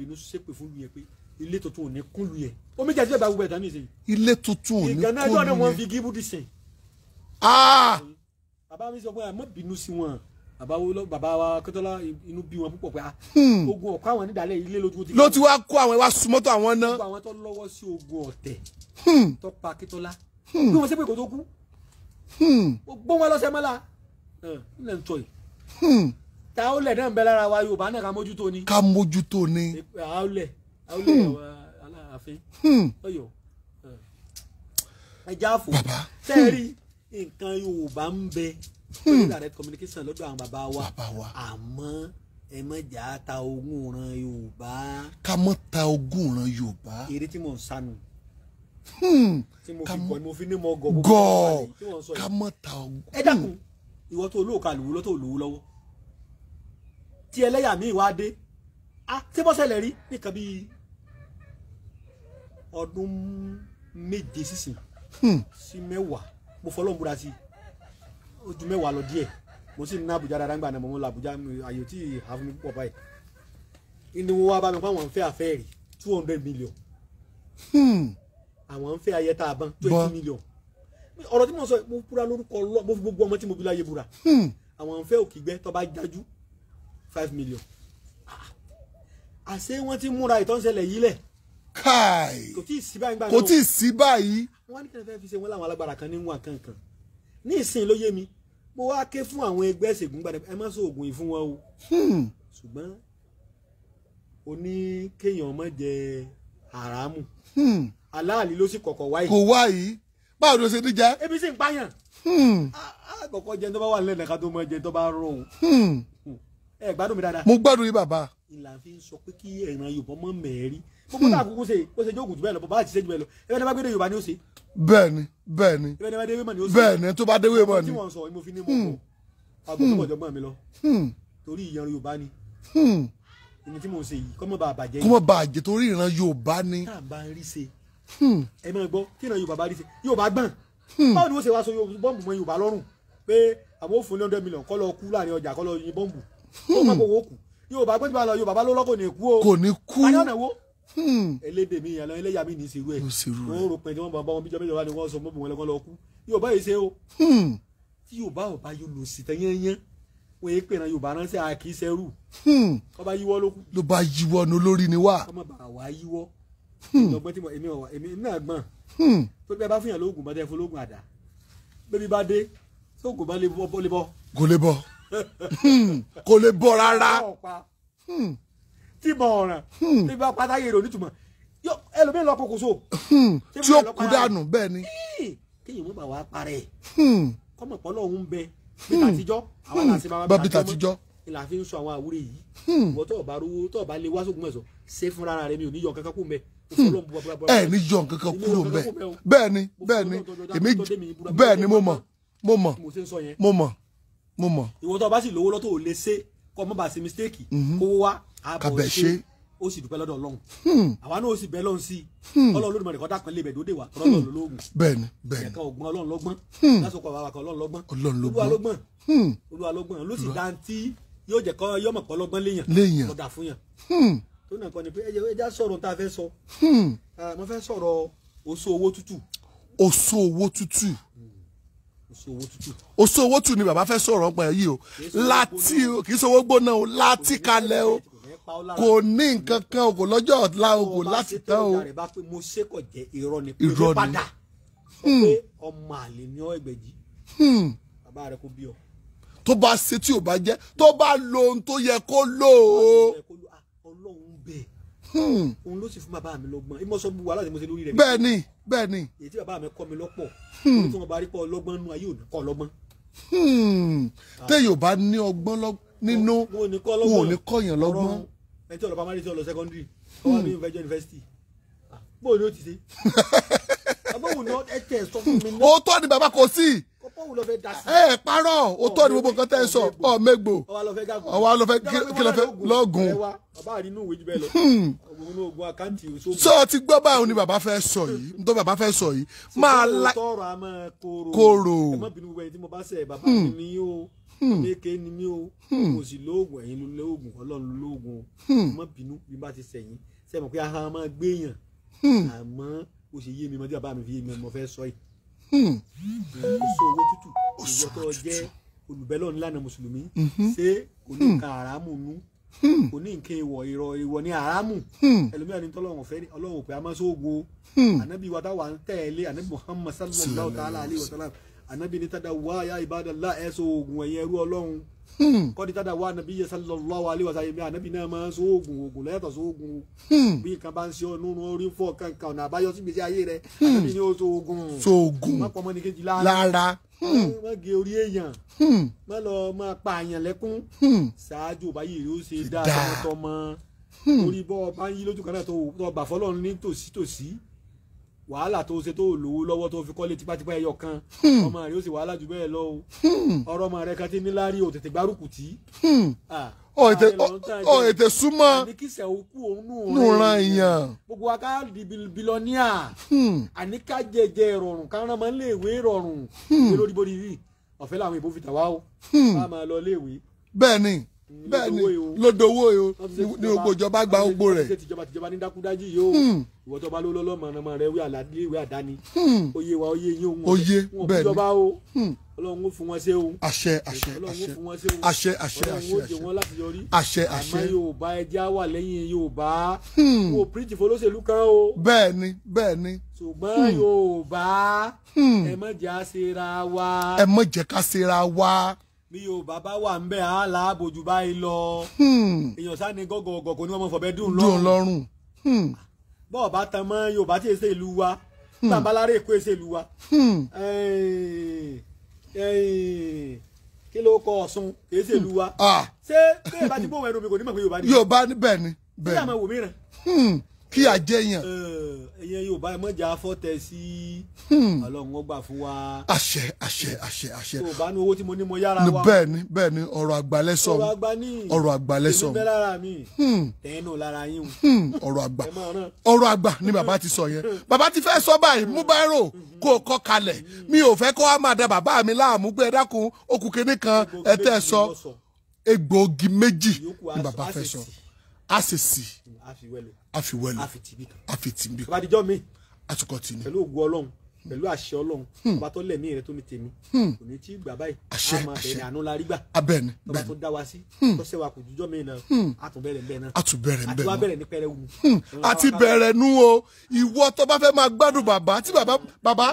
ah! bínú sí wọn bàbá wo bàbá wa Akíntọ́lá inú bí wọn púpọ̀ pé ah, hmm. ogun ọ̀kọ́ àwọn nídàálẹ̀ ilé ló ti ló ti wá kó àwọn ìwà sùmọ́tò àwọn náà. gbogbo àwọn tó lọ́wọ́ sí ogun ọ̀tẹ̀ hmm. tó pa Akíntọ́lá hmm. bí wọ́n ṣe pé kò tó kú gbọ́n wọn lọ́sẹ̀ mọ́lá nílẹ̀ ń tọ́ yìí. ta ó lẹ̀ náà ń bẹ lára wa Yorùbá náà ká mójútó ni. ká mójútó ni. àólẹ̀ àólẹ̀ àwọn aláàfin Ọ̀yọ́ ẹja àfò nǹkan Yorùbá ń bẹ pẹ̀lú hmm. direct communication lọ́dọ̀ àwọn bàbá wa àmọ́ ẹ mọ̀ jà ta ogún ran Yorùbá. ká mọ̀ ta ogún ran Yorùbá. eré tí mò ń sanu hmm. tí mo fi kọ́ ni mo fi ní mọ gọ gbogbo ká mọ̀ ta ogún. ẹ dákun ìwọ tó olóòka lòwú lọ́tọ̀ olówó lọ́wọ́ tí ẹlẹ́yà mi wá dé tí bọ́sẹ̀lẹ̀ rí nìkan bíi ọdún méje sísìn hmm. sí mẹ́wàá mo fọlọ́n búra sí i ojú mẹ́wàá lọ díẹ̀ mo sì ní Àbújá dáadáa nígbà náà mo lọ Àbújá àyè tí ìhà fún mi púpọ̀ báyìí ni wọ́n wá bá mi pé àwọn ń fẹ́ àfẹ́ rí two hundred million hmm. àwọn ń fẹ́ ayẹta àbọn twenty million ọ̀rọ̀ tí mo sọ mo búra lórúkọ Ọlọ́run mo fi gbogbo ọmọ tí mo bí láyé búra hmm. àwọn ń fẹ́ òkìgbẹ́ tó bá jájú five million ah, àṣé wọ́n ti múra ìtọ́nsẹ̀lẹ̀ yìí lẹ̀ káì kò tí ì sí báyìí. wọ́n ní kí ni fẹ́ fi ṣe wọ́n láwọn alágbára kan ní wọn ní ìsìn ló yé mi mo wá ké fún àwọn ẹgbẹ́ ìṣègùn gbàdẹ ẹ má sọ oògùn yìí fún wọn o hmm. ṣùgbọ́n o kéèyàn má jẹ haramu hmm. aláàlí ló sì kọ̀kọ̀ wáyé. kò wá yìí báwo ló ṣe ní jẹ. ebi sì ń pààyàn àkọ́kọ́ hmm. jẹ tó bá wà nílẹ̀ nìkan tó mọ jẹ tó bá rọ o ẹ gbádùn mi dáadáa. mo gbádùn yín bàbá. ìlànà fi ń sọ pé kí ẹ̀ràn Yorùbá mọ̀ mẹ́rin gbogbo tá àkókò ṣe ó jókòó jù lọ bàbá àti ṣe jù lọ ẹbẹ́ ní bá gbé dé Yorùbá ni ó ṣe. bẹ́ẹ̀ni bẹ́ẹ̀ni bẹ́ẹ̀ni tó bá déwé mọ ni. tí wọn sọ mo fi ní mọ mọ ìní tí mo ń ṣe yìí kọ́mọ bá bàjẹ́ yìí. kọ́mọ bàjẹ́ torí ìran Yorùbá ni. tá à bá ń rí ṣe hmm. ẹ máa gbọ́ kí ìran Yorùbá bá rí ṣe Yorùbá gbọ̀n hmm. báwo ni wọ́n ṣe wá so bọ́ǹbù mọ́ Yorùbá lọ́rùn pé àwọn òfin ní hundred million kọ́ lọ kú láàrin ọjà kọ́ lọ yin bọ́ǹbù kó má kó hmm. wọ́ọ̀kù Yorùbá gbọ́dọ̀ bá lọ Yorùbá bá ló ní kú o. kò ní kú. ayọ̀nà wo Hmm. elédè mi ìyàlọ eléyà mi ní ìṣirú ẹ wọn rò pé tí wọn bá wọn bíjọ méjọba ni wọn sọ mọbù wọn lọkọ lọ kú Yorùbá yìí ṣe o hmm. tí Yorùbá ò bá yóò lò sí tẹyẹnyẹn wọn yéé pèrè Yorùbá ránṣẹ́ àkíṣẹrù hmm. ọba yíwọ ló kú. ló bá yíwọ ní olórí ni wá. ọmọ bàbá wa yíwọ ìdọgbọ́n tí mo èmi ọ̀wà èmi náà gbọ́n tó bẹ́ẹ̀ bá fún yàn lóògùn bá dẹ́ fún lóògùn àdá bébí bá dé sóògùn bá lè bọ́ kò lè bọ́ kò lè bọ́ rárá tìbọn ọ̀ràn hmm. tìbọn pátá yèrè onítùmọ̀ ẹlòmíín lọ kókóso. Hmm. tí ó kú dànù bẹ́ẹ̀ ni. kéèyàn mú bàwá parẹ́ hmm. kọ́mọ̀ pọ́ lọ́hún ń bẹ bíta àtijọ́ àwọn àti bàbá bíta àtijọ́ ìlà fi ń sọ àwọn àwúrè yìí ìwọ tó bá rówó tó bá lè wá sókun mẹ́sàn ṣé fúnra rẹ mi ò ní yọ kankan kú mẹ́ ẹ ní yọ kankan kúrò mbẹ bẹ́ẹ̀ ni bẹ́ẹ̀ ni èmi bẹ́ẹ̀ ni mo mọ̀ mo mọ̀ mo mọ̀ mo mọ̀. ìwọ tó bá sì lówó lọ́tọ̀ ò lè ṣe kọ́ mọ́ bá ṣe mistake mm-hmm. kówó wá kábẹ̀ ṣe ó sì dúpẹ́ lọ́dọ̀ ọlọ́run hmm. àwa náà ó sì bẹ́ẹ̀ lọ́run sí i hmm. ọlọ́run lódìmọ̀ rẹ̀ kọ́ dákan dóde wa tọ́lọ́ ọlọ́run hmm. bẹ́ẹ̀ni bẹ́ẹ̀ni ẹ̀ka ògùn ọlọ́run lọ́gbọ́n lásìkò àwọn àwàkọ̀ ọlọ́run lọ́gbọ́n olúwa lọ́gbọ́n olúwa lọ́gbọ́n ló sì dá tí yóò jẹ́ kọ́ yọmọ̀ kọ́ lọ́gbọ́n léèyàn léèyàn kọ́ dà fún yàn tó nà kọ́ ni pé ẹ já sọ̀rọ̀ tá fẹ́ sọ mo fẹ́ sọ̀rọ̀ oṣù owó tútù oṣù owó tútù oṣù owó tútù ni bàbá fẹ́ sọ̀rọ̀ ọgbà yìí o láti kì í sọ owó gbóná o láti kalẹ̀ o kò ní nǹkan kan o kò lọ́jọ́ ọ̀la o kò láti tán o. irọ́ hmm. hmm. tó bá ṣe tí ò bá jẹ́ tó bá lo ohun tó yẹ kó lò ó. Ah, hmm. òun ló sì fún bàbá mi lọ́gbọ́n ìmọ̀ sọ bu wàhálà mo ṣe lórí rẹ̀. bẹ́ẹ̀ ni èyí tí bàbá mi kọ́ mi lọ́pọ̀ tí wọ́n bá rí pọ̀ lọ́gbọ́n nínú ayé òní kọ́ lọ́gbọ́n. Ah. téèyàn bá ní ọgbọ́n nínú wọn ò ní kọ́ yàn lọ́gbọ́n ẹ tí ọ̀lọ́ primary tí ọ̀lọ́ secondary ọwọ́ mi ìfẹ́jọ́ university ah, bóun ni ó ti ṣe abóhùn [laughs] náà ẹ tẹ̀ sọ fún mi náà. òótọ́ ni bàbá kò sí. kọ́pọ́hùn lọ fẹ́ da sí. ẹ parọ́ òótọ́ ni gbogbo nǹkan tẹ́ ẹ sọ ọ mẹ́gbò ọwọ́ lọ fẹ́ kí lọ fẹ́ lọ́gùn. bàbá rí inú ìwé jù bẹ́ẹ̀ lọ hmm. ògùn ogun àkáǹtì ìṣòwò. sọ ti gbọ́ báwo ni bàbá fẹ́ sọ yìí n tó bàbá fẹ́ sọ yìí máa la kóró. ẹ méke hmm. ni mí o kò hmm. sì lóògùn ẹ̀yin ló lóògùn ọlọ́run ló lóògùn o mọ́ hmm. bínú bí bá ti sẹ̀yìn ṣe mọ̀ pé aha máa gbéyàn àmọ́ o sì yé mi mọ́ tí bàbá mi fi yé mi mo fẹ́ sọ yìí kò sí owó tútù ìwọ tó jẹ́ olùbẹ́lọ̀ ńlànà mùsùlùmí mm-hmm. ṣé kò ní ka àràmù nú kò ní nǹkan ìwọ̀ ìrọ̀ ìwọ̀ ní àràmù ẹlòmíràn ní tọ́lọ́run fẹ́ ọlọ́run pé a máa ṣóògùn o ànábì wa táwa ń tẹ̀lé ànábì Muhammad sallallahu ta'ala alayhi wa sallam anabi ní tada wá ya ibadallah ẹ so oògùn ẹ̀yin ẹrú ọlọ́run hmm. kọ́ni tada wá anabi yẹ sallallahu alaihi wa sallam anabi náà máa so oògùn oògùn lẹ́yìn tó so oògùn hmm. bí nǹkan bá ń ṣe ọ̀nù orí fọ́ kankan ọ̀nà àbáyọ sí gbèsè ayé rẹ anabi ní o so oògùn so oògùn má pọ̀ mọ́ ní kejì lára hmm. má gé orí èèyàn má lọ máa pa àyàn lẹ́kún ṣáájú báyìí rí ó ṣe dáadáa tọmọ orí bọ́ ọ bá ń yí lójú kan náà tó bà fọlọ́run ní tòsítòsí wàhálà tó ṣe tó lówó lọ́wọ́ tó fi kọ́lé tipátipá ẹyọ kan hmm. ọmọ rẹ ó sì wàhálà jù bẹ́ẹ̀ lọ o hmm. ọ̀rọ̀ ọmọ rẹ kan ti níláárí o tètè gbárùkù tí. Hmm. ọ ètè súnmọ́ àníkísẹ̀ òkú òun nù ran gbogbo wa di bilọ́níà àníká jẹjẹ ìrọ̀rùn ká rán ọmọ iléèwé ìrọ̀rùn di rí ọ̀fẹ́ làwọn ìbò fi tà wá o ká máa lọ iléèwé. bẹ́ẹ̀ ni bẹ́ẹ̀ ni lódowó o ní gbogbo ìjọba gba gbogbo rẹ̀. ṣé tìjọba tìjọba ní dákúdájú yìí o hmm. ìwọ tó bá ló lọ́lọ́ mọ̀ ọmọ rẹ̀ wíwà àdáni hmm. oyè wa oyè yín òun oyè bẹ́ẹ̀ ni hmm. ọlọ́run ó fún wọn ṣe o àṣẹ àṣẹ àṣẹ àṣẹ àṣẹ ọlọ́run ó jẹ wọn láti yọrí àṣẹ àṣẹ àmọ́ Yorùbá ẹja wà lẹ́yìn Yorùbá wo píríjì folóṣèlú kan o bẹ́ẹ̀ ni bẹ́ẹ̀ ni ṣùgbọ́n Yorùbá ẹ má ká ṣera wa ẹ má ká ṣera wa bí yorùbá bá wà ń bẹ á là báyìí lọ hmm. èèyàn sá ni kò ní wọn mọ fọbẹ dùn lọ́rùn hmm. bọ́ọ̀ bá tan mọ́ yorùbá tí èsè ìlú wa hmm. tàbálárè èkó èsè ìlú wa kí ló kọ ọ̀sùn èsè ìlú wa ah. ṣé bẹ́ẹ̀ bá ti bóun ẹnu mi kò ní mọ̀ pé yorùbá ni yorùbá bẹ́ẹ̀ ni bẹ́ẹ̀ ni kí àjẹyàn. ẹyẹ yorùbá ẹ mọ̀jà fọ́tẹ̀ sí hmm. ọlọ́run ó gbà fún wa. àṣẹ àṣẹ àṣẹ àṣẹ. tó o bá ní owó tí mo ní mo yára wa. bẹ́ẹ̀ ni bẹ́ẹ̀ ni ọ̀rọ̀ àgbà ọ̀rọ̀ àgbà ní ọ̀rọ̀ àgbà èmi bẹ́ẹ̀ lára mi hmm. tẹ̀yìn náà lára yín o. Hmm, ọ̀rọ̀ àgbà ọ̀rọ̀ àgbà ni bàbá ti sọ yẹn bàbá ti fẹ́ sọ báyìí mú báírò kó o kọ́ kalẹ̀ mi ò fẹ́ kó a máa da bàbá mi láàmú kan ẹ tẹ́ sọ egbòogi méjì ni bàbá fẹ́ a ṣe sí àfiwẹ́lò àfitìmí àbádìjọ́ mi àtúkọ̀ tì ní. pẹ̀lú ògùn ọlọ́run pẹ̀lú àṣẹ ọlọ́run hmm. ọba tó lẹ̀mí rẹ tó ní tèmi hmm. kò ní tí gbà báyìí àṣẹ àṣẹ àánú la rí gbà abẹ́ni bẹ́ni tó dá wa sí hmm. tọ́sẹ̀ wa kò jújọ́ mi náà àtúbẹ̀rẹ̀ bẹ́ẹ̀ náà àtúbẹ̀rẹ̀ bẹ́ẹ̀ náà àtúbẹ̀rẹ̀ ní pẹ́rẹ́ wù. àti bẹ̀rẹ̀ nu o ìwọ tó bá fẹ́ máa gbádùn bàbá tí bàbá bàbá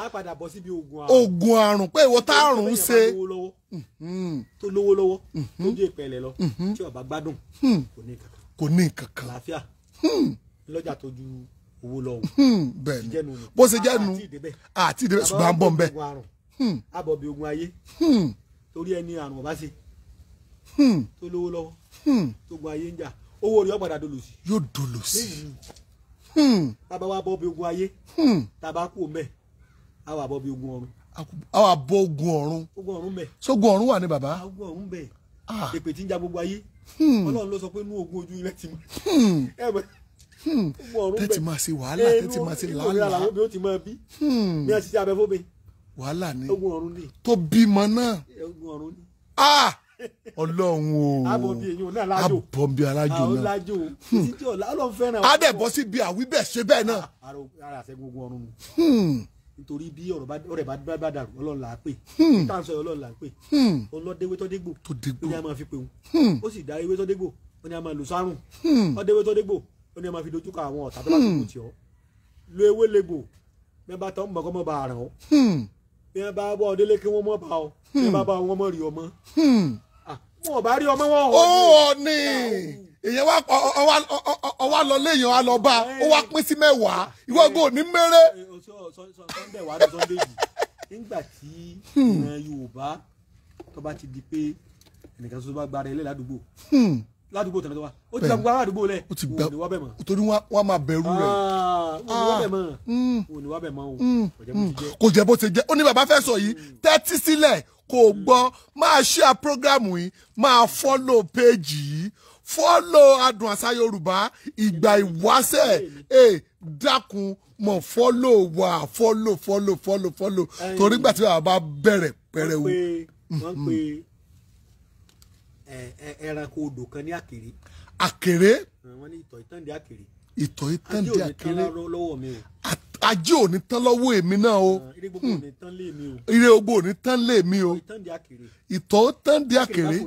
oògùn àrùn pé ìwọ tá àrùn ń ṣe tó lówó lọ́wọ́ tó jẹ́ ìpẹ́lẹ̀ lọ tí ọba gbádùn kò ní kankan kò ní nǹkan kan. àlàáfíà hmm. lọ́jà tó ju owó lọ hmm, bẹ́ẹ̀ ni bó ṣe jẹ́ nu àti ìdíbẹ̀ ṣùgbọ́n à ń bọ̀ nbẹ. àbọ̀ hmm. bí ogun ayé torí ẹni àrùn ọ̀bá ṣe tó lówó lọ́wọ́ tó gun ayé ń jà owó rẹ̀ ọ̀padà dolo sí. yóò dolo sí. bàbá wa bọ̀ bí ogun ayé tàbá kú mẹ́ àwa bọ̀ bí ogun ọ̀run. àwa bọ̀ ogun ọ̀run. ogun ọ̀run mẹ́. sógun ọ̀run wà ní bàbá. ogun ọ̀run bẹ́ẹ̀ ah. èpè tí ń ja gbogbo ayé Hmm. ọlọ́run ló sọ pé inú ogun ojú ilẹ̀ ti hmm. [laughs] mọ́ hmm. tẹ́tí máa ṣe wàhálà tẹ́tí máa ṣe làálàá ní àṣìṣe abẹ́fóbe wàhálà ni tó bímọ náà ah! [laughs] ọlọ́run o abọ̀nbi alájò náà adẹ̀bọ́sí bíi àwíbẹ̀ ṣe bẹ́ẹ̀ náà. Ah, nítorí bí ọ̀rẹ́ bá bá dàrú ọlọ́run là á pè táǹsọ̀ hmm. ọlọ́run là pè ọlọ́dẹ́wé hmm. tọ́dẹ́gbò ó ní fi pè wọ́n hmm. ó sì dá ewé tọ́dẹ́gbò ó lò sárùn ọdẹ́wé tọ́dẹ́gbò ó ní fi dojú àwọn ọ̀tá tó bá tó tì ọ́ lo ewé legbò mẹ́bà tán mọ̀ kọ́ mọ́ bá ràn ọ́ bí wọ́n bá wọ́ ọ délé kí wọ́n mọ́ bá ọ bí wọ́n bá bá wọn mọ́ rí ọmọ ah, wọn ò bá rí ọmọ wọn ò ní èyàn wá ọwá lọ léèyàn á lọ bá ó wá pín sí mẹ́wàá ìwọ gbọ́ ní mẹ́rẹ́. Eh, oh, sunday wàá lọ sunday yìí nígbà tí hmm. ìran yorùbá tó bá ti di pé ẹnìkan tó bá gba ara ẹ ládùúgbò hmm. ládùúgbò tẹ̀lé tó wá ó ti gba gbogbo aládùúgbò lẹ̀ òun ni wá bẹ̀ mọ́. torí wọn máa bẹ̀rù rẹ̀. Ah, òun ni bẹ̀ mọ́ ah, hmm. kò jẹ́ bó ti jẹ́ ó ní bàbá fẹ́ sọ yìí tẹ́tí sílẹ̀ kò gbọ́ máa ṣe à yìí máa fọ́lọ̀ péèjì yìí follow adùn àṣà yorùbá ìgbà ìwáṣẹ̀ ẹ̀ dákun mọ̀ follow wa follow follow follow follow torí gbà tí bàbá bẹ̀rẹ̀ pẹ̀rẹ̀ wò. wọ́n pe mm-hmm. ẹranko odò kan ní àkèré. àkèré. wọ́n ní ìtọ̀ ìtànde àkèré. ìtọ̀ ìtànde àkèré ajé ò ní tán lọ́wọ́ èmi náà o ire ogbó hmm. ò ní tán lé mi o ìtọ̀ tán di àkèré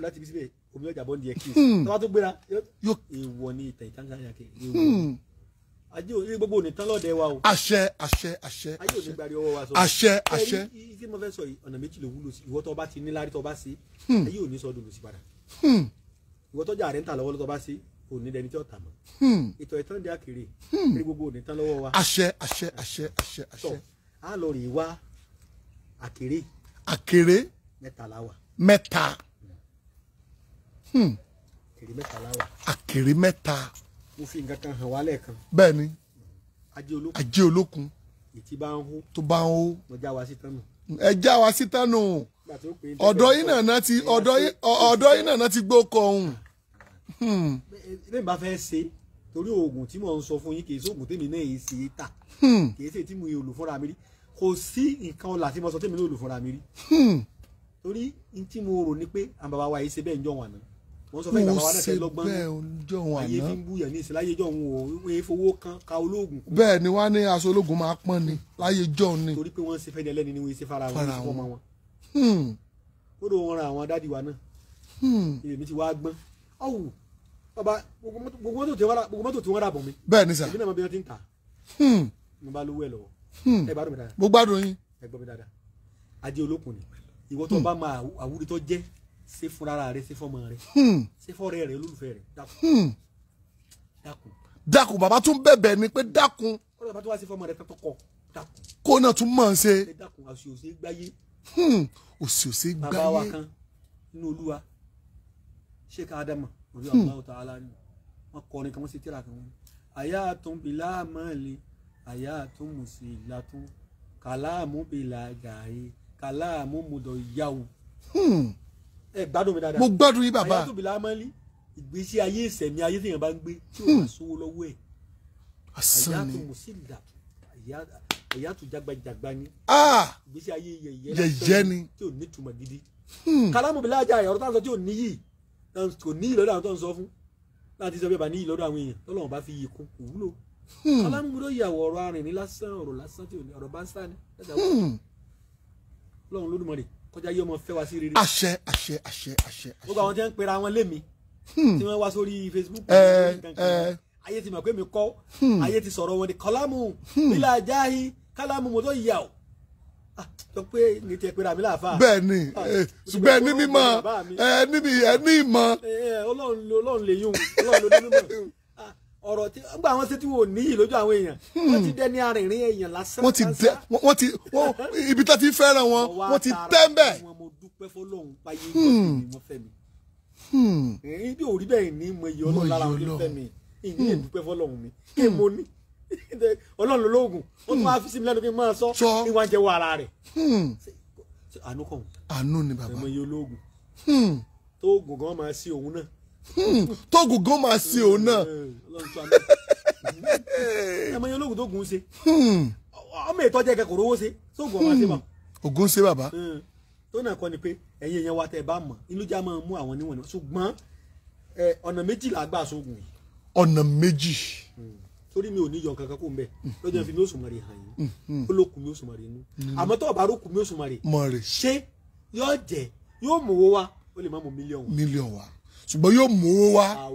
omi ọjà bọ́ ní ẹ̀ kí n tọ́wá tó gbéra èèwọ̀ ni ìtàn ìtànsáyà kẹ hmm. ajé òní gbogbo òní tán lọ́dẹ wa o. àṣẹ àṣẹ àṣẹ ayé òní gbàrí ọwọ́ wa sọ. àṣẹ àṣẹ ẹni tí mo sọ yìí ọ̀nà méjì ló wúlò sí ìwọ tó bá ti ní lárí tó bá sí hmm. ayé òní sọ dùn sí padà hmm. ìwọ tó jà rẹ̀ ń tà lọ́wọ́ ló bá sí òní dẹni tí ó tà mọ́ ìtọ̀ ìtàn dí àkèrè ẹni gbogbo òní tán lọ́wọ́ wa. àṣẹ àṣẹ àṣẹ àṣẹ àṣẹ. tọ lọ rè wá àkèrè. àkèrè. mẹ́ta la wà. mẹ́ta àkèrè hmm. mẹ́ta láwà. àkèrè mẹ́ta. kan hàn wá lẹ́ẹ̀kan. bẹ́ẹ̀ ni ajé olókun. ètí bá ń hó. tó bá ń hó. mo já wa sí ẹ já wa sí tánù. ọ̀dọ́ yìí nàná ti ọ̀dọ́ yìí nàná ti gbó kọ ohun. bẹ́ẹ̀ bá fẹ́ ṣe torí oògùn tí mò ń sọ fún yín kì í sóògùn tèmi náà yìí ṣe é tà hmm. kì í ṣe tí mo yìí olù fúnra mi rí kò sí nǹkan ọ̀la tí mo sọ tèmi náà olù mi rí hmm. torí n tí mo rò ní pé àwọn bàbá wa yìí ṣe bẹ́ẹ̀ ń jọ wọn náà wọ́n sọ fẹ́ ìgbà wa náà fẹ́ lọ́gbọ́n náà ayé fi ń búyàn ní ìsìn láyé jọ̀hún o wọ́n fowó kan ka olóògùn. bẹ́ẹ̀ ni wọ́n á ní aṣọ ológun máa pọ́n ni láyé jọ̀hún ni. torí pé wọ́n ṣe fẹ́ni ẹlẹ́ni ni wọ́n ṣe fara wọn fún ọmọ wọn. Hmm. ó lóun ran àwọn dádì wa náà hmm. ilé mi ti wá gbọ́n ọ̀hún bàbá gbogbo mọ́tò tí wọ́n rà bọ̀ mi. bẹ́ẹ̀ ni sà èmi náà mọ bí wọ́n ti ń tà hmm. mo bá lówó ẹ̀ lọ́wọ́ ẹ gbádùn mi dáadáa. mo gbádùn yín. ẹ gbọ́ mi dáadáa ajé olókùn ni ìwọ tó bá máa àwúrí tó jẹ́ Se fúnra rẹ se fọmọ rẹ hmm. ṣe fọrẹ rẹ olólùfẹ́ rẹ dákun. Hmm. dákun. dákun bàbá tún bẹ̀bẹ̀ ni pé dákun. kọ́ bàbá tó wá sí fọmọ rẹ tọ́tọ́ kọ dákun. kó náà tún mọ̀ ọ́n ṣe. dákun àṣì òṣè gbáyé. òṣì hmm. òṣè gbáyé. bàbá wa kan nínú olúwa ṣé ká ádámà orí ọ̀gá ọ̀tá aláàánú wọn kọrin kan wọn ṣe tíra kan àyà tún bìlà mọ́lẹ̀ àyà tún mùsùn ìlà tún kàláàmù bìlà gàáyé kàláàmù mùdọ̀ yàwó ẹ gbádùn mi dáadáa mo gbádùn yín bàbá àyàtò bìlà amálí ìgbésí ayé ìsẹ̀mí ayé tí èèyàn bá ń gbé tí ò hmm. bá sówó lọ́wọ́ ẹ̀ àyàtò mùsílà àyàtò jagbajagba ni ah! ìgbésí ayé yẹ̀yẹ́ ni tí ò ní túmọ̀ gidi hmm. kálámù bìlà ajá ẹ̀rọ tá a sọ tí ò ní yìí kò ní yìí lọ́dọ̀ àwọn tó ń sọ fún láti sọ bí ẹ̀bà ní yìí lọ́dọ̀ àwọn èèyàn tọ́lọ́wọ́n bá fi yìí kún kò wúlò hmm. kálámù yàwọ̀ ọ̀rọ̀ arìnrìn lásán ọ̀rọ̀ lásán tí ò ní ọ̀rọ̀ bá ń sá ni lọ́dọ̀ kọjá yé ọmọ fẹ́ wá sí rere. àṣẹ àṣẹ àṣẹ àṣẹ. gbogbo àwọn tí wọ́n ń pera wọn lémi hmm. tí wọ́n wá sórí Facebook eh, eh. ayé ti mọ̀ pé mi kọ́ hmm. ayé ti sọ̀rọ̀ wọn di kọ́lámù nílà jáì kálámù mo tó yà ó ah, sọ pé ní tiẹ̀ pera mi láàfáà. bẹ́ẹ̀ni ah, eh, ṣùgbọ́n ẹni mímọ́ ẹni ìmọ̀. Ọlọ́run lè yún Ọlọ́run lè ní mímọ́. [laughs] ọ̀rọ̀ tí wọ́n gba àwọn ṣe tí wọ́n ní yìí lójú àwọn èèyàn wọ́n ti dẹ́ni arìnrìn èèyàn lásán. wọ́n ti dẹ wọ́n ti ibi tó ti fẹ́ràn wọn wọ́n ti tẹ́ ń bẹ̀. mo dúpẹ́ fọlọ́run páyé ìwọ fẹ́ mi. Hmm. ibi ò rí bẹ́ẹ̀ ní mo yọ ọlọ́run lára wọn ní fẹ́ mi ìní lè hmm. dúpẹ́ fọlọ́run mi kí mo ní [laughs] ọlọ́run lóògùn ó tún wá fi sí mi lẹ́nu kí n máa sọ ìwà jẹ́wọ́ ara rẹ̀. Hmm. àánú kọ̀ àánú ni bàbá tó oògùn gan máa sí òun náà Hmm, tóògùn gan máa ṣe òun náà. ẹ mọ iye olóògùn tó gùn ún ṣe hmm. ọmọ ètò ọjà ìkẹkọọ owó ṣe sóògùn ọmọ àti bàbá. ògùn ṣe bàbá. Hmm. tó náà kọ́ ni pé ẹ̀yin èèyàn wa tẹ́ ẹ bá mọ̀ inú já máa mú àwọn níwọ̀n náà ṣùgbọ́n ọ̀nà méjì là á gbà sóògùn yìí. ọ̀nà méjì. torí mi ò ní yọ kankan kó n bẹ lọ́jọ́ fi mi ò sùn hàn yín ó ló kù mi ò sùn inú àmọ́ tó ọ̀bá rò mi ò sùn ṣé yóò jẹ yóò mú owó ó lè má mú mílíọ̀nù. mílíọ̀nù wa ṣùgbọ́n yóò mú owó wá. Ah,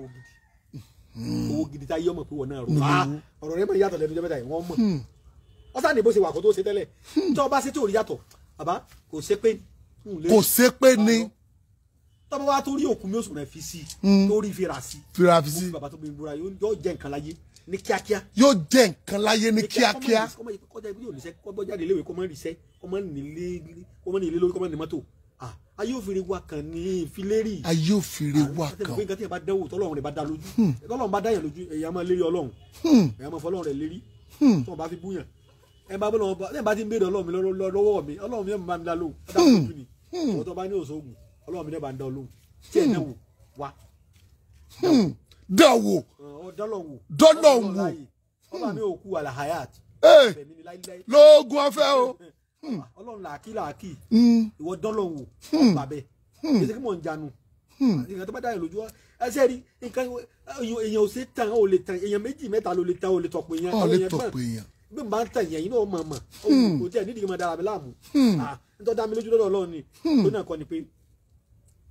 owó gidi tá yé ọmọ pé wọn náà rò wá hmm. ah, ọ̀rọ̀ rẹ mọ̀ yàtọ̀ lẹ́nu jẹ́ mẹ́ta yìí wọ́n mọ̀ wọ́n sáà ní bó ṣe wà kó tó ṣe tẹ́lẹ̀ hmm. tí bá ṣe tí ò rí yàtọ̀ bàbá kò ṣe pé kò ṣe pé ni tọ́mọ wa tó rí òkú mi oṣù rẹ̀ fi sí hmm. tó rí fira sí fira fi sí bàbá tó bí búra yóò jẹ́ nǹkan láyé ní kíákíá. yóò jẹ́ nǹkan láyé ní kíákíá. kọ́mọ jáde léwe kọ́mọ rìṣẹ́ kọ́mọ nílé lórí kọ́mọ ní mọ́tò Ah, ayé òfìrí wa kàn ní ìfilérí. ayé òfìrí ah, wa kàn. àti àtẹ̀wé nǹkan tí yẹn bá dẹ́wò tọ́lọ́run rẹ̀ bá dá lójú. Hmm. tọ́lọ́run bá dá yẹn lójú èyàn máa lérí ọlọ́run. èyàn hmm. máa fọlọ́run rẹ̀ lérí. Hmm. tí wọ́n bá fi búyàn. ẹ bá bọ́ lọ́wọ́ ẹ bá ti ń béèrè ọlọ́run mi lọ́wọ́ mi ọlọ́run mi máa ń dá lóhùn. ọ̀dà òkú ni ọ̀wọ́ tó bá ní òṣogùn ọlọ́run mi náà bá ń dá lóhùn. tí ẹ̀ dẹ́wò wa. dẹ́wò dọ́lọ́wò ọba mi ò kú alahayat eh. lóògùn ọ̀fẹ́ o. [laughs] Hmm. ọlọ́run làákì làákì hmm. ìwọ dánlọ́wọ̀ hmm. ọ̀pá bẹ́ẹ̀ èsì kí mò ń janu nǹkan tó bá dáyẹ̀ lójú ẹsẹ̀ rí nǹkan èèyàn ò sí tàn ò lè tàn èèyàn méjì mẹ́ta ló lè tàn ò lè tọ̀pọ̀ èèyàn ò lè tọ̀pọ̀ èèyàn bí mo bá ń tàn yẹn yín náà mọ̀ mọ̀ kò tẹ̀ nídìí máa dára mi láàmú ah, nítorí dá mi lójú lọ́dọ̀ ọlọ́run ni tó náà kọ́ ni pé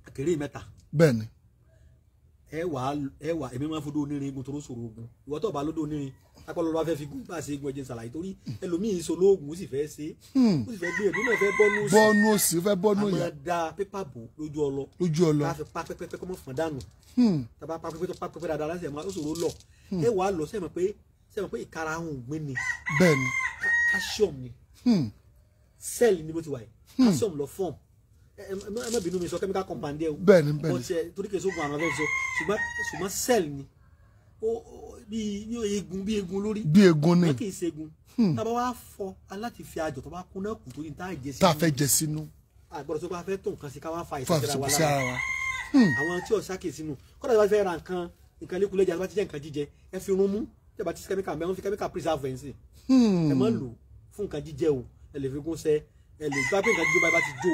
àkèrè mẹ́ta. bẹ́ẹ̀ni. ẹ wà ẹ wà èmi máa ń fọdọ onírin mo tọrọ sòrò ogun ìwọ tó bá lọ́dọ̀ onírin apọlọ lọ́wọ́ fẹ́ fi gún bá a ṣe gun ẹ̀jẹ̀ ṣàlàyé torí ẹlòmíín so lóògùn ó sì fẹ́ ṣe hmm. ó sì fẹ́ gbé ẹ̀dùn e, náà fẹ́ bọ́nú sí bọ́nú sí fẹ́ bọ́nú yà àmọ́ da pépà bò lójú ọlọ lójú ọlọ káfí pa pẹ́pẹ́pẹ́ kọ́mọ fún dànù hmm. tàbá pa pẹ́pẹ́ pa pẹ́pẹ́ dáadáa láti ẹ̀ máa ó ṣòro lọ hmm. ẹ wàá lọ sẹ́mi pé sẹ́mi pé ìkara ahùn gbin ni bẹ́ẹ̀ni calcium ni sẹ́ẹ̀lì ni bó ti wà yìí calcium lọ fọ́ọ̀m ẹ má bínú mi sọ chemical compound ẹ o bẹ́ẹ̀ni bẹ́ẹ̀ni torí kèso gun àwọn afẹ́ sọ ṣùgbọ́n ṣùgbọ́n sẹ́ẹ̀lì ni bí egun bí egun lórí. bí egun ni wọn kì í ṣegun. Hmm. tábà wá fọ aláti fi àjọ tó bá kú náà kù tó ní tá a jẹ sínú. tá a fẹ́ jẹ sínú. àgbọ̀dọ̀ tó bá fẹ́ tó nǹkan sí ká wá fa ìsìnkú sí ara wa. Hmm. àwọn tí ọ̀sá kì í sínú kọ́dà tó bá fẹ́ ra nǹkan nǹkan lékulẹ̀ jẹ́ àbátíjẹ́ nǹkan jíjẹ ẹ fi rún mú tí àbátí sí kẹ́míkà mẹ́rin fi kẹ́míkà preservative hmm. ẹ má lò fún nǹkan jíjẹ o ẹ lè fi gún sẹ ẹ lè gbá pé nǹkan jíjó bá ti jó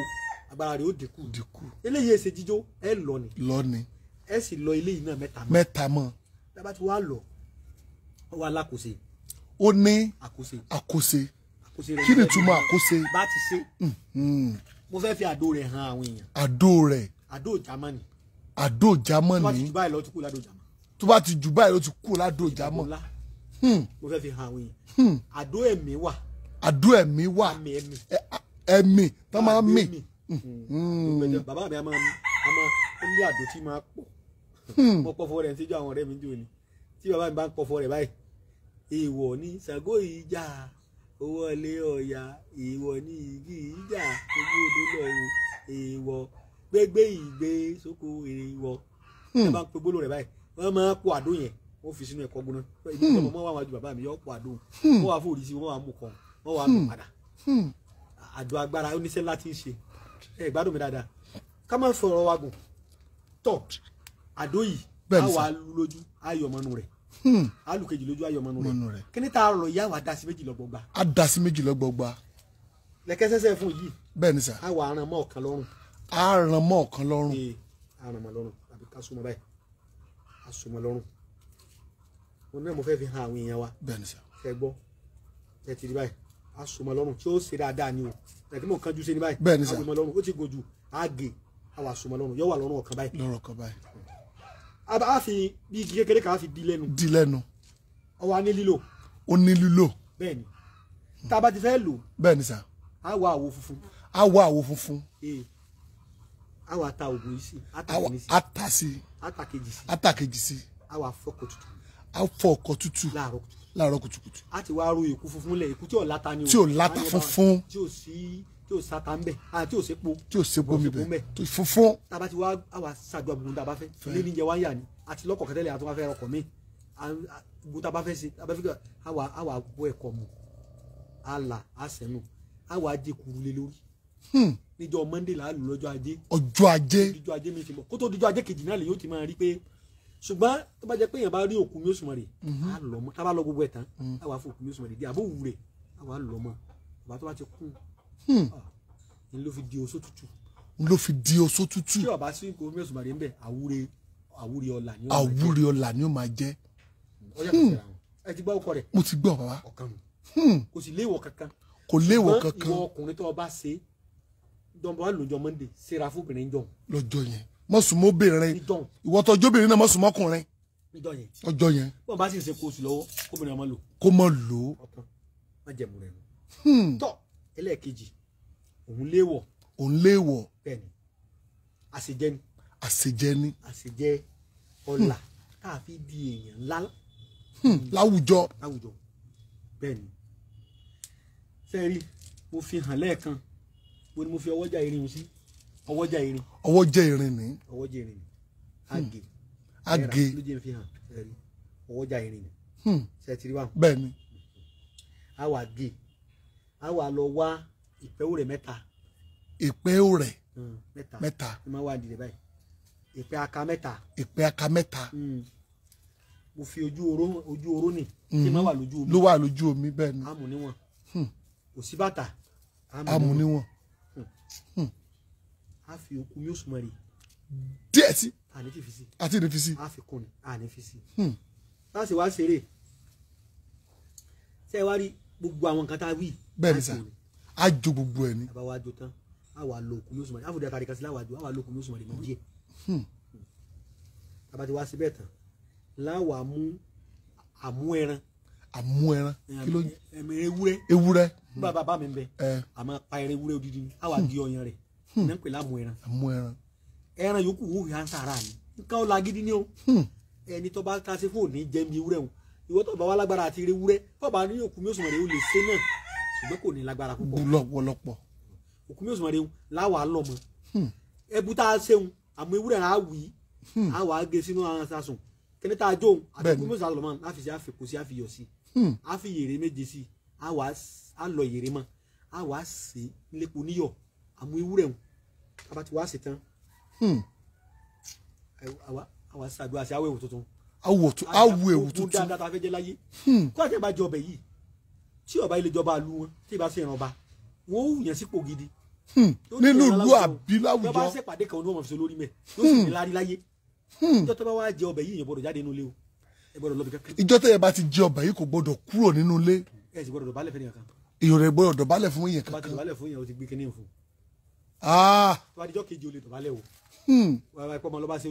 agbára rẹ̀ ó dínkù eléyìí ẹ ṣe jíjó ẹ lọ ni ẹ sì lọ ilé yìí náà mẹ́ta mọ́. mẹ́ta mọ́ tábà ti wá lọ ọ wà lákòóse. ó ní àkóse àkóse kí ni túmọ̀ àkóse. bá ti ṣe mm-hmm. mo fẹ́ fi àdó rẹ̀ hàn àwọn èèyàn. àdó rẹ̀. àdó jámánì. àdó jámánì. tó bá ti jù báyìí lọ ti kú ládó jámánì. tó bá ti jù báyìí lọ ti kú ládó jámánì. Hmm. mo fẹ́ fi hàn àwọn èèyàn. Hmm. àdó ẹ̀mí wà. àdó ẹ̀mí wà. ẹ̀mí tó máa ń mì. Hmm. bàbá mi a máa ń lé àdó tí máa pọ̀. Hmm. mo pọ̀fọ́ rẹ̀ síjọ́ àwọn ọ̀rẹ́ mi jò ní tí bàbá mi bá ń pọ̀fọ́ rẹ̀ báyìí èèwọ̀ ni ṣàgó yìí jà owó ilé ọ̀yà èèwọ̀ ni igi yìí jà gbogbo odò lọ wò èèwọ̀ gbégbé ìgbé sóko èèwọ̀ ẹ hmm. bá ń pe gbólóhùn rẹ̀ báyìí wọ́n máa ń àdó yẹn wọ́n fi sínú ẹ̀kọ́ gbóná ibi ìjọba wọn wà wájú bàbá mi yọ po àdó hmm. wọn wà fòrí sí wọn wà mú kọ wọn wà mú padà àdó agbára oníṣẹ́ láti ṣe ẹ gbádùn mi dáadáa ká má sọ̀rọ̀ wa tọ̀ àdó yìí a wà lójú ayọ̀mọ́nu rẹ̀ hmm. alùkejì lójú ayọ̀mọ́nu rẹ̀ kí ni tá a rọ̀ yá wà dasi méjì lọ́gbọ̀gba. a dasi méjì lọ́gbọ̀gba. lẹ́kẹ́sẹ́sẹ́ fún yìí. bẹ́ẹ̀ ni sà. a wà aràn mọ́ ọ̀kan lọ́rùn. aràn mọ́ ọ̀kan lọ́rùn. ee aràn mọ́ lọ́rùn àbí ká súnmọ́ báyìí a súnmọ́ lọ́rùn. mo ní mo fẹ́ fi hàn àwọn èèyàn wa. bẹ́ẹ̀ ni sà. ẹ gbọ́ ẹ ti di báyìí a súnmọ́ lọ́rùn tí ó ṣe dáadáa ni o ẹ̀kí mò ń kánjú sí ni báyìí. bẹ́ẹ̀ ni sà. a súnmọ́ lọ́rùn ó ti gòjù a gè a wà yọ wà lọ́rùn ọ̀kan báyìí. lọ́rùn ọ̀kan báyìí a fi bí igi kékeré kan a fi di lẹ́nu. di lẹ́nu. ọwọ́ a ní lílò. ó ní lílò. bẹ́ẹ̀ni tá a bá ti fẹ́ lò. bẹ́ẹ̀ni sà. a wá àwo funfun. a wá àwo funfun. ee a wá ta oògùn yìí sí. a ta sí. a ta kejì sí. a a wá fọkọ tútù. a fọ ọkọ tútù. láàárọ̀ kùtù. láàárọ̀ kùtùkùtù. a ti wá ro èkú funfun lẹ̀ èkú tí ò láta ni o. tí ò láta funfun. tí ò sí tí o sata ń bẹ a tí o se po tí o se po mi bẹ tó funfun. taba ti wa awa sàdúrà gbogbo taba fẹ ilé níjẹ wa ń yà ni àti lọkọ kẹtẹlẹ àti wọn fẹ ọkọ mi gbogbo taba fẹ se taba fẹ awa awa bọ ẹkọ mu ala asẹnu awa ajé kuru lé lórí. Hmm. níjọ́ monday la lò lọ́jọ́ ajé. ọjọ́ ajé ọjọ́ ajé mi ti bọ kótó ọjọ́ ajé kejì náà lè yóò ti máa rí pé ṣùgbọ́n tó bá jẹ́ pé èèyàn bá rí òkú mi ó sùn mọ́ rè á lọ mọ́ tá a bá lọ gbogbo ẹ̀ tán á wàá fò òkú mi ó sùn rè dé àbó rè á wàá lọ bá ti kún Hmm. Ah, n ló fi di oṣó tutu n ló fi di oṣó tútù. tí ọba sí nǹkan omi oṣù màdé ń bẹ àwúre àwúre ọlà ni ó máa jẹ. àwúre ọlà ni ó máa jẹ. Hmm. ẹ ti gbọ́ ọkọ rẹ̀. mo ti gbọ́ bàbá. ọ̀kan hmm. kò sì léèwọ̀ kankan. kò léèwọ̀ kankan. ìwọ ọkùnrin tó ọba ṣe dọ̀nbọ̀n lọ́jọ́ monday ṣera fóbìnrin jọ. lọ́jọ́ yẹn mọ̀sùmọ́ obìnrin ìwọ tọjọ́ obìnrin náà mọ̀sùmọ́ ọkùnrin ọjọ́ yẹn. bọ́n bá sì ń ṣe kóòsù lọ́wọ́ kóbìnrin ọmọ lò. kó mọ̀ lò. ọkàn má jẹ̀mú rẹ̀. tọ́ ẹlẹ́ẹ̀kejì òun léèwọ̀. òun léèwọ̀. bẹ́ẹ̀ni àṣejẹ ni. àṣejẹ ni. àṣejẹ ọlà tá a fi di èèyàn ńlá. Hmm, láwùjọ. láwùjọ bẹ́ẹ̀ni sẹ́rí mo fi hàn lẹ́ẹ̀kan mo ni mo fi ọwọ́jà irin sí ọwọ́jà irin. ọwọ́jà irin ni. ọwọ́jà irin ni hmm. àgè. àgè ló jẹ́ fi hàn sẹ́rí irin ni. sẹ́ẹ̀tì hmm. rí wa. bẹ́ẹ̀ni. a wà gé a wà lọ wá ìpẹ́wò rẹ̀ mẹ́ta. ìpẹ́wò rẹ̀ hmm, mẹ́ta mẹ́ta. ẹ máa wà nílẹ̀ báyìí ìpẹ́ aka mẹ́ta. ìpẹ́ aka mẹ́ta. Hmm. mo fi ojú oró ojú oró nì. kí n hmm. má wà lójú omi. ló wà lójú omi bẹ́ẹ̀ ni. amú níwọ̀n kò sí bàtà. amú níwọ̀n. a fi okun yóò sùnmọ́ rè. díẹ̀ sí. àní ti fi si. àti ìní fi si. a fi kún ni àní fi si. láti wá ṣeré ṣe gbogbo àwọn nǹkan tá a wí yìí bẹ́ẹ̀ ni sà á jo gbogbo ẹ̀ ni. àbáwá jo tán àwa lo òkú yóò sùn mọ́lẹ̀ àfọ̀dé àkàrí kan sí láwàá jo àwa lo òkú yóò sùn mọ́lẹ̀ méjì ẹ̀. àbá ti wá síbẹ̀ tán láwàá mú àmú ẹran. àmú ẹran kí ló ń. ẹ̀mẹ̀ ewúrẹ́. ewúrẹ́. bàbá bàbá mi bẹ àmọ́ pa ẹran ewúrẹ́ odidi ni àwa hmm. di ọyàn rẹ̀ náà ń pè lámú ẹran. àmú ẹran. ẹran yòókù wò yà ń ni nǹkan ọ̀la gidi ni o hmm. ẹni tó bá ta sí fóònù jẹ́ mi ewúrẹ́ o ìwọ́tọ̀ bá wà lágbára àti ewúrẹ́ fọ́ọ̀bà ní òkú mi ò sùn ṣùgbọ́n kò ní lágbára púpọ̀. bu lọ́pọ̀lọpọ̀. òkú mi ò sùn mọ́ rehun láwa lọ mọ́ hmm. ẹbu tá a ṣeun àmọ́ ewúrẹ́ rà á wì í á wà á gé sínú àwọn sasùn kíní tá a jó òun àti òkú mi ò sàlọ̀ mọ́ àfi ṣe àfikún sí àfiyọ̀ sí á hmm. fi yèrè méje sí á wà á lọ yèrè mọ́ á wà á sè é lépo níyọ̀ àmọ́ ewúrẹ́ òun abati wá sí tán àwa hmm. ṣàdúrà sí awọ ewu tuntun awọ ewu tuntun kó àti ẹ̀ bá jẹ ọbẹ̀ yìí tí ọba ilé ìjọba lu wọn tí ìbá ṣe ìrànba wọn ó yàn sípò gidi. Hmm. nínú ìlú àbí láwùjọ yọba ṣèpàdé kan ní wọn fi lórí mẹ yóò sì ní hmm. lárí láyé hmm. ìjọ tó bá wá jẹ ọbẹ̀ yìí yẹn gbọ́dọ̀ jáde nínú ilé o ẹ gbọ́dọ̀ lọ bí kankan. ìjọ tó yẹ bá ti jẹ ọbẹ̀ yìí kò gbọ́dọ̀ kúrò nínú ilé. ẹ sì gbọ́dọ̀ dọ̀bálẹ̀ fẹ́ni kankan. ìyọ̀rẹ̀ gbọ́dọ̀ dọ̀bálẹ̀ fún yẹn kankan. bá ti fún yẹn o ti gbé kinní fún. o ah. lè dọ̀bálẹ̀ o bàbá ìpọ́nmọ́ lọ́ba sí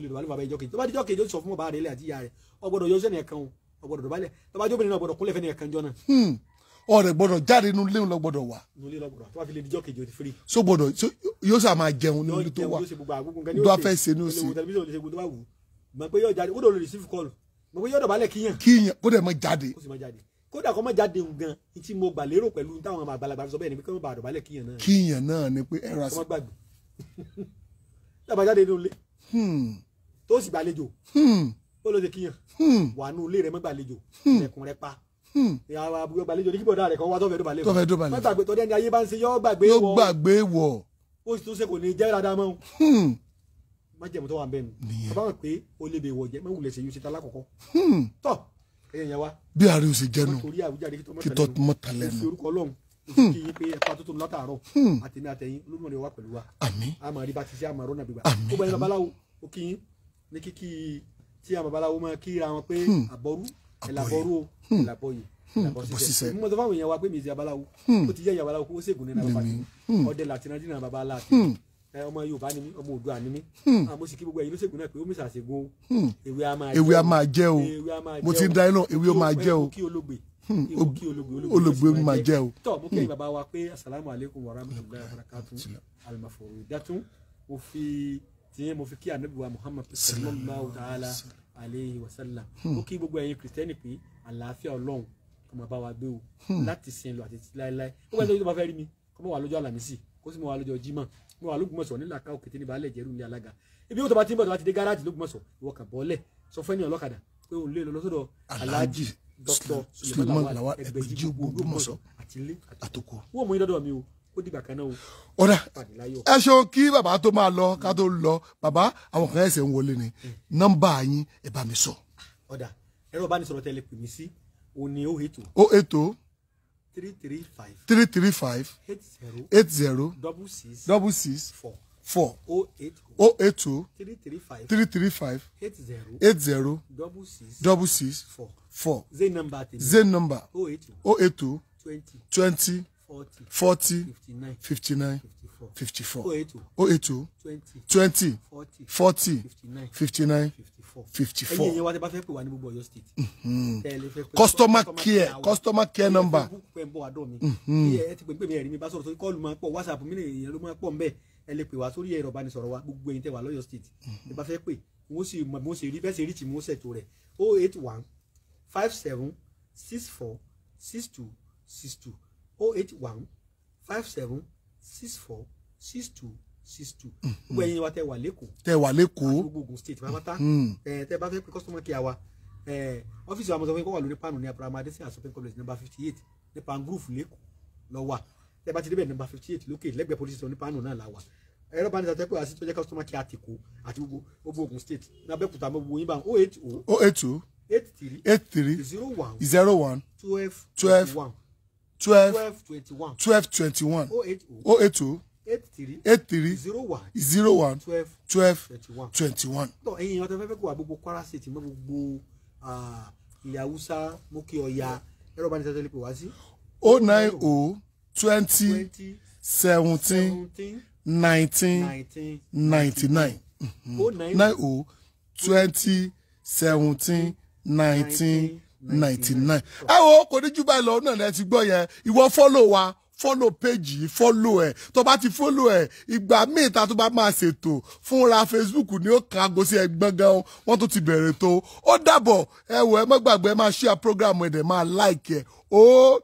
olùdó ọ̀rẹ́ gbọ́dọ̀ jáde inú ilé lọ gbọ́dọ̀ wà. nulẹ̀ lọ gbọ́dọ̀ tó bá fi lè dijọ́ kejì o ti firi. so gbọ́dọ̀ yóò sà máa jẹun ní orí tó wà tó a fẹ́ ṣe ní òsè. mọ̀ pé yóò jáde kó dòlò receive call mọ̀ pé yóò dọ̀bálẹ̀ kíyàn. kíyàn kó dẹ̀ mọ jáde. kódà kó mọ jáde gan tí mo gbà lérò pẹ̀lú táwọn àgbàlagbà sọ bẹ́ẹ̀ ni pé kó mọ bá dọ̀bálẹ̀ kíyàn náà. kíyàn náà ni pé ẹ̀rọ àṣà. dábàá [laughs] jáde inú ilé. Hmm. tó sì gbàlejò. ó lọ sí kíyàn. Hmm. wà nù ilé rẹ mọ́ gbàlejò. Hmm. ẹ̀kùn rẹ pa. Hmm. ìyàwó àbúrò gbàlejò ní kíbọ̀dá rẹ̀ kan wá tọ́fẹ̀ẹ́ dọ̀bálẹ̀ tọ́fẹ̀ẹ́ dọ̀bálẹ̀ wọ́n gbàgbé tọ́jú ẹni ayé bá ń ṣe yọ́ gbàgbé wọ̀ yóò gbàgbé wọ̀ ó sì tún ṣe kò ní jẹ́ dáadáa mọ́ hmm. májẹ̀mú tó wà bẹ́ẹ̀ ni bàbá wọn pé o lè bè wọ̀ jẹ́ mẹ́wùlẹ̀ ṣe yóò ṣe ta lákọ̀ọ́kọ́ hmm. tọ́ ẹ̀yẹ̀ yẹn wa. bí a rí o ṣe jẹnu kí tọ́ mọ́ ta lẹ́nu. fi orúkọ ọlọ́run kí yín pé ẹ̀ka tó tó látàárọ̀ àtẹ̀mí àtẹ̀yìn olómọdé wa pẹ̀lú wa. àmín a máa rí bá ti ṣe àmàrọ̀ nàbí wa. àmín ó bá yẹn babaláwo ó kí yín ní kíkí tí àwọn babaláwo máa kí ra wọn pé àbọ̀rú ẹ̀làbọ̀rú o ẹ̀làbọ̀yè hmm. ìlàbọ̀síṣẹ́ hmm. mo sọ fáwọn èèyàn wa pé mi ti abaláwo hmm. ó ti jẹ́ ìyá abaláwo kó ṣègùn nínú abàtì ọdẹ làtìrán dínà bàbá aláàtì ọmọ yorùbá ni mí ọmọ oòduà ni mí àmọ́ ah, sì kí gbogbo ẹ̀yin ló ṣègùn náà pé ó mi ṣàṣègùn o ewé a máa jẹ́ o mo ti ń da iná ewé ó máa jẹ́ o olùgbé ó máa jẹ́ o. tọ́ mo kẹ́yìn bàbá wa pé asalaamu aleykum wa rahmatulahi wa barakatu alimaforo datun mo fi tiɲɛ mo fi kí anabi wa muhammadu sallallahu ta'ala alayhi wa ó kí gbogbo ẹ̀yin kìrìsìtẹ́nì pé àlàáfíà ọlọ́run kó máa bá wa gbé o hmm. láti sin lọ àti láéláé ó bá tó bá fẹ́ rí mi kó má wà lọ́jọ́ àlàmísì kó sì má wà lọ́jọ́ jímọ̀ má wà lógbòmọ̀sọ̀ nílà ká òkété ní baálẹ̀ jẹ́rú alága ibi ó tó bá ti ń bọ̀ tó bá ti dé gáràjì lógbòmọ̀sọ̀ ìwọ kà bọ́ọ̀lẹ̀ sọ fún ẹni ọlọ́kadà pé òun lè lọ lọ́sọ̀dọ̀ aláàjì dr suleiman lawal ẹgbẹ̀jì gbogbo ògbòmọ̀sọ̀ àtìlé àtòkò wọ́n mú iná dọ̀ mi o ó dìgbà kan náà o. ọ̀dà ẹ ṣeun kí bàbá tó máa lọ ká tó lọ bàbá àwọn kan ẹsẹ̀ ń wọlé ni hmm. nọ́mbà yín ẹ bá mi sọ. ọ̀dà ẹ̀rọ ìbánisọ̀rọ̀ tẹ́lẹ̀ pè mí sí o ní o ètò. o ètò. three three five. three three five. eight zero. eight zero. double six. double six. four four oh eight oh eight two three three five three three five eight zero eight zero double six double six four four oh oh ze number ze number oh eight two oh twenty twenty forty fifty nine fifty four oh eight oh two, twenty forty fifty nine fifty four. ẹyin ìyẹn wa tẹ bá fẹ́ pè wá ní gbogbo Ọ̀yọ́ state. Mm-hmm. customer care customer care number. ẹ mm-hmm. ẹ ti pè pé mi ẹ̀rí mi bá sọ̀rọ̀ sórí kọ́ọ̀lù máa pọ̀ whatsapp mi lè yẹn ló máa pọ̀ nbẹ̀ ẹ lè pè wá sórí ẹ̀rọ ìbánisọ̀rọ̀ wa gbogbo ẹ̀yin tẹ́ wà lọ́yọ̀ state mm-hmm. ẹ bá fẹ́ pè mo sì mo sì rí bẹ́ẹ̀ sì rí tì mo ṣètò rẹ̀ oh eight one five seven six four six two six two 081 57 64 62 six two gbogbo ẹ̀yin wa tẹ wà lẹ́kọ̀ọ́ tẹ wà lẹ́kọ̀ọ́ àti gbogbo Ògùn state pàápàá mm. mm. tẹ bá fẹ́ pé customer care wa ọ́fíìsì wa mọ̀sán fún kọ́ wà lórí pàánù ní abraham adesina supreme complex number fifty eight ní pangolf lẹ́kọ̀ọ́ lọ wà tẹ bá ti débẹ̀ number fifty eight lókè lẹ́gbẹ̀ẹ́ police station ní pàánù náà là wà ẹ̀rọ bá ní sàtẹ́ pé àti tọ́jú customer care àti kò àti gbogbo Ògùn state ní abẹ́kúta gbogbo yín bá oh eight O oh oh eight two eight three eight three zero one zero one twelve twelve one twelve twenty one twelve twenty one oh, oh. oh eight oh eight three eight three zero one zero one twelve twelve twenty one. tọ́ ẹ̀yin ìyàn tó fẹ́ fẹ́ kó wà gbogbo Kwara State mọ́ gbogbo ìyá Hausa mókè ọ̀yà ẹ̀rọ bá ní sẹ́tẹ́lì pè wá sí. o oh nine o twenty seventeen nineteen ninety nine o nine o twenty seventeen nineteen ninety nine. ẹ wo kò ní jù báyìí lọ náà ẹ ti gbọ́ yẹn ìwọ fọ́lọ̀ wa fọ́lọ̀ péjì yìí fọ́lọ̀ ẹ̀ tó bá ti fọ́lọ̀ ẹ̀ ìgbà míì ta tó bá máa ṣètò fúnra Facebook ni ó kan aago sí ẹgbọ́n gan wọ́n tó ti bẹ̀rẹ̀ tó ó dàbọ̀ ẹ wò ẹ má gbàgbé ẹ máa share program ẹ̀ dẹ̀ máa like ẹ̀ ó.